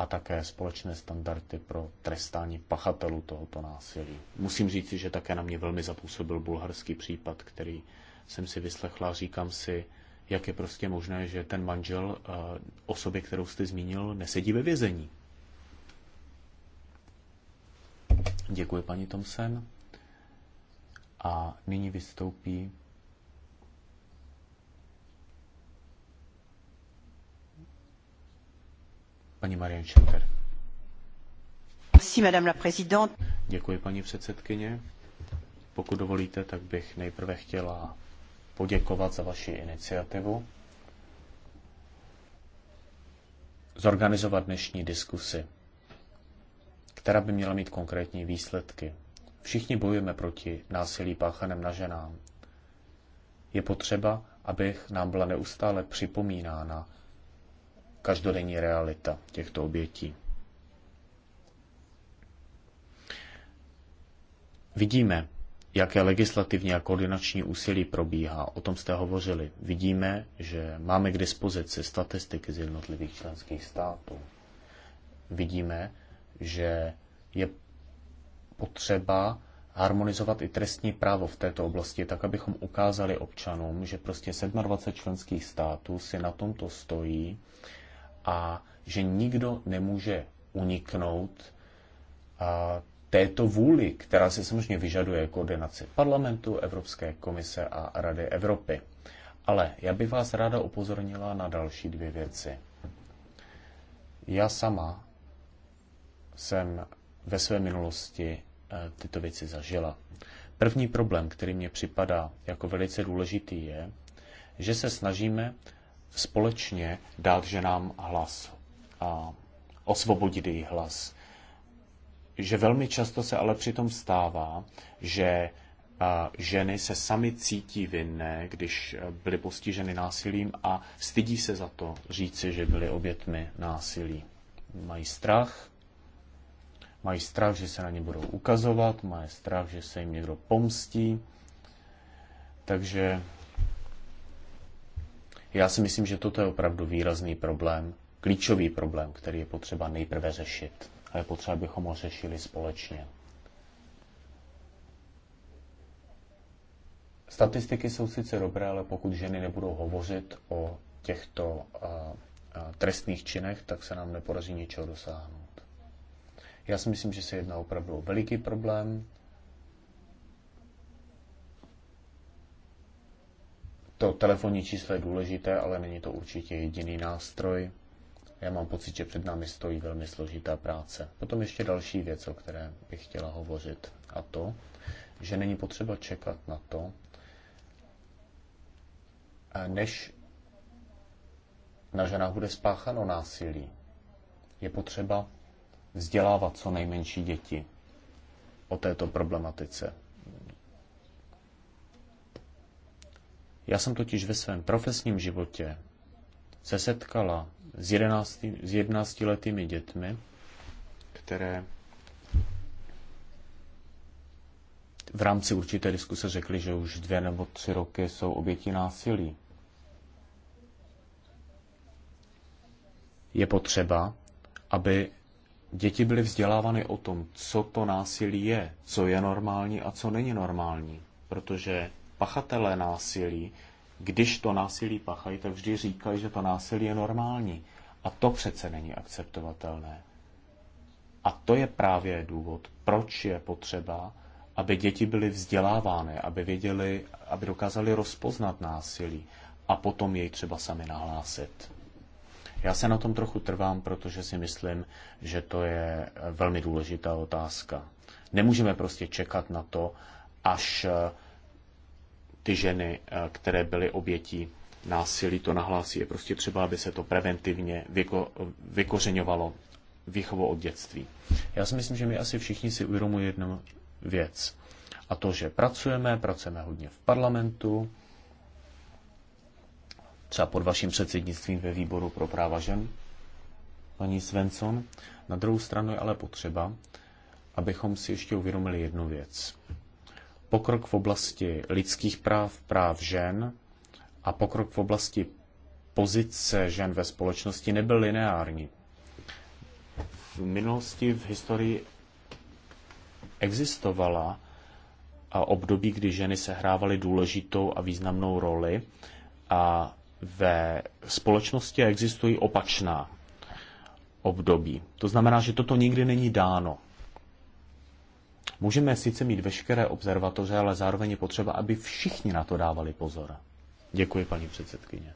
a také společné standardy pro trestání pachatelů tohoto násilí. Musím říci, že také na mě velmi zapůsobil bulharský případ, který jsem si vyslechla a říkám si, jak je prostě možné, že ten manžel eh, osoby, kterou jste zmínil, nesedí ve vězení. Děkuji, paní Tomsen. A nyní vystoupí Paní Marian Děkuji, paní předsedkyně. Pokud dovolíte, tak bych nejprve chtěla poděkovat za vaši iniciativu zorganizovat dnešní diskusi, která by měla mít konkrétní výsledky. Všichni bojujeme proti násilí páchaném na ženám. Je potřeba, abych nám byla neustále připomínána každodenní realita těchto obětí. Vidíme, jaké legislativní a koordinační úsilí probíhá. O tom jste hovořili. Vidíme, že máme k dispozici statistiky z jednotlivých členských států. Vidíme, že je potřeba harmonizovat i trestní právo v této oblasti, tak abychom ukázali občanům, že prostě 27 členských států si na tomto stojí a že nikdo nemůže uniknout a této vůli, která se samozřejmě vyžaduje koordinaci parlamentu, Evropské komise a Rady Evropy. Ale já bych vás ráda upozornila na další dvě věci. Já sama jsem ve své minulosti e, tyto věci zažila. První problém, který mě připadá jako velice důležitý, je, že se snažíme společně dát ženám hlas a osvobodit jejich hlas. Že velmi často se ale přitom stává, že ženy se sami cítí vinné, když byly postiženy násilím a stydí se za to říci, že byly obětmi násilí. Mají strach, mají strach, že se na ně budou ukazovat, mají strach, že se jim někdo pomstí. Takže já si myslím, že toto je opravdu výrazný problém, klíčový problém, který je potřeba nejprve řešit. A je potřeba, abychom ho řešili společně. Statistiky jsou sice dobré, ale pokud ženy nebudou hovořit o těchto a, a, trestných činech, tak se nám nepodaří ničeho dosáhnout. Já si myslím, že se jedná opravdu o veliký problém, to telefonní číslo je důležité, ale není to určitě jediný nástroj. Já mám pocit, že před námi stojí velmi složitá práce. Potom ještě další věc, o které bych chtěla hovořit, a to, že není potřeba čekat na to, než na ženách bude spáchano násilí. Je potřeba vzdělávat co nejmenší děti o této problematice. Já jsem totiž ve svém profesním životě se setkala s, jedenácti, s 11 dětmi, které v rámci určité diskuse řekly, že už dvě nebo tři roky jsou oběti násilí. Je potřeba, aby děti byly vzdělávány o tom, co to násilí je, co je normální a co není normální. Protože pachatelé násilí, když to násilí pachají, tak vždy říkají, že to násilí je normální. A to přece není akceptovatelné. A to je právě důvod, proč je potřeba, aby děti byly vzdělávány, aby věděli, aby dokázali rozpoznat násilí a potom jej třeba sami nahlásit. Já se na tom trochu trvám, protože si myslím, že to je velmi důležitá otázka. Nemůžeme prostě čekat na to, až ty ženy, eh, které byly obětí násilí, to nahlásí. Je prostě třeba, aby se to preventivně vyko, vykořeňovalo výchovou od dětství. Já si myslím, že my asi všichni si uvědomujeme jednu věc. A to, že pracujeme, pracujeme hodně v parlamentu, třeba pod vaším předsednictvím ve výboru pro práva žen, paní Svensson. Na druhou stranu je ale potřeba, abychom si ještě uvědomili jednu věc pokrok v oblasti lidských práv, práv žen a pokrok v oblasti pozice žen ve společnosti nebyl lineární. V minulosti, v historii existovala období, kdy ženy sehrávaly důležitou a významnou roli a ve společnosti existují opačná období. To znamená, že toto nikdy není dáno. Můžeme sice mít veškeré observatoře, ale zároveň je potřeba, aby všichni na to dávali pozor. Děkuji, paní předsedkyně.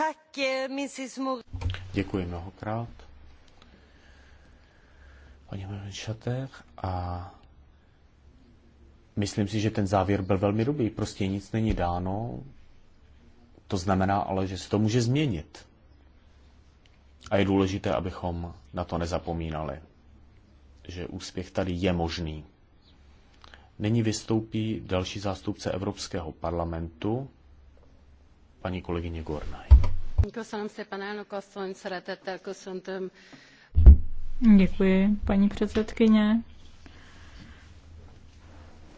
Eh, Děkuji mnohokrát. Paní Šater a myslím si, že ten závěr byl velmi dobrý. Prostě nic není dáno, to znamená ale, že se to může změnit. A je důležité, abychom na to nezapomínali, že úspěch tady je možný. Nyní vystoupí další zástupce Evropského parlamentu, paní kolegyně Gornaj. Děkuji, paní předsedkyně.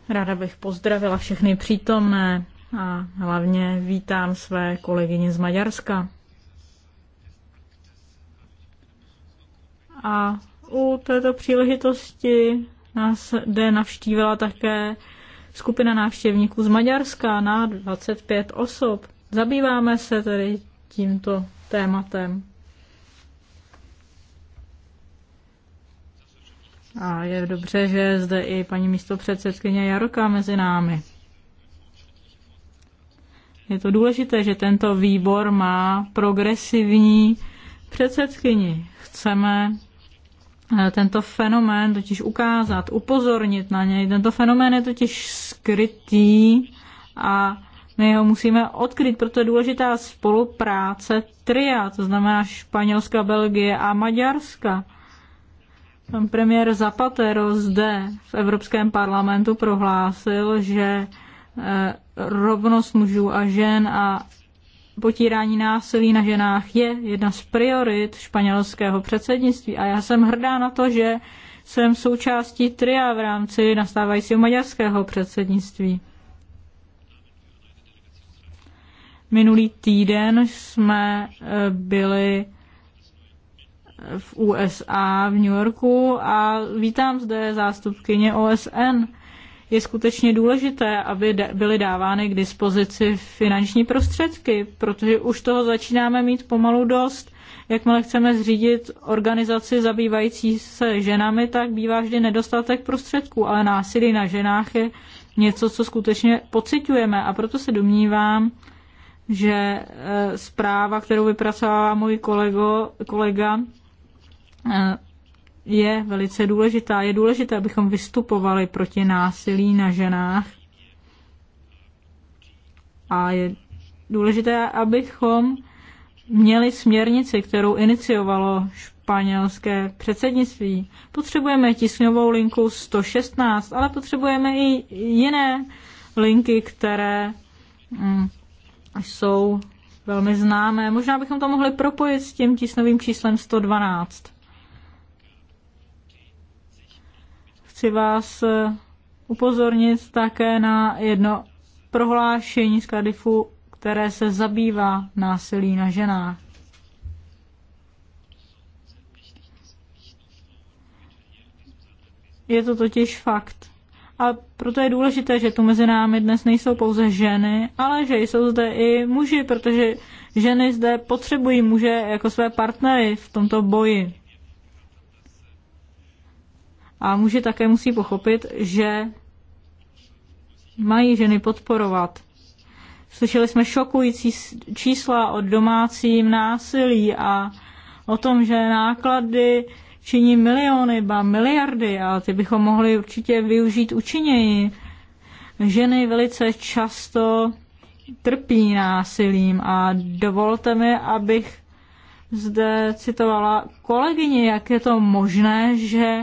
Ráda bych pozdravila všechny přítomné a hlavně vítám své kolegyně z Maďarska. A u této příležitosti nás jde navštívila také skupina návštěvníků z Maďarska na 25 osob. Zabýváme se tedy tímto tématem. A je dobře, že je zde i paní místopředsedkyně Jaroka mezi námi. Je to důležité, že tento výbor má progresivní předsedkyni. Chceme eh, tento fenomén totiž ukázat, upozornit na něj. Tento fenomén je totiž skrytý a my ho musíme odkryt, proto je důležitá spolupráce tria, to znamená Španělska, Belgie a Maďarska. Pan premiér Zapatero zde v Evropském parlamentu prohlásil, že eh, rovnost mužů a žen a potírání násilí na ženách je jedna z priorit španělského předsednictví. A já jsem hrdá na to, že jsem součástí tria v rámci nastávajícího maďarského předsednictví. Minulý týden jsme e, byli v USA v New Yorku a vítám zde zástupkyně OSN je skutečně důležité, aby byly dávány k dispozici finanční prostředky, protože už toho začínáme mít pomalu dost. Jakmile chceme zřídit organizaci zabývající se ženami, tak bývá vždy nedostatek prostředků, ale násilí na ženách je něco, co skutečně pocitujeme. a proto se domnívám, že e, zpráva, kterou vypracovává můj kolego, kolega, e, je velice důležitá. Je důležité, abychom vystupovali proti násilí na ženách. A je důležité, abychom měli směrnici, kterou iniciovalo španělské předsednictví. Potřebujeme tisňovou linku 116, ale potřebujeme i jiné linky, které mm, jsou velmi známé. Možná bychom to mohli propojit s tím tisnovým číslem 112. chci vás eh, upozornit také na jedno prohlášení z Kadifu, které se zabývá násilí na ženách. Je to totiž fakt. A proto je důležité, že tu mezi námi dnes nejsou pouze ženy, ale že jsou zde i muži, protože ženy zde potřebují muže jako své partnery v tomto boji. A muži také musí pochopit, že mají ženy podporovat. Slyšeli jsme šokující čísla o domácím násilí a o tom, že náklady činí miliony, ba miliardy a ty bychom mohli určitě využít učiněji. Ženy velice často trpí násilím a dovolte mi, abych zde citovala kolegyně, jak je to možné, že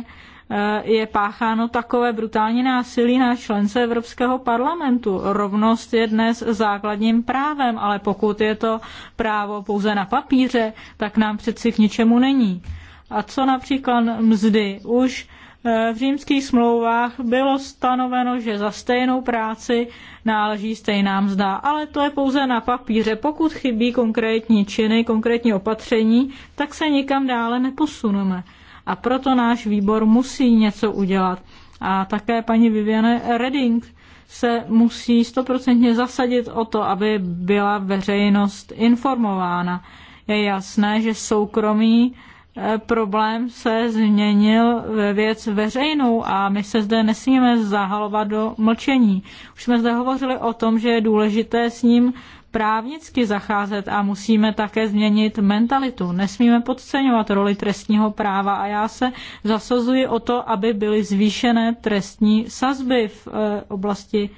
Eh, je pácháno takové brutální násilí na člence Evropského parlamentu. Rovnost je dnes základním právem, ale pokud je to právo pouze na papíře, tak nám přeci k ničemu není. A co například mzdy? Už eh, v římských smlouvách bylo stanoveno, že za stejnou práci náleží stejná mzda, ale to je pouze na papíře. Pokud chybí konkrétní činy, konkrétní opatření, tak se nikam dále neposuneme. A proto náš výbor musí něco udělat. A také paní Viviane Redding se musí stoprocentně zasadit o to, aby byla veřejnost informována. Je jasné, že soukromý eh, problém se změnil ve věc veřejnou a my se zde nesmíme zahalovat do mlčení. Už jsme zde hovořili o tom, že je důležité s ním právnicky zacházet a musíme také změnit mentalitu. Nesmíme podceňovat roli trestního práva a já se zasazuji o to, aby byly zvýšené trestní sazby v eh, oblasti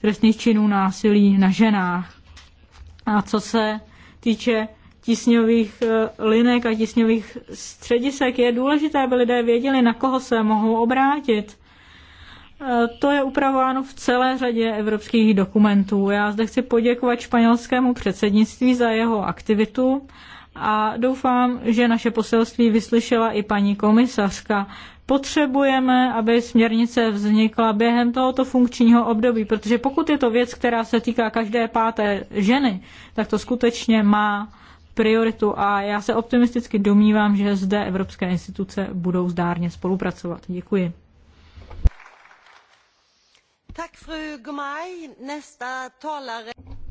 trestných činů násilí na ženách. A co se týče tisňových eh, linek a tisňových středisek, je důležité, aby lidé věděli, na koho se mohou obrátit. To je upravováno v celé řadě evropských dokumentů. Já zde chci poděkovat španělskému předsednictví za jeho aktivitu a doufám, že naše poselství vyslyšela i paní komisařka. Potřebujeme, aby směrnice vznikla během tohoto funkčního období, protože pokud je to věc, která se týká každé páté ženy, tak to skutečně má prioritu a já se optimisticky domnívám, že zde evropské instituce budou zdárně spolupracovat. Děkuji.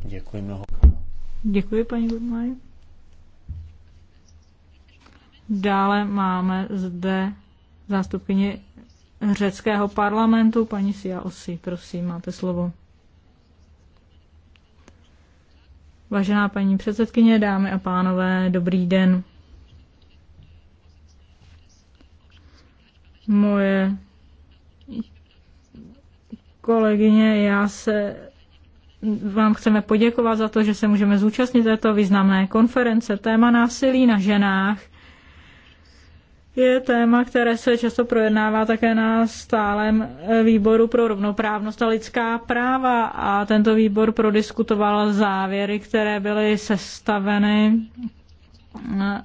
Děkuji mnohokrát. Děkuji, paní Dále máme zde zástupkyni řeckého parlamentu, paní Sia Osi. Prosím, máte slovo. Vážená paní předsedkyně, dámy a pánové, dobrý den. Moje kolegyně, já se vám chceme poděkovat za to, že se můžeme zúčastnit této významné konference. Téma násilí na ženách je téma, které se často projednává také na stálem eh, výboru pro rovnoprávnost a lidská práva a tento výbor prodiskutoval závěry, které byly sestaveny eh,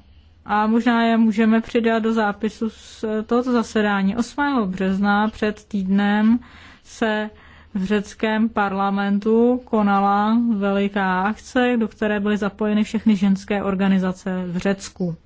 a možná je můžeme přidat do zápisu z tohoto zasedání. 8. března před týdnem se v řeckém parlamentu konala veliká akce, do které byly zapojeny všechny ženské organizace v Řecku.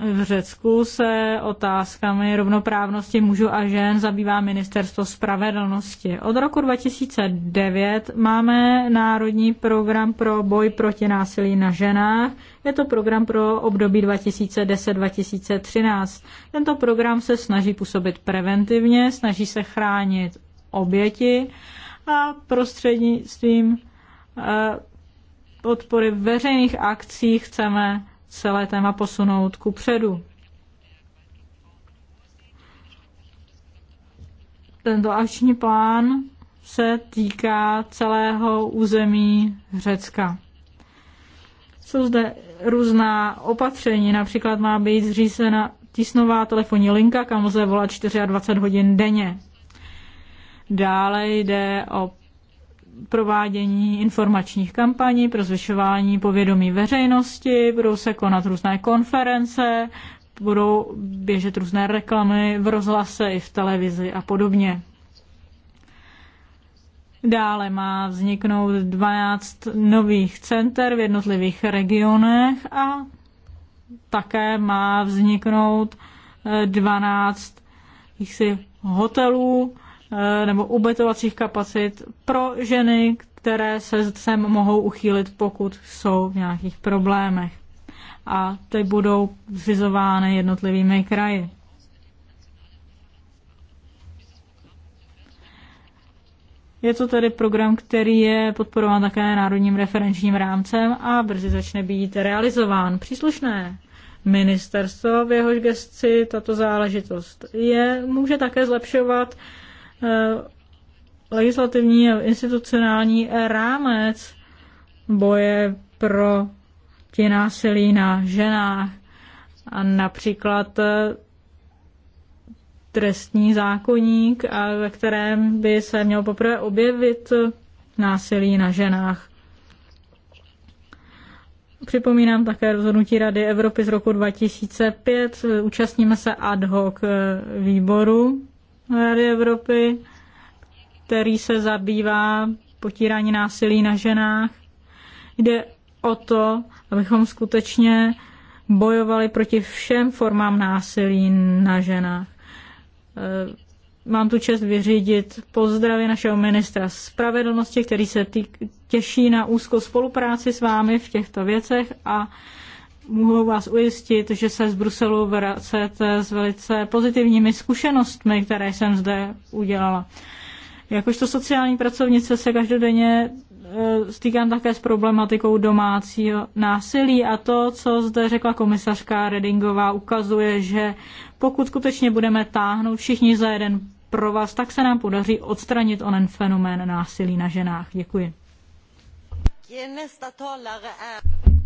V Řecku se otázkami rovnoprávnosti mužů a žen zabývá Ministerstvo spravedlnosti. Od roku 2009 máme Národní program pro boj proti násilí na ženách. Je to program pro období 2010-2013. Tento program se snaží působit preventivně, snaží se chránit oběti a prostřednictvím eh, podpory veřejných akcí chceme celé téma posunout ku předu. Tento akční plán se týká celého území Řecka. Jsou zde různá opatření, například má být zřízena tisnová telefonní linka, kam lze volat 24 hodin denně. Dále jde o provádění informačních kampaní pro zvyšování povědomí veřejnosti, budou se konat různé konference, budou běžet různé reklamy v rozhlase i v televizi a podobně. Dále má vzniknout 12 nových center v jednotlivých regionech a také má vzniknout 12 eh, jaksi hotelů, Eh, nebo ubytovacích kapacit pro ženy, které se sem mohou uchýlit, pokud jsou v nějakých problémech. A ty budou zřizovány jednotlivými kraji. Je to tedy program, který je podporován také Národním referenčním rámcem a brzy začne být realizován. Příslušné ministerstvo v jehož gesci tato záležitost je, může také zlepšovat uh, Eh, legislativní a institucionální rámec boje pro tě násilí na ženách a například eh, trestní zákoník, a ve kterém by se mělo poprvé objevit násilí na ženách. Připomínám také rozhodnutí Rady Evropy z roku 2005. Účastníme se ad hoc eh, výboru Rady Evropy, který se zabývá potírání násilí na ženách. Jde o to, abychom skutečně bojovali proti všem formám násilí na ženách. Eh, mám tu čest vyřídit pozdravy našeho ministra spravedlnosti, který se tý, těší na úzkou spolupráci s vámi v těchto věcech a mohu vás ujistit, že se z Bruselu vracete s velice pozitivními zkušenostmi, které jsem zde udělala. Jakožto sociální pracovnice se každodenně e, stýkám také s problematikou domácího násilí a to, co zde řekla komisařka Redingová, ukazuje, že pokud skutečně budeme táhnout všichni za jeden pro vás, tak se nám podaří odstranit onen fenomén násilí na ženách. Děkuji.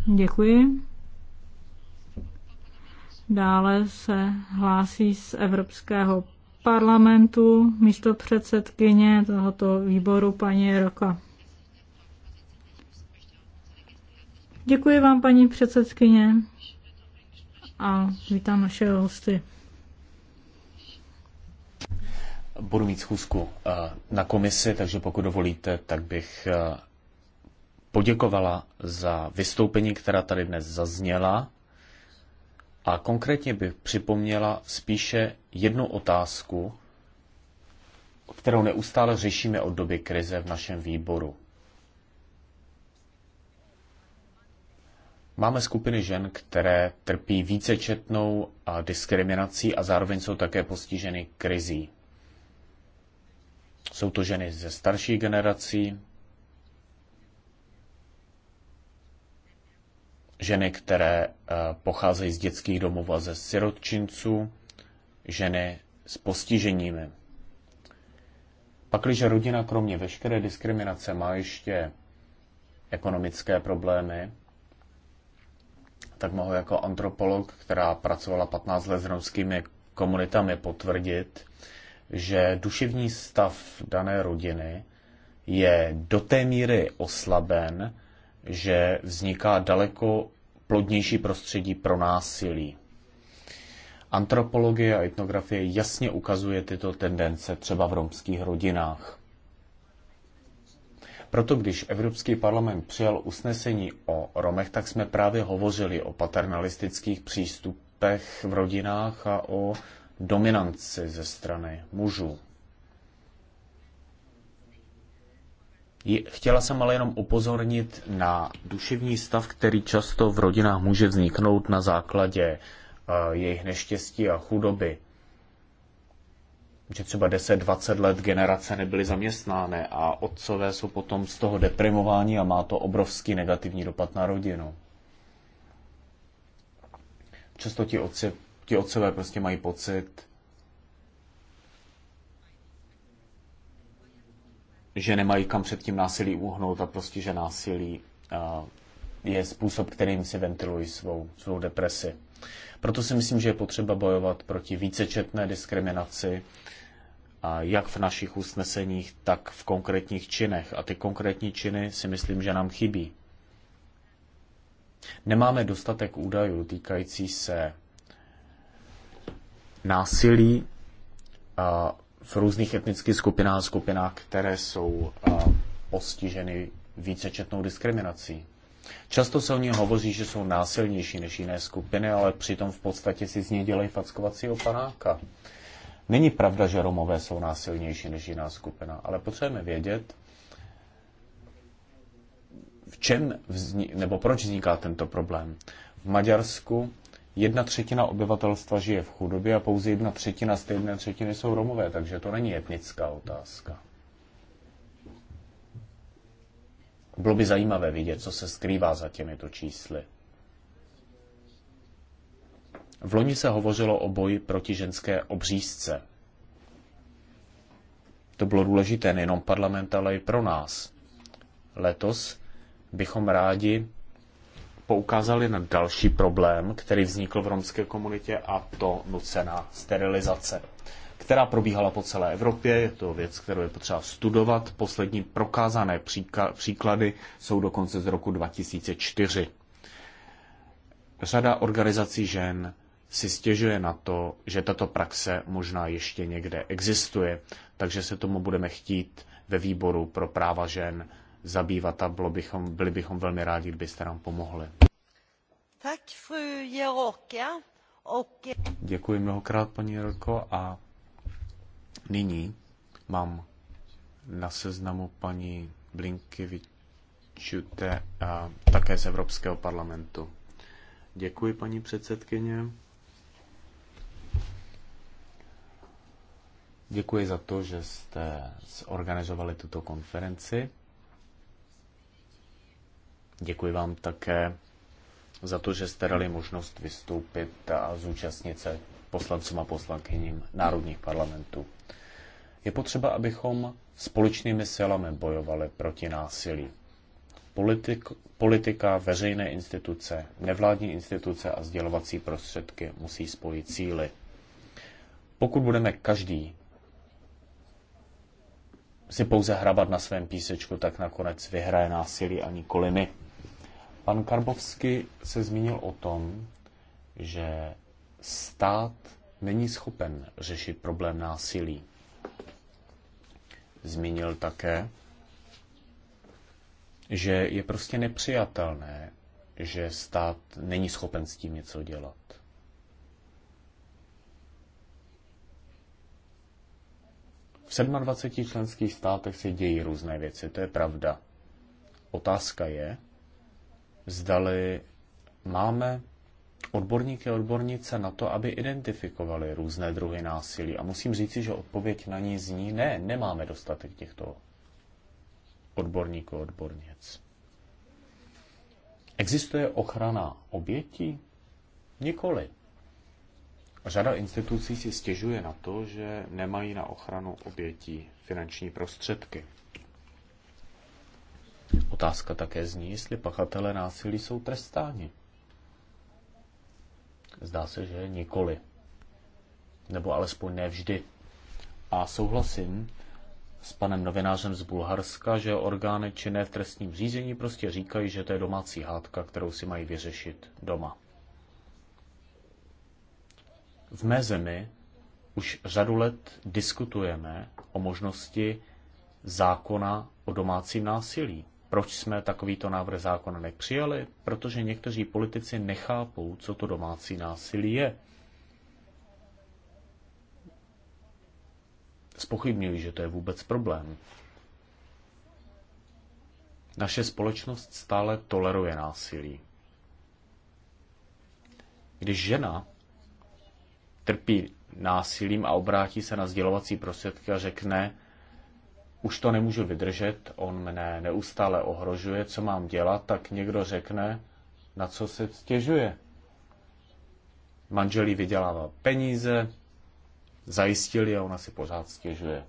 Děkuji. Dále se hlásí z Evropského parlamentu místo předsedkyně tohoto výboru paní Roka. Děkuji vám, paní předsedkyně, a vítám naše hosty. Budu mít schůzku eh, na komisi, takže pokud dovolíte, tak bych eh, poděkovala za vystoupení, která tady dnes zazněla a konkrétně bych připomněla spíše jednu otázku, kterou neustále řešíme od doby krize v našem výboru. Máme skupiny žen, které trpí vícečetnou a diskriminací a zároveň jsou také postiženy krizí. Jsou to ženy ze starší generací, ženy, které eh, pocházejí z dětských domovů a ze sirotčinců, ženy s postiženími. Pakliže rodina kromě veškeré diskriminace má ještě ekonomické problémy, tak mohu jako antropolog, která pracovala 15 let s romskými komunitami, potvrdit, že duševní stav dané rodiny je do té míry oslaben, že vzniká daleko plodnější prostředí pro násilí. Antropologie a etnografie jasně ukazuje tyto tendence třeba v romských rodinách. Proto když Evropský parlament přijal usnesení o Romech, tak jsme právě hovořili o paternalistických přístupech v rodinách a o dominanci ze strany mužů. Chtěla jsem ale jenom upozornit na duševní stav, který často v rodinách může vzniknout na základě eh, jejich neštěstí a chudoby. Že třeba 10-20 let generace nebyly zaměstnány a otcové jsou potom z toho deprimováni a má to obrovský negativní dopad na rodinu. Často ti, otci, ti otcové prostě mají pocit, že nemají kam před tím násilí uhnout a prostě, že násilí eh, je způsob, kterým si ventilují svou, svou depresi. Proto si myslím, že je potřeba bojovat proti vícečetné diskriminaci, a jak v našich usneseních, tak v konkrétních činech. A ty konkrétní činy si myslím, že nám chybí. Nemáme dostatek údajů týkající se násilí a v různých etnických skupinách, skupinách, které jsou uh, postiženy vícečetnou diskriminací. Často se o ní hovoří, že jsou násilnější než jiné skupiny, ale přitom v podstatě si z něj dělají fackovacího panáka. Není pravda, že Romové jsou násilnější než jiná skupina, ale potřebujeme vědět, v čem vzni- nebo proč vzniká tento problém. V Maďarsku jedna třetina obyvatelstva žije v chudobě a pouze jedna třetina z té jedné třetiny jsou Romové, takže to není etnická otázka. Bylo by zajímavé vidět, co se skrývá za těmito čísly. V loni se hovořilo o boji proti ženské obřízce. To bylo důležité nejenom parlament, ale i pro nás. Letos bychom rádi poukázali na další problém, který vznikl v romské komunitě a to nucená sterilizace která probíhala po celé Evropě. Je to věc, kterou je potřeba studovat. Poslední prokázané příklady jsou dokonce z roku 2004. Řada organizací žen si stěžuje na to, že tato praxe možná ještě někde existuje, takže se tomu budeme chtít ve výboru pro práva žen zabývat a bylo bychom, byli bychom velmi rádi, kdybyste nám pomohli. Tak, fru Jeroka. Okay. Děkuji mnohokrát, paní Jeroko. a nyní mám na seznamu paní Blinkevičute a také z Evropského parlamentu. Děkuji, paní předsedkyně. Děkuji za to, že jste zorganizovali tuto konferenci. Děkuji vám také za to, že jste dali možnost vystoupit a zúčastnit se poslancům a poslankyním národních parlamentů. Je potřeba, abychom společnými silami bojovali proti násilí. Politik, politika, veřejné instituce, nevládní instituce a sdělovací prostředky musí spojit cíly. Pokud budeme každý si pouze hrabat na svém písečku, tak nakonec vyhraje násilí a nikoli my. Pan Karbovsky se zmínil o tom, že stát není schopen řešit problém násilí. Zmínil také, že je prostě nepřijatelné, že stát není schopen s tím něco dělat. V 27 členských státech se dějí různé věci, to je pravda. Otázka je, zdali máme odborníky a odbornice na to, aby identifikovali různé druhy násilí. A musím říci, že odpověď na ní zní, ne, nemáme dostatek těchto odborníků a odbornic. Existuje ochrana obětí? Nikoli. Řada institucí si stěžuje na to, že nemají na ochranu obětí finanční prostředky. Otázka také zní, jestli pachatelé násilí jsou trestáni. Zdá se, že nikoli. Nebo alespoň ne vždy. A souhlasím s panem novinářem z Bulharska, že orgány činné v trestním řízení prostě říkají, že to je domácí hádka, kterou si mají vyřešit doma. V mé zemi už řadu let diskutujeme o možnosti zákona o domácím násilí. Proč jsme takovýto návrh zákona nepřijali? Protože někteří politici nechápou, co to domácí násilí je. Spochybňují, že to je vůbec problém. Naše společnost stále toleruje násilí. Když žena trpí násilím a obrátí se na sdělovací prostředky a řekne, už to nemůžu vydržet, on mne neustále ohrožuje, co mám dělat, tak někdo řekne, na co se stěžuje. Manželí vydělává peníze, zajistili a ona si pořád stěžuje.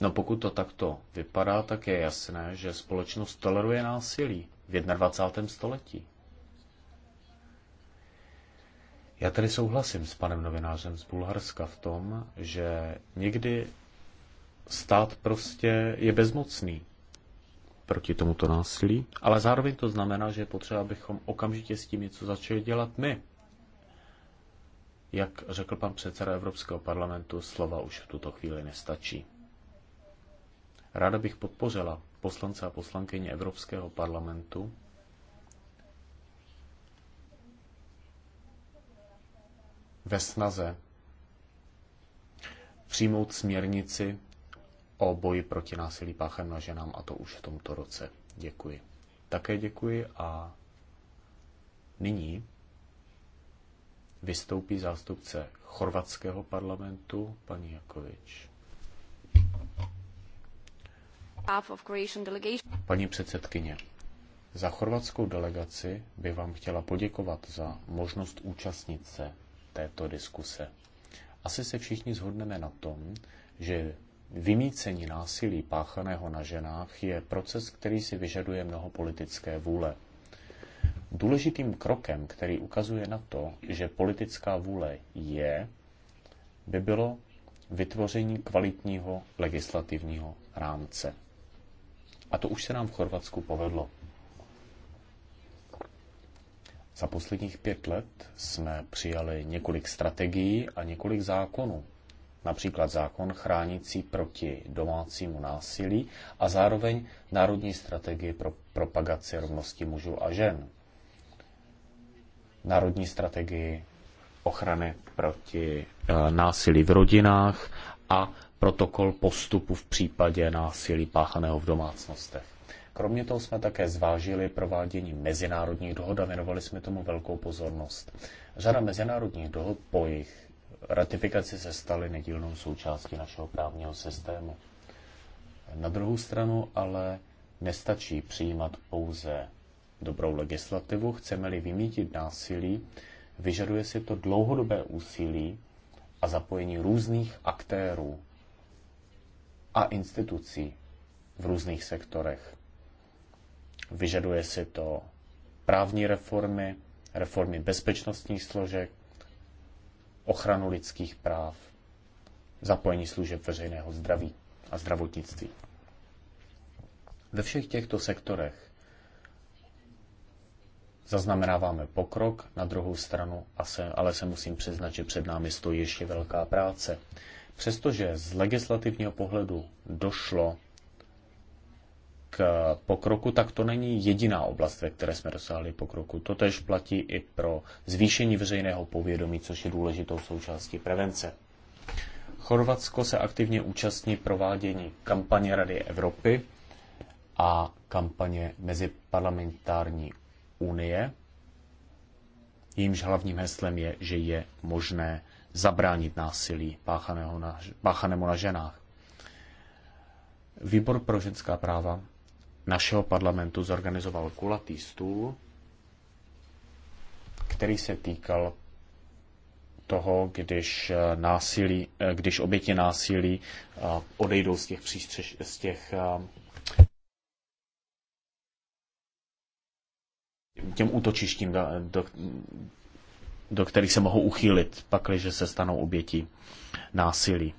No pokud to takto vypadá, tak je jasné, že společnost toleruje násilí v 21. století. Já tedy souhlasím s panem novinářem z Bulharska v tom, že někdy stát prostě je bezmocný proti tomuto násilí, ale zároveň to znamená, že je potřeba, abychom okamžitě s tím něco začali dělat my. Jak řekl pan předseda Evropského parlamentu, slova už v tuto chvíli nestačí. Ráda bych podpořila poslance a poslankyně Evropského parlamentu, ve snaze přijmout směrnici o boji proti násilí páchem na ženám a to už v tomto roce. Děkuji. Také děkuji a nyní vystoupí zástupce chorvatského parlamentu, paní Jakovič. Paní předsedkyně, za chorvatskou delegaci by vám chtěla poděkovat za možnost účastnit se této diskuse. Asi se všichni zhodneme na tom, že Vymícení násilí páchaného na ženách je proces, který si vyžaduje mnoho politické vůle. Důležitým krokem, který ukazuje na to, že politická vůle je, by bylo vytvoření kvalitního legislativního rámce. A to už se nám v Chorvatsku povedlo. Za posledních pět let jsme přijali několik strategií a několik zákonů například zákon chránící proti domácímu násilí a zároveň národní strategii pro propagaci rovnosti mužů a žen, národní strategii ochrany proti e, násilí v rodinách a protokol postupu v případě násilí páchaného v domácnostech. Kromě toho jsme také zvážili provádění mezinárodních dohod a věnovali jsme tomu velkou pozornost. Řada mezinárodních dohod po jejich ratifikace se staly nedílnou součástí našeho právního systému. Na druhou stranu ale nestačí přijímat pouze dobrou legislativu, chceme-li vymítit násilí, vyžaduje si to dlouhodobé úsilí a zapojení různých aktérů a institucí v různých sektorech. Vyžaduje si to právní reformy, reformy bezpečnostních složek, ochranu lidských práv, zapojení služeb veřejného zdraví a zdravotnictví. Ve všech těchto sektorech zaznamenáváme pokrok, na druhou stranu, ale se musím přiznat, že před námi stojí ještě velká práce. Přestože z legislativního pohledu došlo k pokroku, tak to není jediná oblast, ve které jsme dosáhli pokroku. To tež platí i pro zvýšení veřejného povědomí, což je důležitou součástí prevence. Chorvatsko se aktivně účastní provádění kampaně Rady Evropy a kampaně Meziparlamentární unie. Jímž hlavním heslem je, že je možné zabránit násilí páchaného na, páchanému na ženách. Výbor pro ženská práva našeho parlamentu zorganizoval kulatý stůl, který se týkal toho, když, eh, násilí, eh, když oběti násilí eh, odejdou z těch, přístřež, z těch těm útočištím, do, do, do kterých se mohou uchýlit, pakliže se stanou oběti násilí.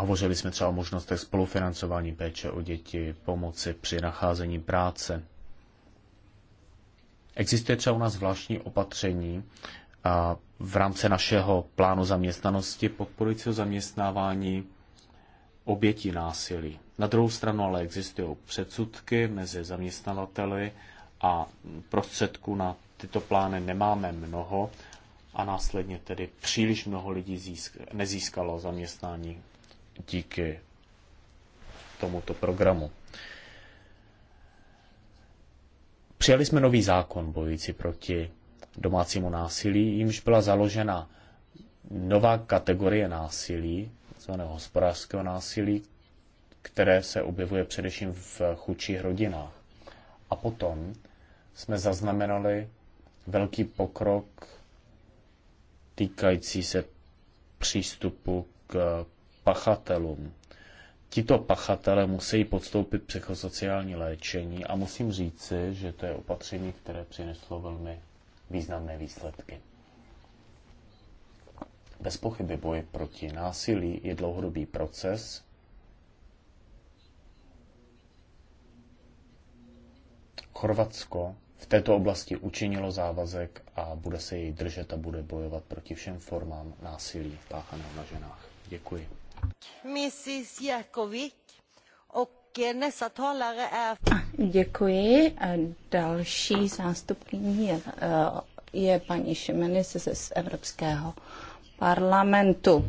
Hovořili jsme třeba o možnostech spolufinancování péče o děti, pomoci při nacházení práce. Existuje třeba u nás zvláštní opatření a v rámci našeho plánu zaměstnanosti podporujícího zaměstnávání obětí násilí. Na druhou stranu ale existují předsudky mezi zaměstnavateli a prostředků na tyto plány nemáme mnoho a následně tedy příliš mnoho lidí nezískalo zaměstnání, díky tomuto programu. Přijali jsme nový zákon bojující proti domácímu násilí, jimž byla založena nová kategorie násilí, zvaného hospodářského násilí, které se objevuje především v chudších rodinách. A potom jsme zaznamenali velký pokrok týkající se přístupu k pachatelům. Tito pachatele musí podstoupit psychosociální léčení a musím říci, že to je opatření, které přineslo velmi významné výsledky. Bez pochyby boj proti násilí je dlouhodobý proces, Chorvatsko v této oblasti učinilo závazek a bude se jej držet a bude bojovat proti všem formám násilí páchaného na ženách. Děkuji. Eh, děkuji. Další zástupkyní je, eh, je paní Šimenis z Evropského parlamentu.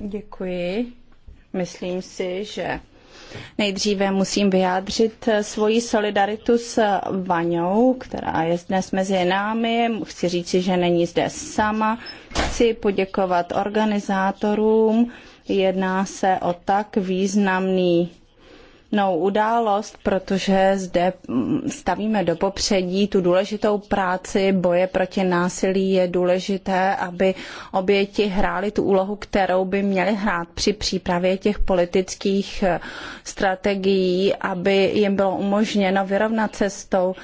Děkuji. Myslím si, že Nejdříve musím vyjádřit eh, svoji solidaritu s eh, Vaňou, která je dnes mezi námi. Chci říci, že není zde sama. Chci poděkovat organizátorům. Jedná se o tak významný smutnou událost, protože zde mm, stavíme do popředí tu důležitou práci boje proti násilí. Je důležité, aby oběti hrály tu úlohu, kterou by měly hrát při přípravě těch politických eh, strategií, aby jim bylo umožněno vyrovnat se s tou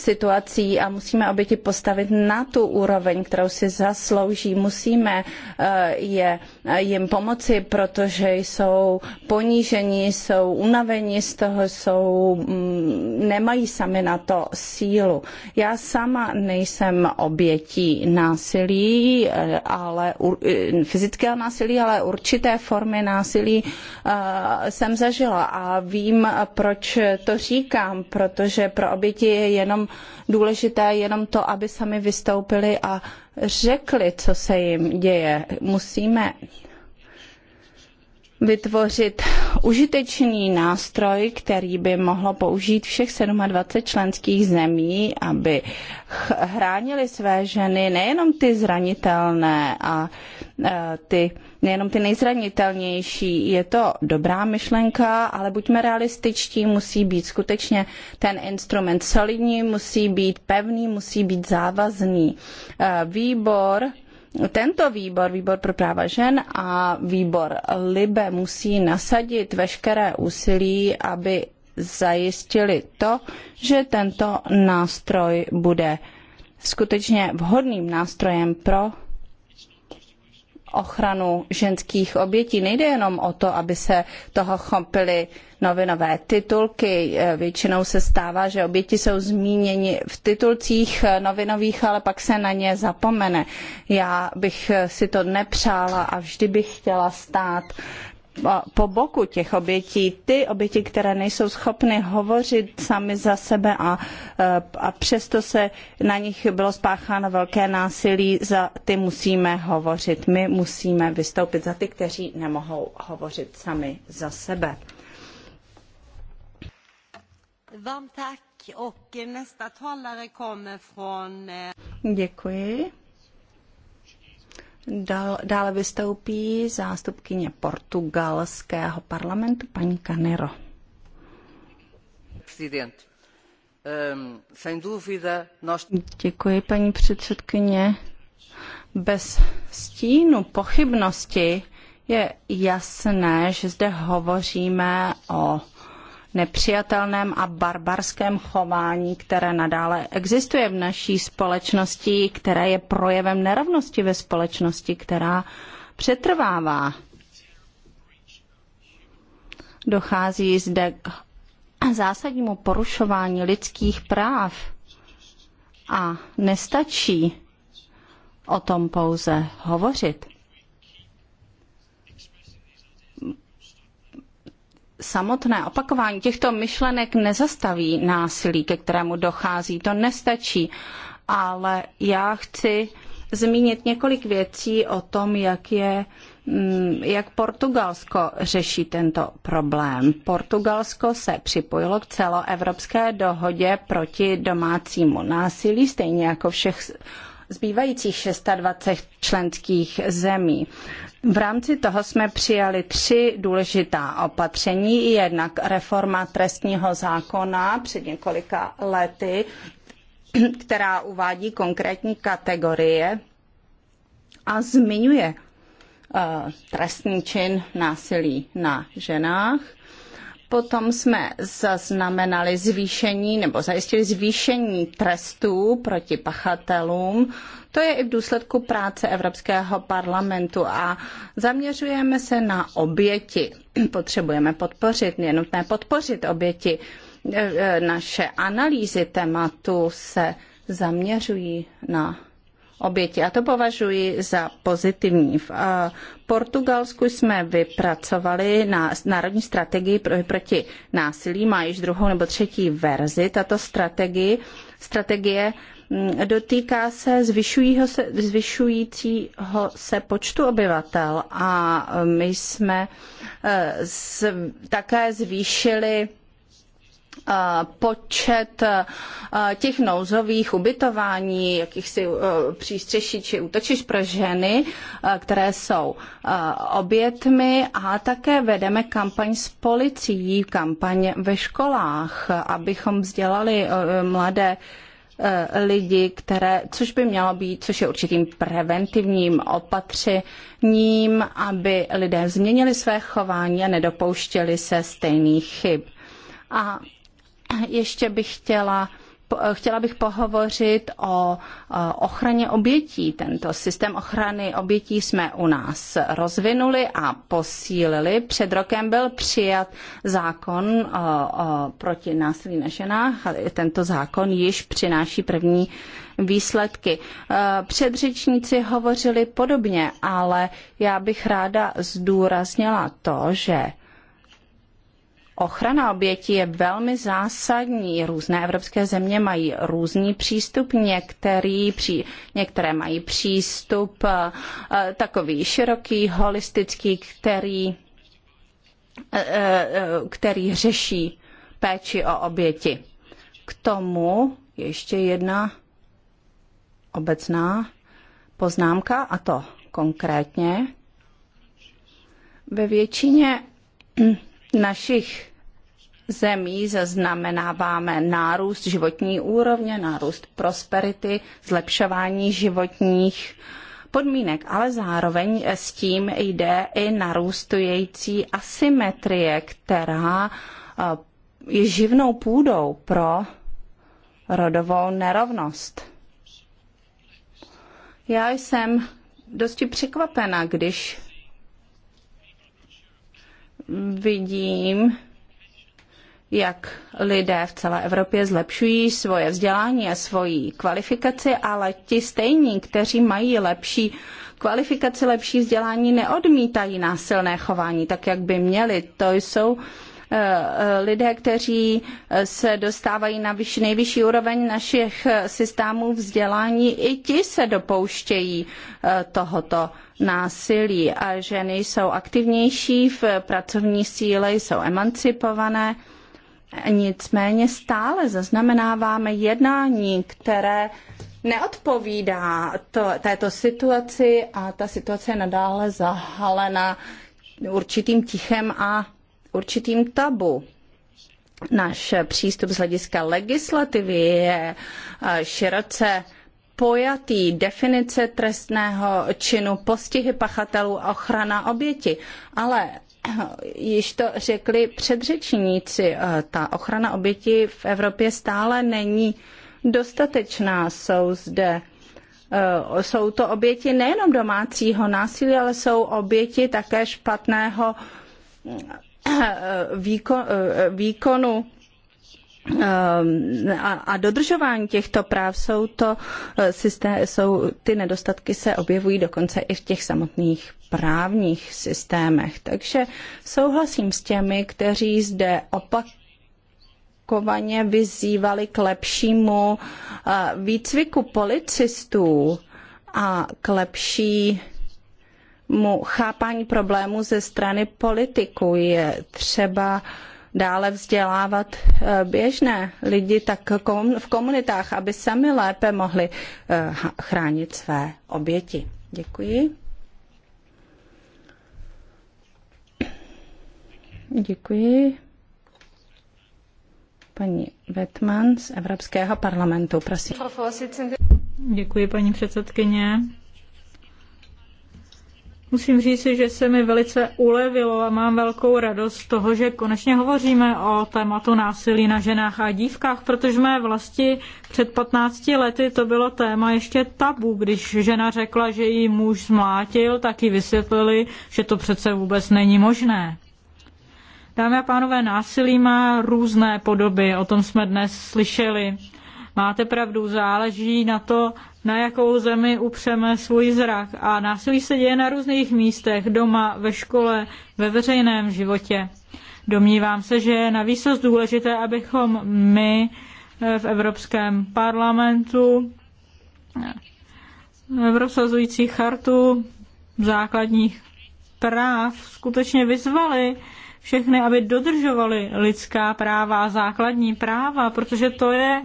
situací a musíme oběti postavit na tu úroveň, kterou si zaslouží. Musíme eh, je, eh, jim pomoci, protože jsou ponížení, jsou unavení z toho, jsou, mm, nemají sami na to sílu. Já sama nejsem obětí násilí, eh, ale fyzického násilí, ale určité formy násilí jsem zažila a vím, proč to říkám, protože pro oběti je jenom důležité jenom to, aby sami vystoupili a řekli, co se jim děje. Musíme vytvořit užitečný nástroj, který by mohlo použít všech 27 členských zemí, aby chránili své ženy, nejenom ty zranitelné a e, ty nejenom ty nejzranitelnější. Je to dobrá myšlenka, ale buďme realističtí, musí být skutečně ten instrument solidní, musí být pevný, musí být závazný. Eh, výbor tento výbor, výbor pro práva žen a výbor LIBE musí nasadit veškeré úsilí, aby zajistili to, že tento nástroj bude skutečně vhodným nástrojem pro ochranu ženských obětí. Nejde jenom o to, aby se toho chopily novinové titulky. Eh, Většinou se stává, že oběti jsou zmíněni v titulcích eh, novinových, ale pak se na ně zapomene. Já bych eh, si to nepřála a vždy bych chtěla stát po boku těch obětí, ty oběti, které nejsou schopny hovořit sami za sebe a, eh, a přesto se na nich bylo spácháno velké násilí, za ty musíme hovořit. My musíme vystoupit za ty, kteří nemohou hovořit sami za sebe. Vám tak. Eh, Děkuji. Dal, dále vystoupí zástupkyně portugalského parlamentu paní Canero. Ehm, Děkuji, paní předsedkyně. Bez stínu pochybnosti je jasné, že zde hovoříme o nepřijatelném a barbarském chování, které nadále existuje v naší společnosti, které je projevem nerovnosti ve společnosti, která přetrvává. Dochází zde k zásadnímu porušování lidských práv a nestačí o tom pouze hovořit. samotné opakování těchto myšlenek nezastaví násilí, ke kterému dochází. To nestačí. Ale já chci zmínit několik věcí o tom, jak je mm, jak Portugalsko řeší tento problém. Portugalsko se připojilo k celoevropské dohodě proti domácímu násilí, stejně jako všech zbývajících 26 členských zemí. V rámci toho jsme přijali tři důležitá opatření. Jednak reforma trestního zákona před několika lety, která uvádí konkrétní kategorie a zmiňuje eh, trestný čin násilí na ženách. Potom jsme zaznamenali zvýšení nebo zajistili zvýšení trestů proti pachatelům, to je i v důsledku práce Evropského parlamentu a zaměřujeme se na oběti. Potřebujeme podpořit, je nutné podpořit oběti. E, e, naše analýzy tématu se zaměřují na oběti. A to považuji za pozitivní. V e, Portugalsku jsme vypracovali na národní strategii proti násilí, má již druhou nebo třetí verzi tato strategie dotýká se, se zvyšujícího se počtu obyvatel a my jsme eh, z, také zvýšili eh, počet eh, těch nouzových ubytování, jakýchsi přístřeší či útočiš pro ženy, které jsou obětmi a také vedeme kampaň s policií, kampaň ve školách, abychom vzdělali mladé Eh, lidi, které, což by mělo být, což je určitým preventivním opatřením, aby lidé změnili své chování a nedopouštěli se stejných chyb. A ještě bych chtěla chtěla bych pohovořit o ochraně obětí. Tento systém ochrany obětí jsme u nás rozvinuli a posílili. Před rokem byl přijat zákon proti násilí na ženách. Tento zákon již přináší první výsledky. E, předřečníci hovořili podobně, ale já bych ráda zdůraznila to, že Ochrana obětí je velmi zásadní. Různé evropské země mají různý přístup. Některý, při, některé mají přístup eh, eh, takový široký, holistický, který, eh, který řeší péči o oběti. K tomu ještě jedna obecná poznámka, a to konkrétně. Ve většině našich zemí zaznamenáváme nárůst životní úrovně, nárůst prosperity, zlepšování životních podmínek, ale zároveň s tím jde i narůstující asymetrie, která eh, je živnou půdou pro rodovou nerovnost. Já jsem dosti překvapena, když vidím, jak lidé v celé Evropě zlepšují svoje vzdělání a svoji kvalifikaci, ale ti stejní, kteří mají lepší kvalifikaci, lepší vzdělání, neodmítají násilné chování, tak jak by měli. To jsou eh, eh, lidé, kteří eh, se dostávají na vyšší, nejvyšší úroveň našich systémů vzdělání, i ti se dopouštějí tohoto násilí a ženy jsou aktivnější v pracovní síle, jsou emancipované. Nicméně stále zaznamenáváme jednání, které neodpovídá to, této situaci a ta situace je nadále zahalena určitým tichem a určitým tabu. Náš přístup z hlediska legislativy je eh, široce pojatý definice trestného činu, postihy pachatelů a ochrana oběti. Ale již to řekli předřečníci, eh, ta ochrana obětí v Evropě stále není dostatečná. Jsou zde eh, jsou to oběti nejenom domácího násilí, ale jsou oběti také špatného eh, výkonu Ehm, a, a dodržování těchto práv jsou to e, jsou, ty nedostatky se objevují dokonce i v těch samotných právních systémech. Takže souhlasím s těmi, kteří zde opak opakovaně vyzývali k lepšímu e, výcviku policistů a k lepšímu chápání problému ze strany politiků. Je třeba dále vzdělávat eh, běžné lidi tak v komunitách, aby sami lépe mohli eh, chránit své oběti. Děkuji. Děkuji. Paní Vetman z Evropského parlamentu, prosím. Děkuji, paní předsedkyně. Musím říct, že se mi velice ulevilo a mám velkou radost z toho, že konečně hovoříme o tématu násilí na ženách a dívkách, protože v mé vlasti před 15 lety to bylo téma ještě tabu. Když žena řekla, že jí muž zmlátil, tak ji vysvětlili, že to přece vůbec není možné. Dámy a pánové, násilí má různé podoby, o tom jsme dnes slyšeli. Máte pravdu, záleží na to, na jakou zemi upřeme svůj zrak. A násilí se děje na různých místech, doma, ve škole, ve veřejném životě. Domnívám se, že je na výsost důležité, abychom my eh, v Evropském parlamentu eh, v rozsazující chartu základních práv skutečně vyzvali všechny, aby dodržovali lidská práva a základní práva, protože to je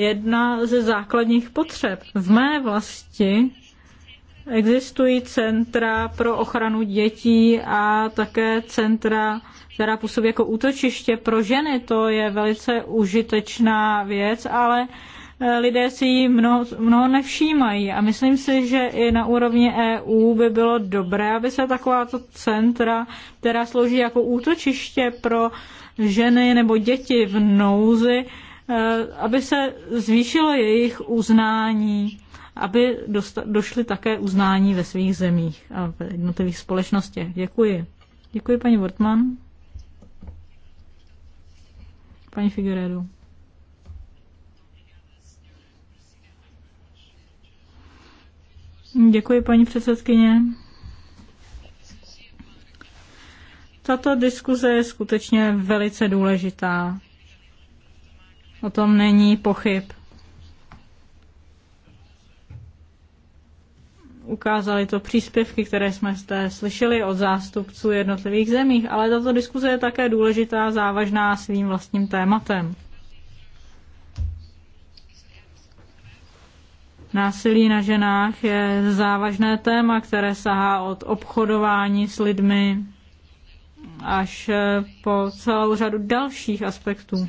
jedna ze základních potřeb. V mé vlasti existují centra pro ochranu dětí a také centra, která působí jako útočiště pro ženy. To je velice užitečná věc, ale eh, lidé si ji mnoho, mnoho nevšímají. A myslím si, že i na úrovni EU by bylo dobré, aby se takováto centra, která slouží jako útočiště pro ženy nebo děti v nouzi, Eh, aby se zvýšilo jejich uznání, aby došly také uznání ve svých zemích a v jednotlivých společnostech. Děkuji. Děkuji, paní Wortmann. Paní Figueredo. Děkuji, paní předsedkyně. Tato diskuze je skutečně velice důležitá. O tom není pochyb. Ukázali to příspěvky, které jsme zde slyšeli od zástupců jednotlivých zemích, ale tato diskuze je také důležitá a závažná svým vlastním tématem. Násilí na ženách je závažné téma, které sahá od obchodování s lidmi až po celou řadu dalších aspektů.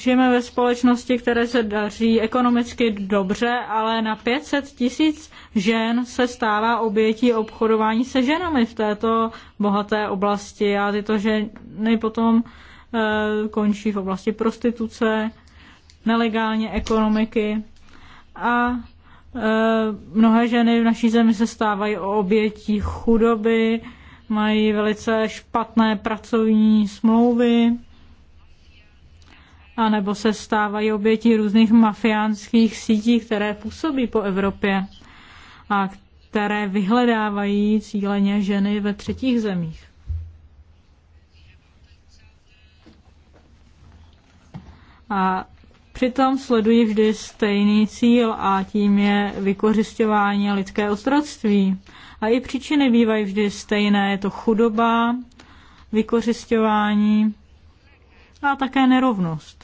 žijeme ve společnosti, které se daří ekonomicky dobře, ale na 500 tisíc žen se stává obětí obchodování se ženami v této bohaté oblasti a tyto ženy potom e, končí v oblasti prostituce, nelegální ekonomiky a e, mnohé ženy v naší zemi se stávají o obětí chudoby, mají velice špatné pracovní smlouvy, anebo se stávají oběti různých mafiánských sítí, které působí po Evropě a které vyhledávají cíleně ženy ve třetích zemích. A přitom sledují vždy stejný cíl a tím je vykořišťování lidské otroctví. A i příčiny bývají vždy stejné, je to chudoba, vykořišťování a také nerovnost.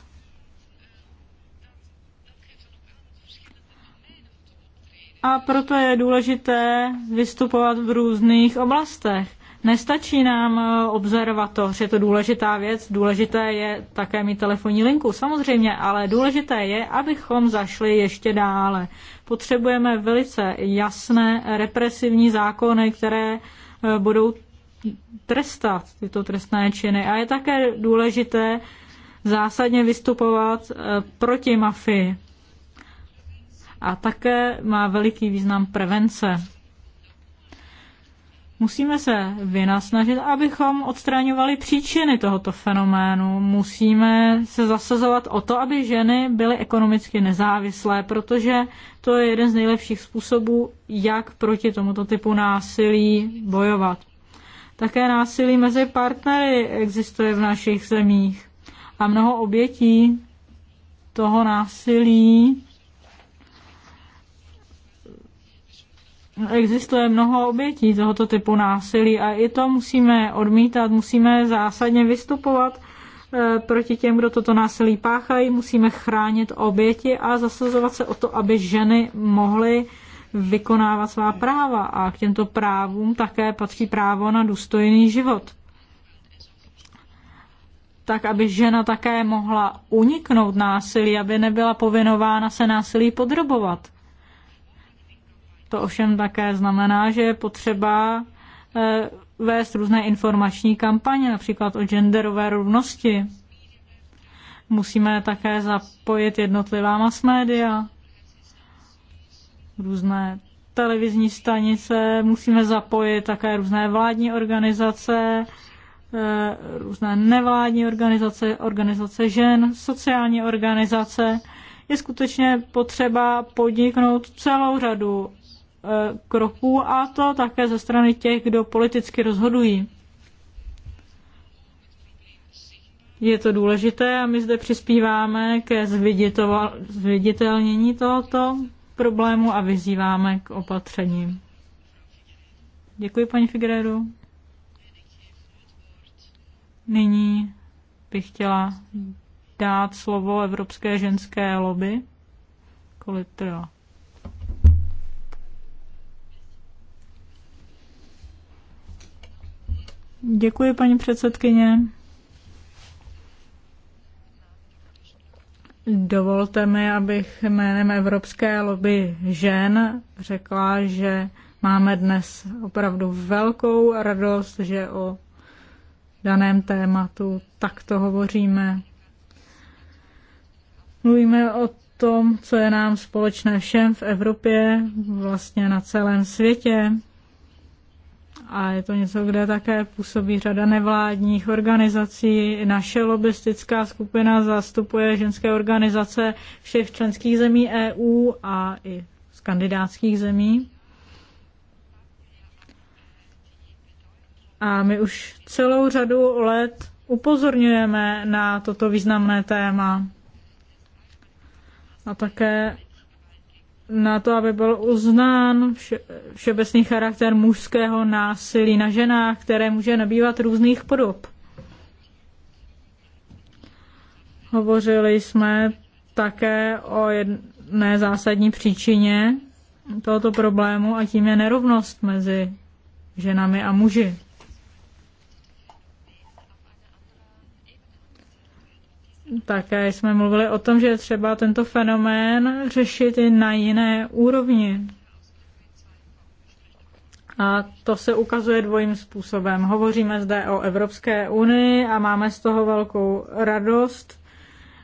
a proto je důležité vystupovat v různých oblastech. Nestačí nám eh, observatoř, je to důležitá věc, důležité je také mít telefonní linku, samozřejmě, ale důležité je, abychom zašli ještě dále. Potřebujeme velice jasné represivní zákony, které eh, budou trestat tyto trestné činy. A je také důležité zásadně vystupovat eh, proti mafii a také má veliký význam prevence. Musíme se vynasnažit, abychom odstraňovali příčiny tohoto fenoménu. Musíme se zasazovat o to, aby ženy byly ekonomicky nezávislé, protože to je jeden z nejlepších způsobů, jak proti tomuto typu násilí bojovat. Také násilí mezi partnery existuje v našich zemích a mnoho obětí toho násilí existuje mnoho obětí tohoto typu násilí a i to musíme odmítat, musíme zásadně vystupovat eh, proti těm, kdo toto násilí páchají, musíme chránit oběti a zasazovat se o to, aby ženy mohly vykonávat svá práva a k těmto právům také patří právo na důstojný život. Tak, aby žena také mohla uniknout násilí, aby nebyla povinována se násilí podrobovat. To ovšem také znamená, že je potřeba eh, vést různé informační kampaně, například o genderové rovnosti. Musíme také zapojit jednotlivá mass média, různé televizní stanice, musíme zapojit také různé vládní organizace, eh, různé nevládní organizace, organizace žen, sociální organizace. Je skutečně potřeba podniknout celou řadu Eh, kroků a to také ze strany těch, kdo politicky rozhodují. Je to důležité a my zde přispíváme ke zviditelnění tohoto problému a vyzýváme k opatřením. Děkuji, paní Figueredo. Nyní bych chtěla dát slovo Evropské ženské lobby. Kolik trvá? Děkuji, paní předsedkyně. Dovolte mi, abych jménem Evropské lobby žen řekla, že máme dnes opravdu velkou radost, že o daném tématu takto hovoříme. Mluvíme o tom, co je nám společné všem v Evropě, vlastně na celém světě a je to něco, kde také působí řada nevládních organizací. Naše lobistická skupina zastupuje ženské organizace všech členských zemí EU a i skandinávských zemí. A my už celou řadu let upozorňujeme na toto významné téma. A také na to, aby byl uznán vše, všeobecný charakter mužského násilí na ženách, které může nabývat různých podob. Hovořili jsme také o jedné zásadní příčině tohoto problému a tím je nerovnost mezi ženami a muži. Také jsme mluvili o tom, že je třeba tento fenomén řešit i na jiné úrovni. A to se ukazuje dvojím způsobem. Hovoříme zde o Evropské unii a máme z toho velkou radost,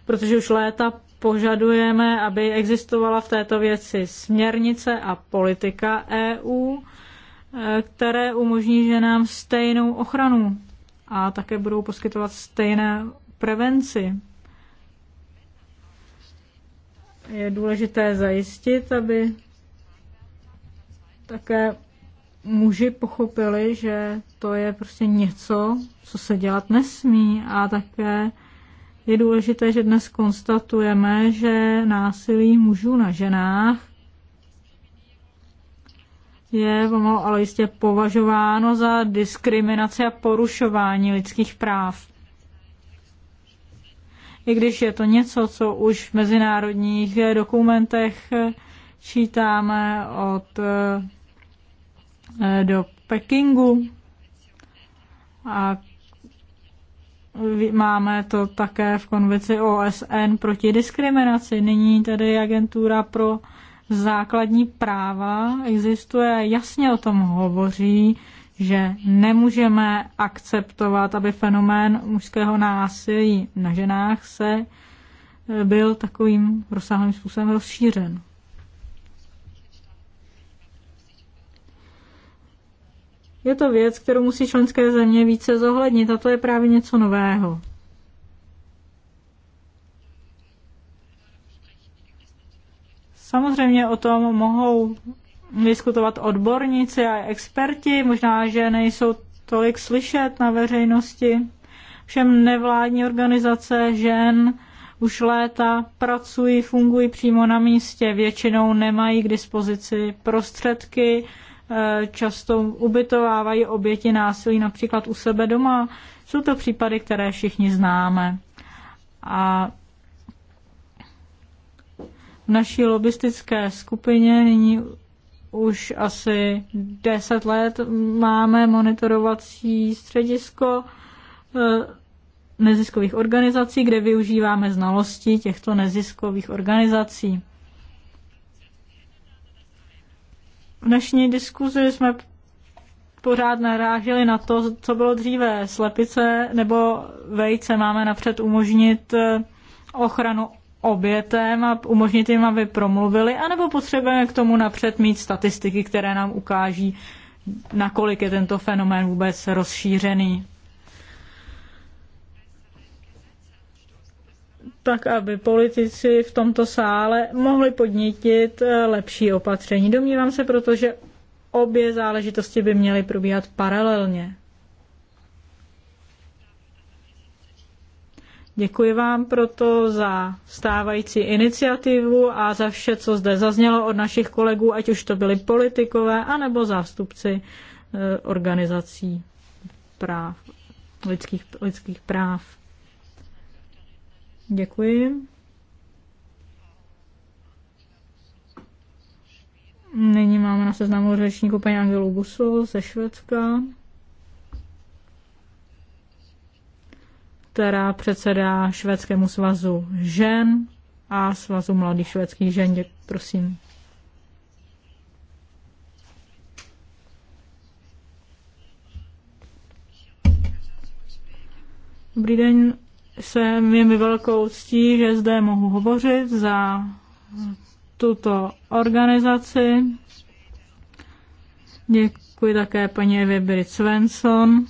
protože už léta požadujeme, aby existovala v této věci směrnice a politika EU, které umožní že nám stejnou ochranu a také budou poskytovat stejné prevenci je důležité zajistit, aby také muži pochopili, že to je prostě něco, co se dělat nesmí a také je důležité, že dnes konstatujeme, že násilí mužů na ženách je pomalu, ale jistě považováno za diskriminaci a porušování lidských práv i když je to něco, co už v mezinárodních dokumentech čítáme od eh, do Pekingu a máme to také v konvenci OSN proti diskriminaci. Nyní tedy agentura pro základní práva existuje, jasně o tom hovoří, že nemůžeme akceptovat, aby fenomén mužského násilí na ženách se e, byl takovým rozsáhlým způsobem rozšířen. Je to věc, kterou musí členské země více zohlednit a to je právě něco nového. Samozřejmě o tom mohou diskutovat odborníci a experti, možná, že nejsou tolik slyšet na veřejnosti. Všem nevládní organizace žen už léta pracují, fungují přímo na místě, většinou nemají k dispozici prostředky, eh, často ubytovávají oběti násilí například u sebe doma. Jsou to případy, které všichni známe. A v naší lobistické skupině nyní už asi 10 let máme monitorovací středisko eh, neziskových organizací, kde využíváme znalosti těchto neziskových organizací. V dnešní diskuzi jsme pořád naráželi na to, co bylo dříve, slepice nebo vejce. Máme napřed umožnit eh, ochranu obětem a umožnit jim, aby promluvili, anebo potřebujeme k tomu napřed mít statistiky, které nám ukáží, nakolik je tento fenomén vůbec rozšířený. tak, aby politici v tomto sále mohli podnítit eh, lepší opatření. Domnívám se proto, že obě záležitosti by měly probíhat paralelně. Děkuji vám proto za stávající iniciativu a za vše, co zde zaznělo od našich kolegů, ať už to byli politikové anebo zástupci eh, organizací práv, lidských, lidských práv. Děkuji. Nyní máme na seznamu řečníku paní Angelu Busu ze Švédska. která předsedá Švédskému svazu žen a svazu mladých švédských žen. Děk, prosím. Dobrý den, jsem, je mi velkou ctí, že zde mohu hovořit za tuto organizaci. Děkuji také paní Evě Svensson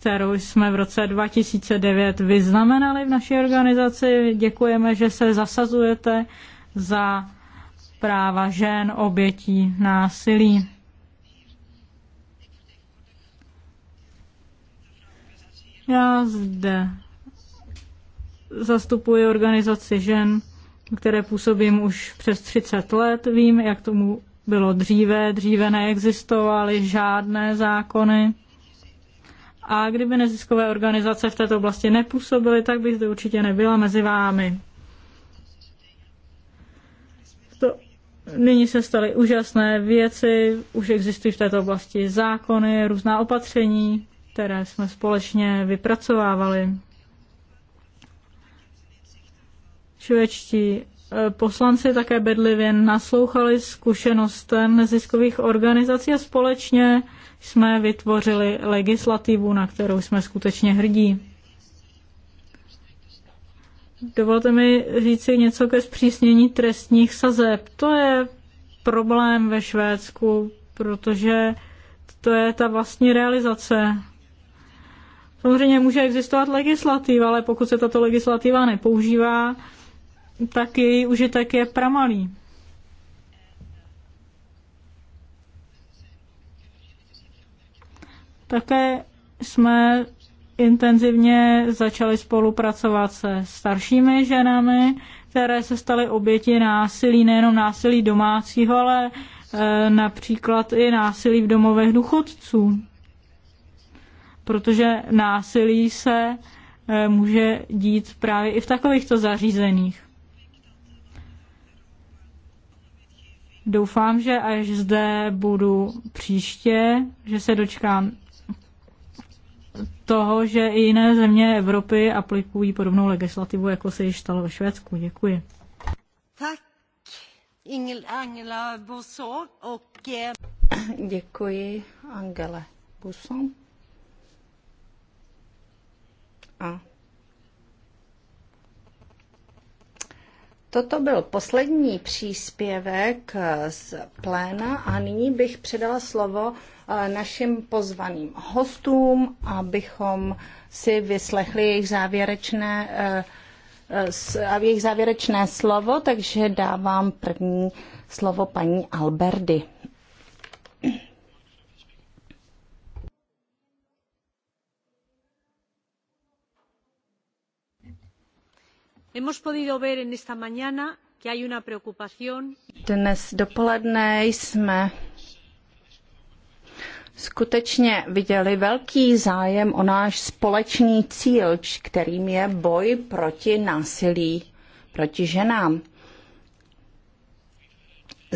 kterou jsme v roce 2009 vyznamenali v naší organizaci. Děkujeme, že se zasazujete za práva žen obětí násilí. Já zde zastupuji organizaci žen, které působím už přes 30 let. Vím, jak tomu bylo dříve. Dříve neexistovaly žádné zákony a kdyby neziskové organizace v této oblasti nepůsobily, tak bych zde určitě nebyla mezi vámi. To, nyní se staly úžasné věci, už existují v této oblasti zákony, různá opatření, které jsme společně vypracovávali. Švédští e, poslanci také bedlivě naslouchali zkušenostem neziskových organizací a společně jsme vytvořili legislativu, na kterou jsme skutečně hrdí. Dovolte mi říci něco ke zpřísnění trestních sazeb. To je problém ve Švédsku, protože to je ta vlastní realizace. Samozřejmě může existovat legislativa, ale pokud se tato legislativa nepoužívá, tak její užitek je pramalý. Také jsme intenzivně začali spolupracovat se staršími ženami, které se staly oběti násilí, nejenom násilí domácího, ale e, například i násilí v domovech důchodců. Protože násilí se e, může dít právě i v takovýchto zařízeních. Doufám, že až zde budu příště, že se dočkám toho, že i jiné země Evropy aplikují podobnou legislativu, jako se již stalo ve Švédsku. Děkuji. Děkuji Angela Děkuji, Angele Buson. A Toto byl poslední příspěvek z pléna a nyní bych předala slovo eh, našim pozvaným hostům, abychom si vyslechli jejich závěrečné, eh, eh, jejich závěrečné slovo, takže dávám první slovo paní Alberdy. Hemos podido ver en esta mañana que hay una preocupación. Dnes dopoledne jsme skutečně viděli velký zájem o náš společný cíl, kterým je boj proti násilí proti ženám.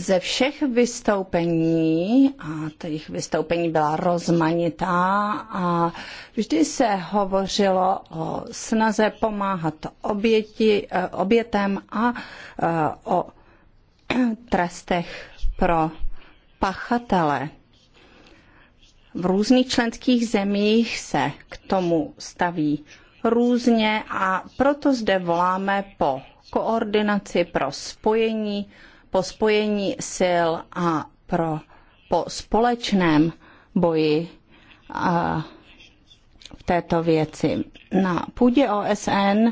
Ze všech vystoupení, a těch vystoupení byla rozmanitá, a vždy se hovořilo o snaze pomáhat oběti, eh, obětem a eh, o trestech pro pachatele. V různých členských zemích se k tomu staví různě a proto zde voláme po koordinaci pro spojení po spojení sil a pro, po společném boji a v této věci. Na půdě OSN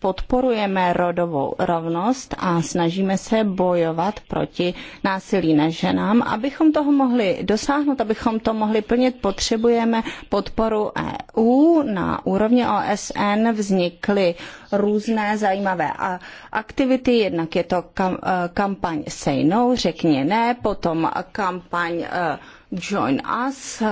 podporujeme rodovou rovnost a snažíme se bojovat proti násilí na ženám. Abychom toho mohli dosáhnout, abychom to mohli plnit, potřebujeme podporu EU. Na úrovni OSN vznikly různé zajímavé aktivity. Jednak je to eh, kampaň Say No, řekni ne, potom kampaň uh, Join Us, eh,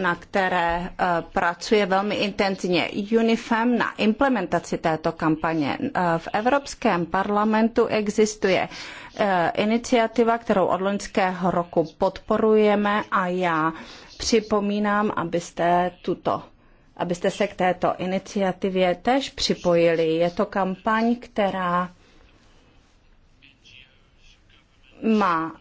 na které eh, pracuje velmi intenzivně UNIFEM na implementaci této kampaně. Eh, v Evropském parlamentu existuje iniciativa, kterou od loňského roku podporujeme a já připomínám, abyste tuto abyste se k této iniciativě též připojili. Je to kampaň, která má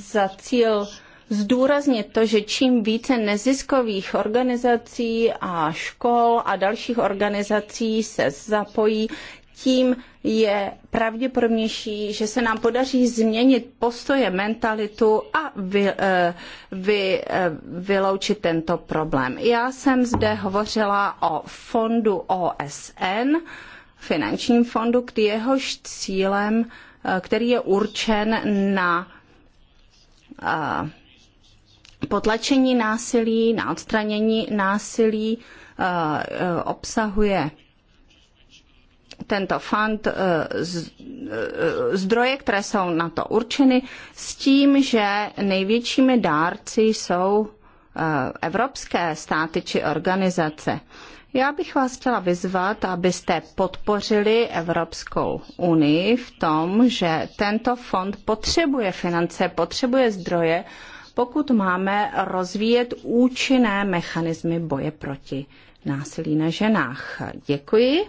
za cíl zdůraznit to, že čím více neziskových organizací a škol a dalších organizací se zapojí, tím je pravděpodobnější, že se nám podaří změnit postoje, mentalitu a vy, eh, vy, eh, vyloučit tento problém. Já jsem zde hovořila o fondu OSN, finančním fondu, k jehož cílem, eh, který je určen na potlačení násilí, na odstranění násilí eh, eh, obsahuje tento fond eh, zdroje, které jsou na to určeny, s tím, že největšími dárci jsou evropské státy či organizace. Já bych vás chtěla vyzvat, abyste podpořili Evropskou unii v tom, že tento fond potřebuje finance, potřebuje zdroje, pokud máme rozvíjet účinné mechanismy boje proti násilí na ženách. Děkuji.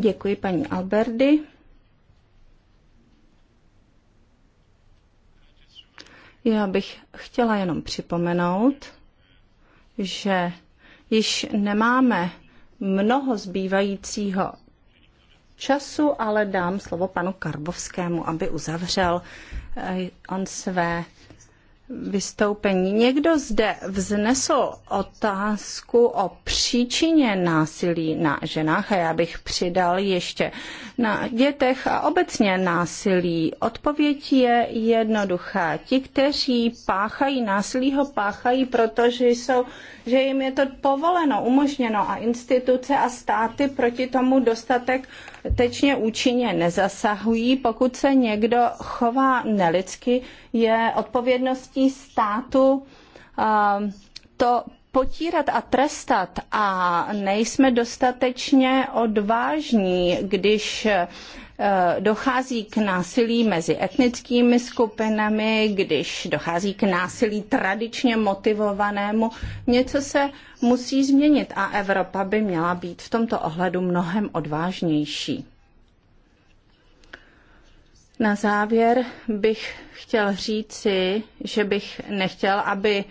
Děkuji paní Alberdy. Já bych chtěla jenom připomenout, že již nemáme mnoho zbývajícího času, ale dám slovo panu Karbovskému, aby uzavřel eh, on své vystoupení. Někdo zde vznesl otázku o příčině násilí na ženách a já bych přidal ještě na dětech a obecně násilí. Odpověď je jednoduchá. Ti, kteří páchají násilí, ho páchají, protože jsou, že jim je to povoleno, umožněno a instituce a státy proti tomu dostatek tečně účinně nezasahují. Pokud se někdo chová nelidsky, je odpovědnost povinností státu eh, to potírat a trestat a nejsme dostatečně odvážní, když eh, dochází k násilí mezi etnickými skupinami, když dochází k násilí tradičně motivovanému, něco se musí změnit a Evropa by měla být v tomto ohledu mnohem odvážnější. Na závěr bych chtěl říci, že bych nechtěl, aby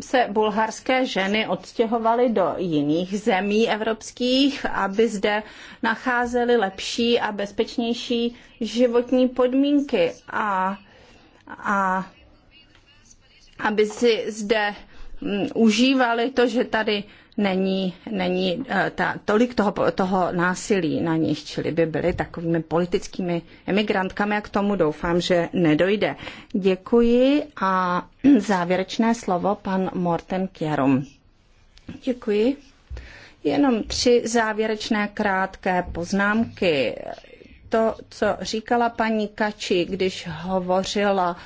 se bulharské ženy odstěhovaly do jiných zemí evropských, aby zde nacházely lepší a bezpečnější životní podmínky a, a aby si zde mm, užívali to, že tady není, není eh, ta, tolik toho, toho násilí na nich, čili by byly takovými politickými emigrantkami a k tomu doufám, že nedojde. Děkuji a závěrečné slovo pan Morten Kjerum. Děkuji. Jenom tři závěrečné krátké poznámky. To, co říkala paní Kači, když hovořila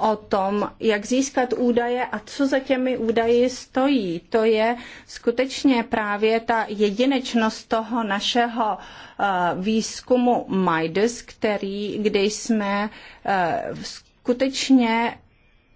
o tom, jak získat údaje a co za těmi údaji stojí. To je skutečně právě ta jedinečnost toho našeho eh, výzkumu Mides, který, kdy jsme eh, skutečně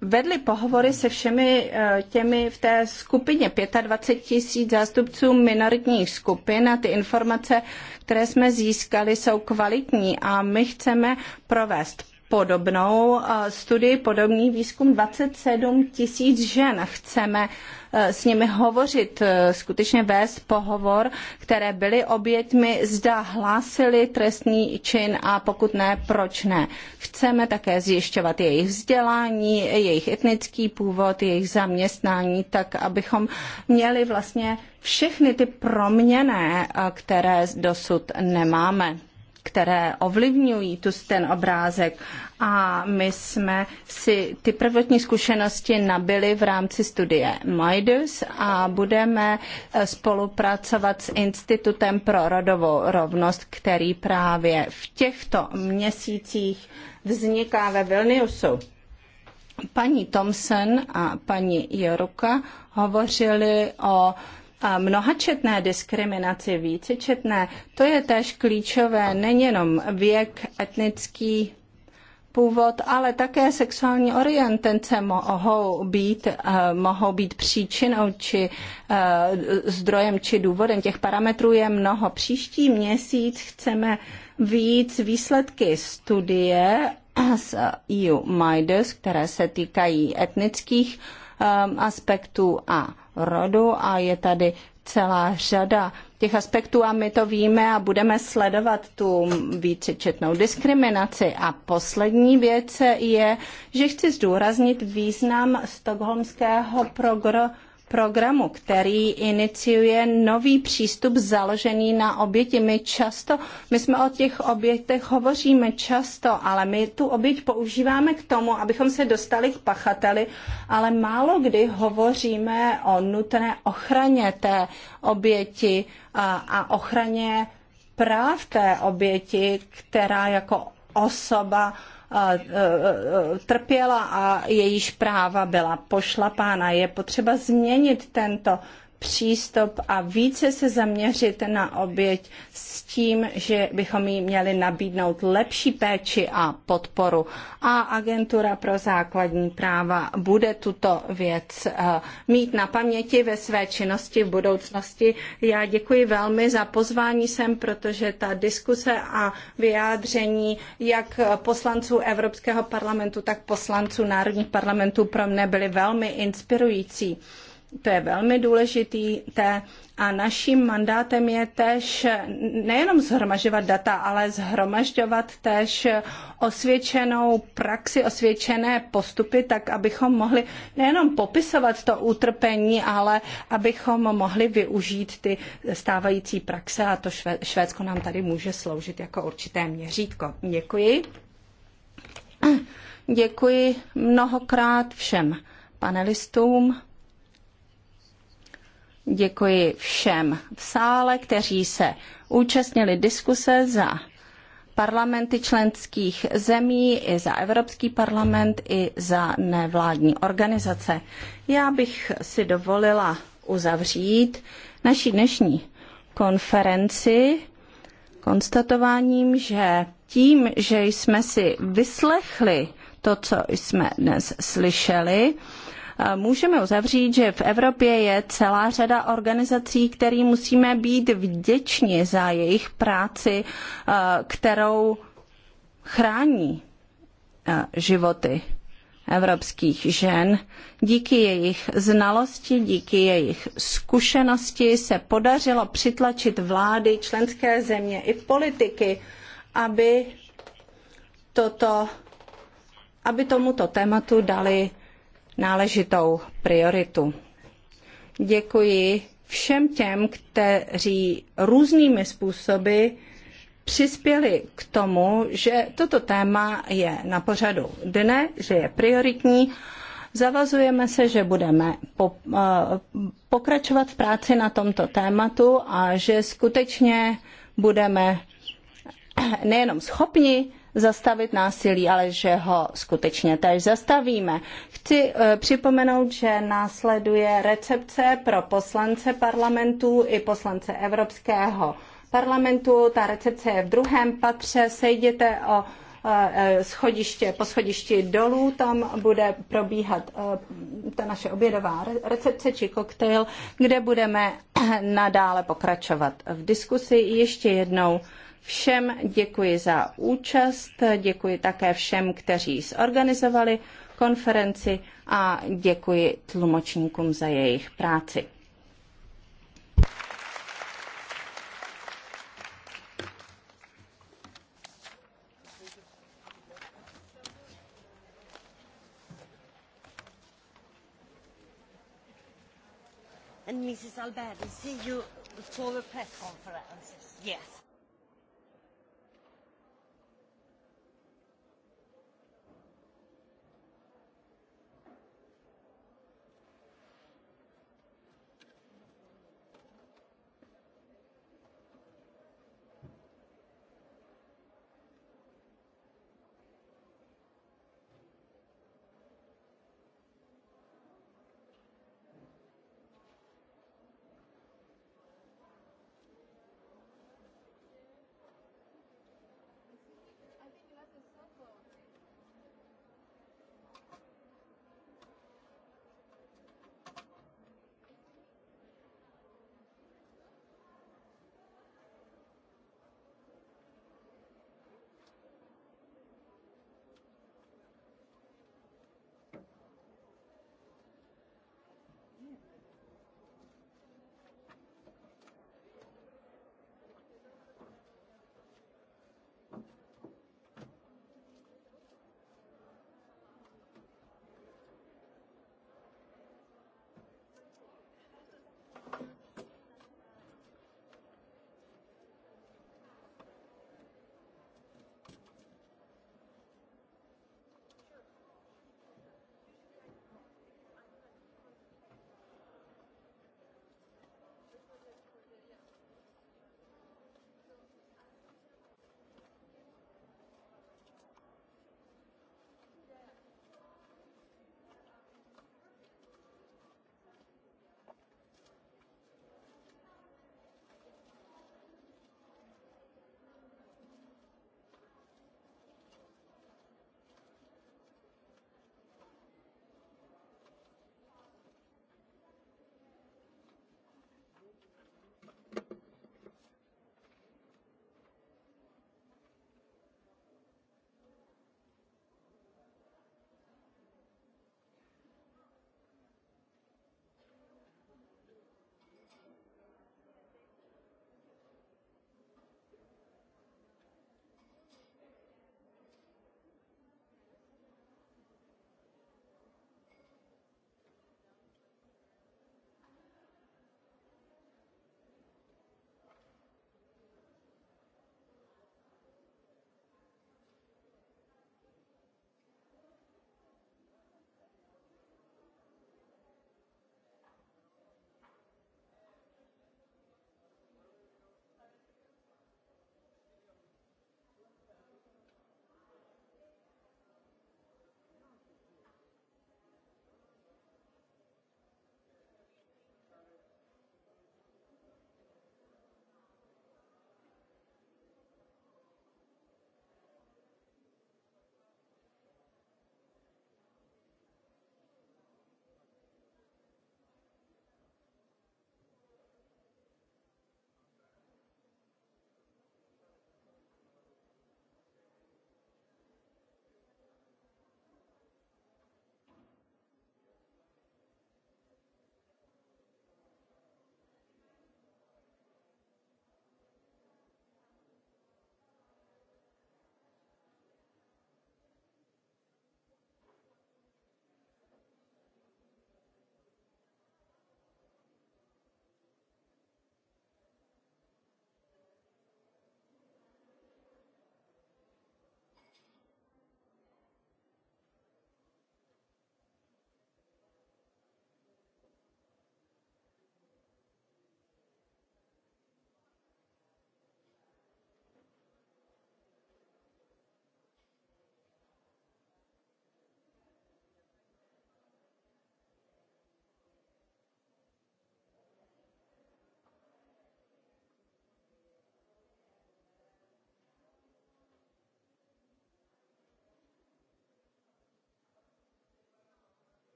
vedli pohovory se všemi eh, těmi v té skupině 25 tisíc zástupců minoritních skupin a ty informace, které jsme získali, jsou kvalitní a my chceme provést podobnou eh, studii, podobný výzkum 27 tisíc žen. Chceme eh, s nimi hovořit, eh, skutečně vést pohovor, které byly oběťmi, zda hlásili trestný čin a pokud ne, proč ne. Chceme také zjišťovat jejich vzdělání, jejich etnický původ, jejich zaměstnání, tak abychom měli vlastně všechny ty proměny, které dosud nemáme které ovlivňují tu ten obrázek. A my jsme si ty prvotní zkušenosti nabili v rámci studie MIDUS a budeme eh, spolupracovat s Institutem pro rodovou rovnost, který právě v těchto měsících vzniká ve Vilniusu. Paní Thompson a paní Joruka hovořili o mnohačetné diskriminaci, vícečetné, to je též klíčové, nejenom věk, etnický původ, ale také sexuální orientace mohou být, eh, mohou být příčinou či eh, zdrojem či důvodem. Těch parametrů je mnoho. Příští měsíc chceme víc výsledky studie z EU MIDAS, které se týkají etnických eh, aspektů a rodu a je tady celá řada těch aspektů a my to víme a budeme sledovat tu vícečetnou diskriminaci. A poslední věc je, že chci zdůraznit význam stokholmského programu programu, který iniciuje nový přístup založený na oběti. My často, my jsme o těch obětech hovoříme často, ale my tu oběť používáme k tomu, abychom se dostali k pachateli, ale málo kdy hovoříme o nutné ochraně té oběti a, a ochraně práv té oběti, která jako osoba uh, trpěla a jejíž práva byla pošlapána. Je potřeba změnit tento přístup a více se zaměřit na oběť s tím, že bychom jí měli nabídnout lepší péči a podporu. A agentura pro základní práva bude tuto věc eh, mít na paměti ve své činnosti v budoucnosti. Já děkuji velmi za pozvání sem, protože ta diskuse a vyjádření jak poslanců Evropského parlamentu, tak poslanců národních parlamentů pro mne byly velmi inspirující to je velmi důležitý té a naším mandátem je tež nejenom zhromažďovat data, ale zhromažďovat tež osvědčenou praxi, osvědčené postupy, tak abychom mohli nejenom popisovat to utrpení, ale abychom mohli využít ty stávající praxe a to Švédsko nám tady může sloužit jako určité měřítko. Děkuji. Děkuji mnohokrát všem panelistům. Děkuji všem v sále, kteří se účastnili diskuse za parlamenty členských zemí, i za Evropský parlament, i za nevládní organizace. Já bych si dovolila uzavřít naší dnešní konferenci konstatováním, že tím, že jsme si vyslechli to, co jsme dnes slyšeli, můžeme uzavřít, že v Evropě je celá řada organizací, kterým musíme být vděční za jejich práci, eh, kterou chrání eh, životy evropských žen. Díky jejich znalosti, díky jejich zkušenosti se podařilo přitlačit vlády, členské země i politiky, aby, toto, aby tomuto tématu dali náležitou prioritu. Děkuji všem těm, kteří různými způsoby přispěli k tomu, že toto téma je na pořadu dne, že je prioritní. Zavazujeme se, že budeme eh, pokračovat v práci na tomto tématu a že skutečně budeme nejenom schopni zastavit násilí, ale že ho skutečně tež zastavíme. Chci eh, připomenout, že následuje recepce pro poslance parlamentu i poslance Evropského parlamentu. Ta recepce je v druhém patře, sejděte o eh, eh, schodiště, po schodišti dolů, tam bude probíhat ta naše obědová recepce či koktejl, kde budeme nadále pokračovat v diskusi. Ještě jednou Všem děkuji za účast, děkuji také všem, kteří zorganizovali konferenci a děkuji tlumočníkům za jejich práci. And Mrs. Alberti, see you before the press conference. Yes.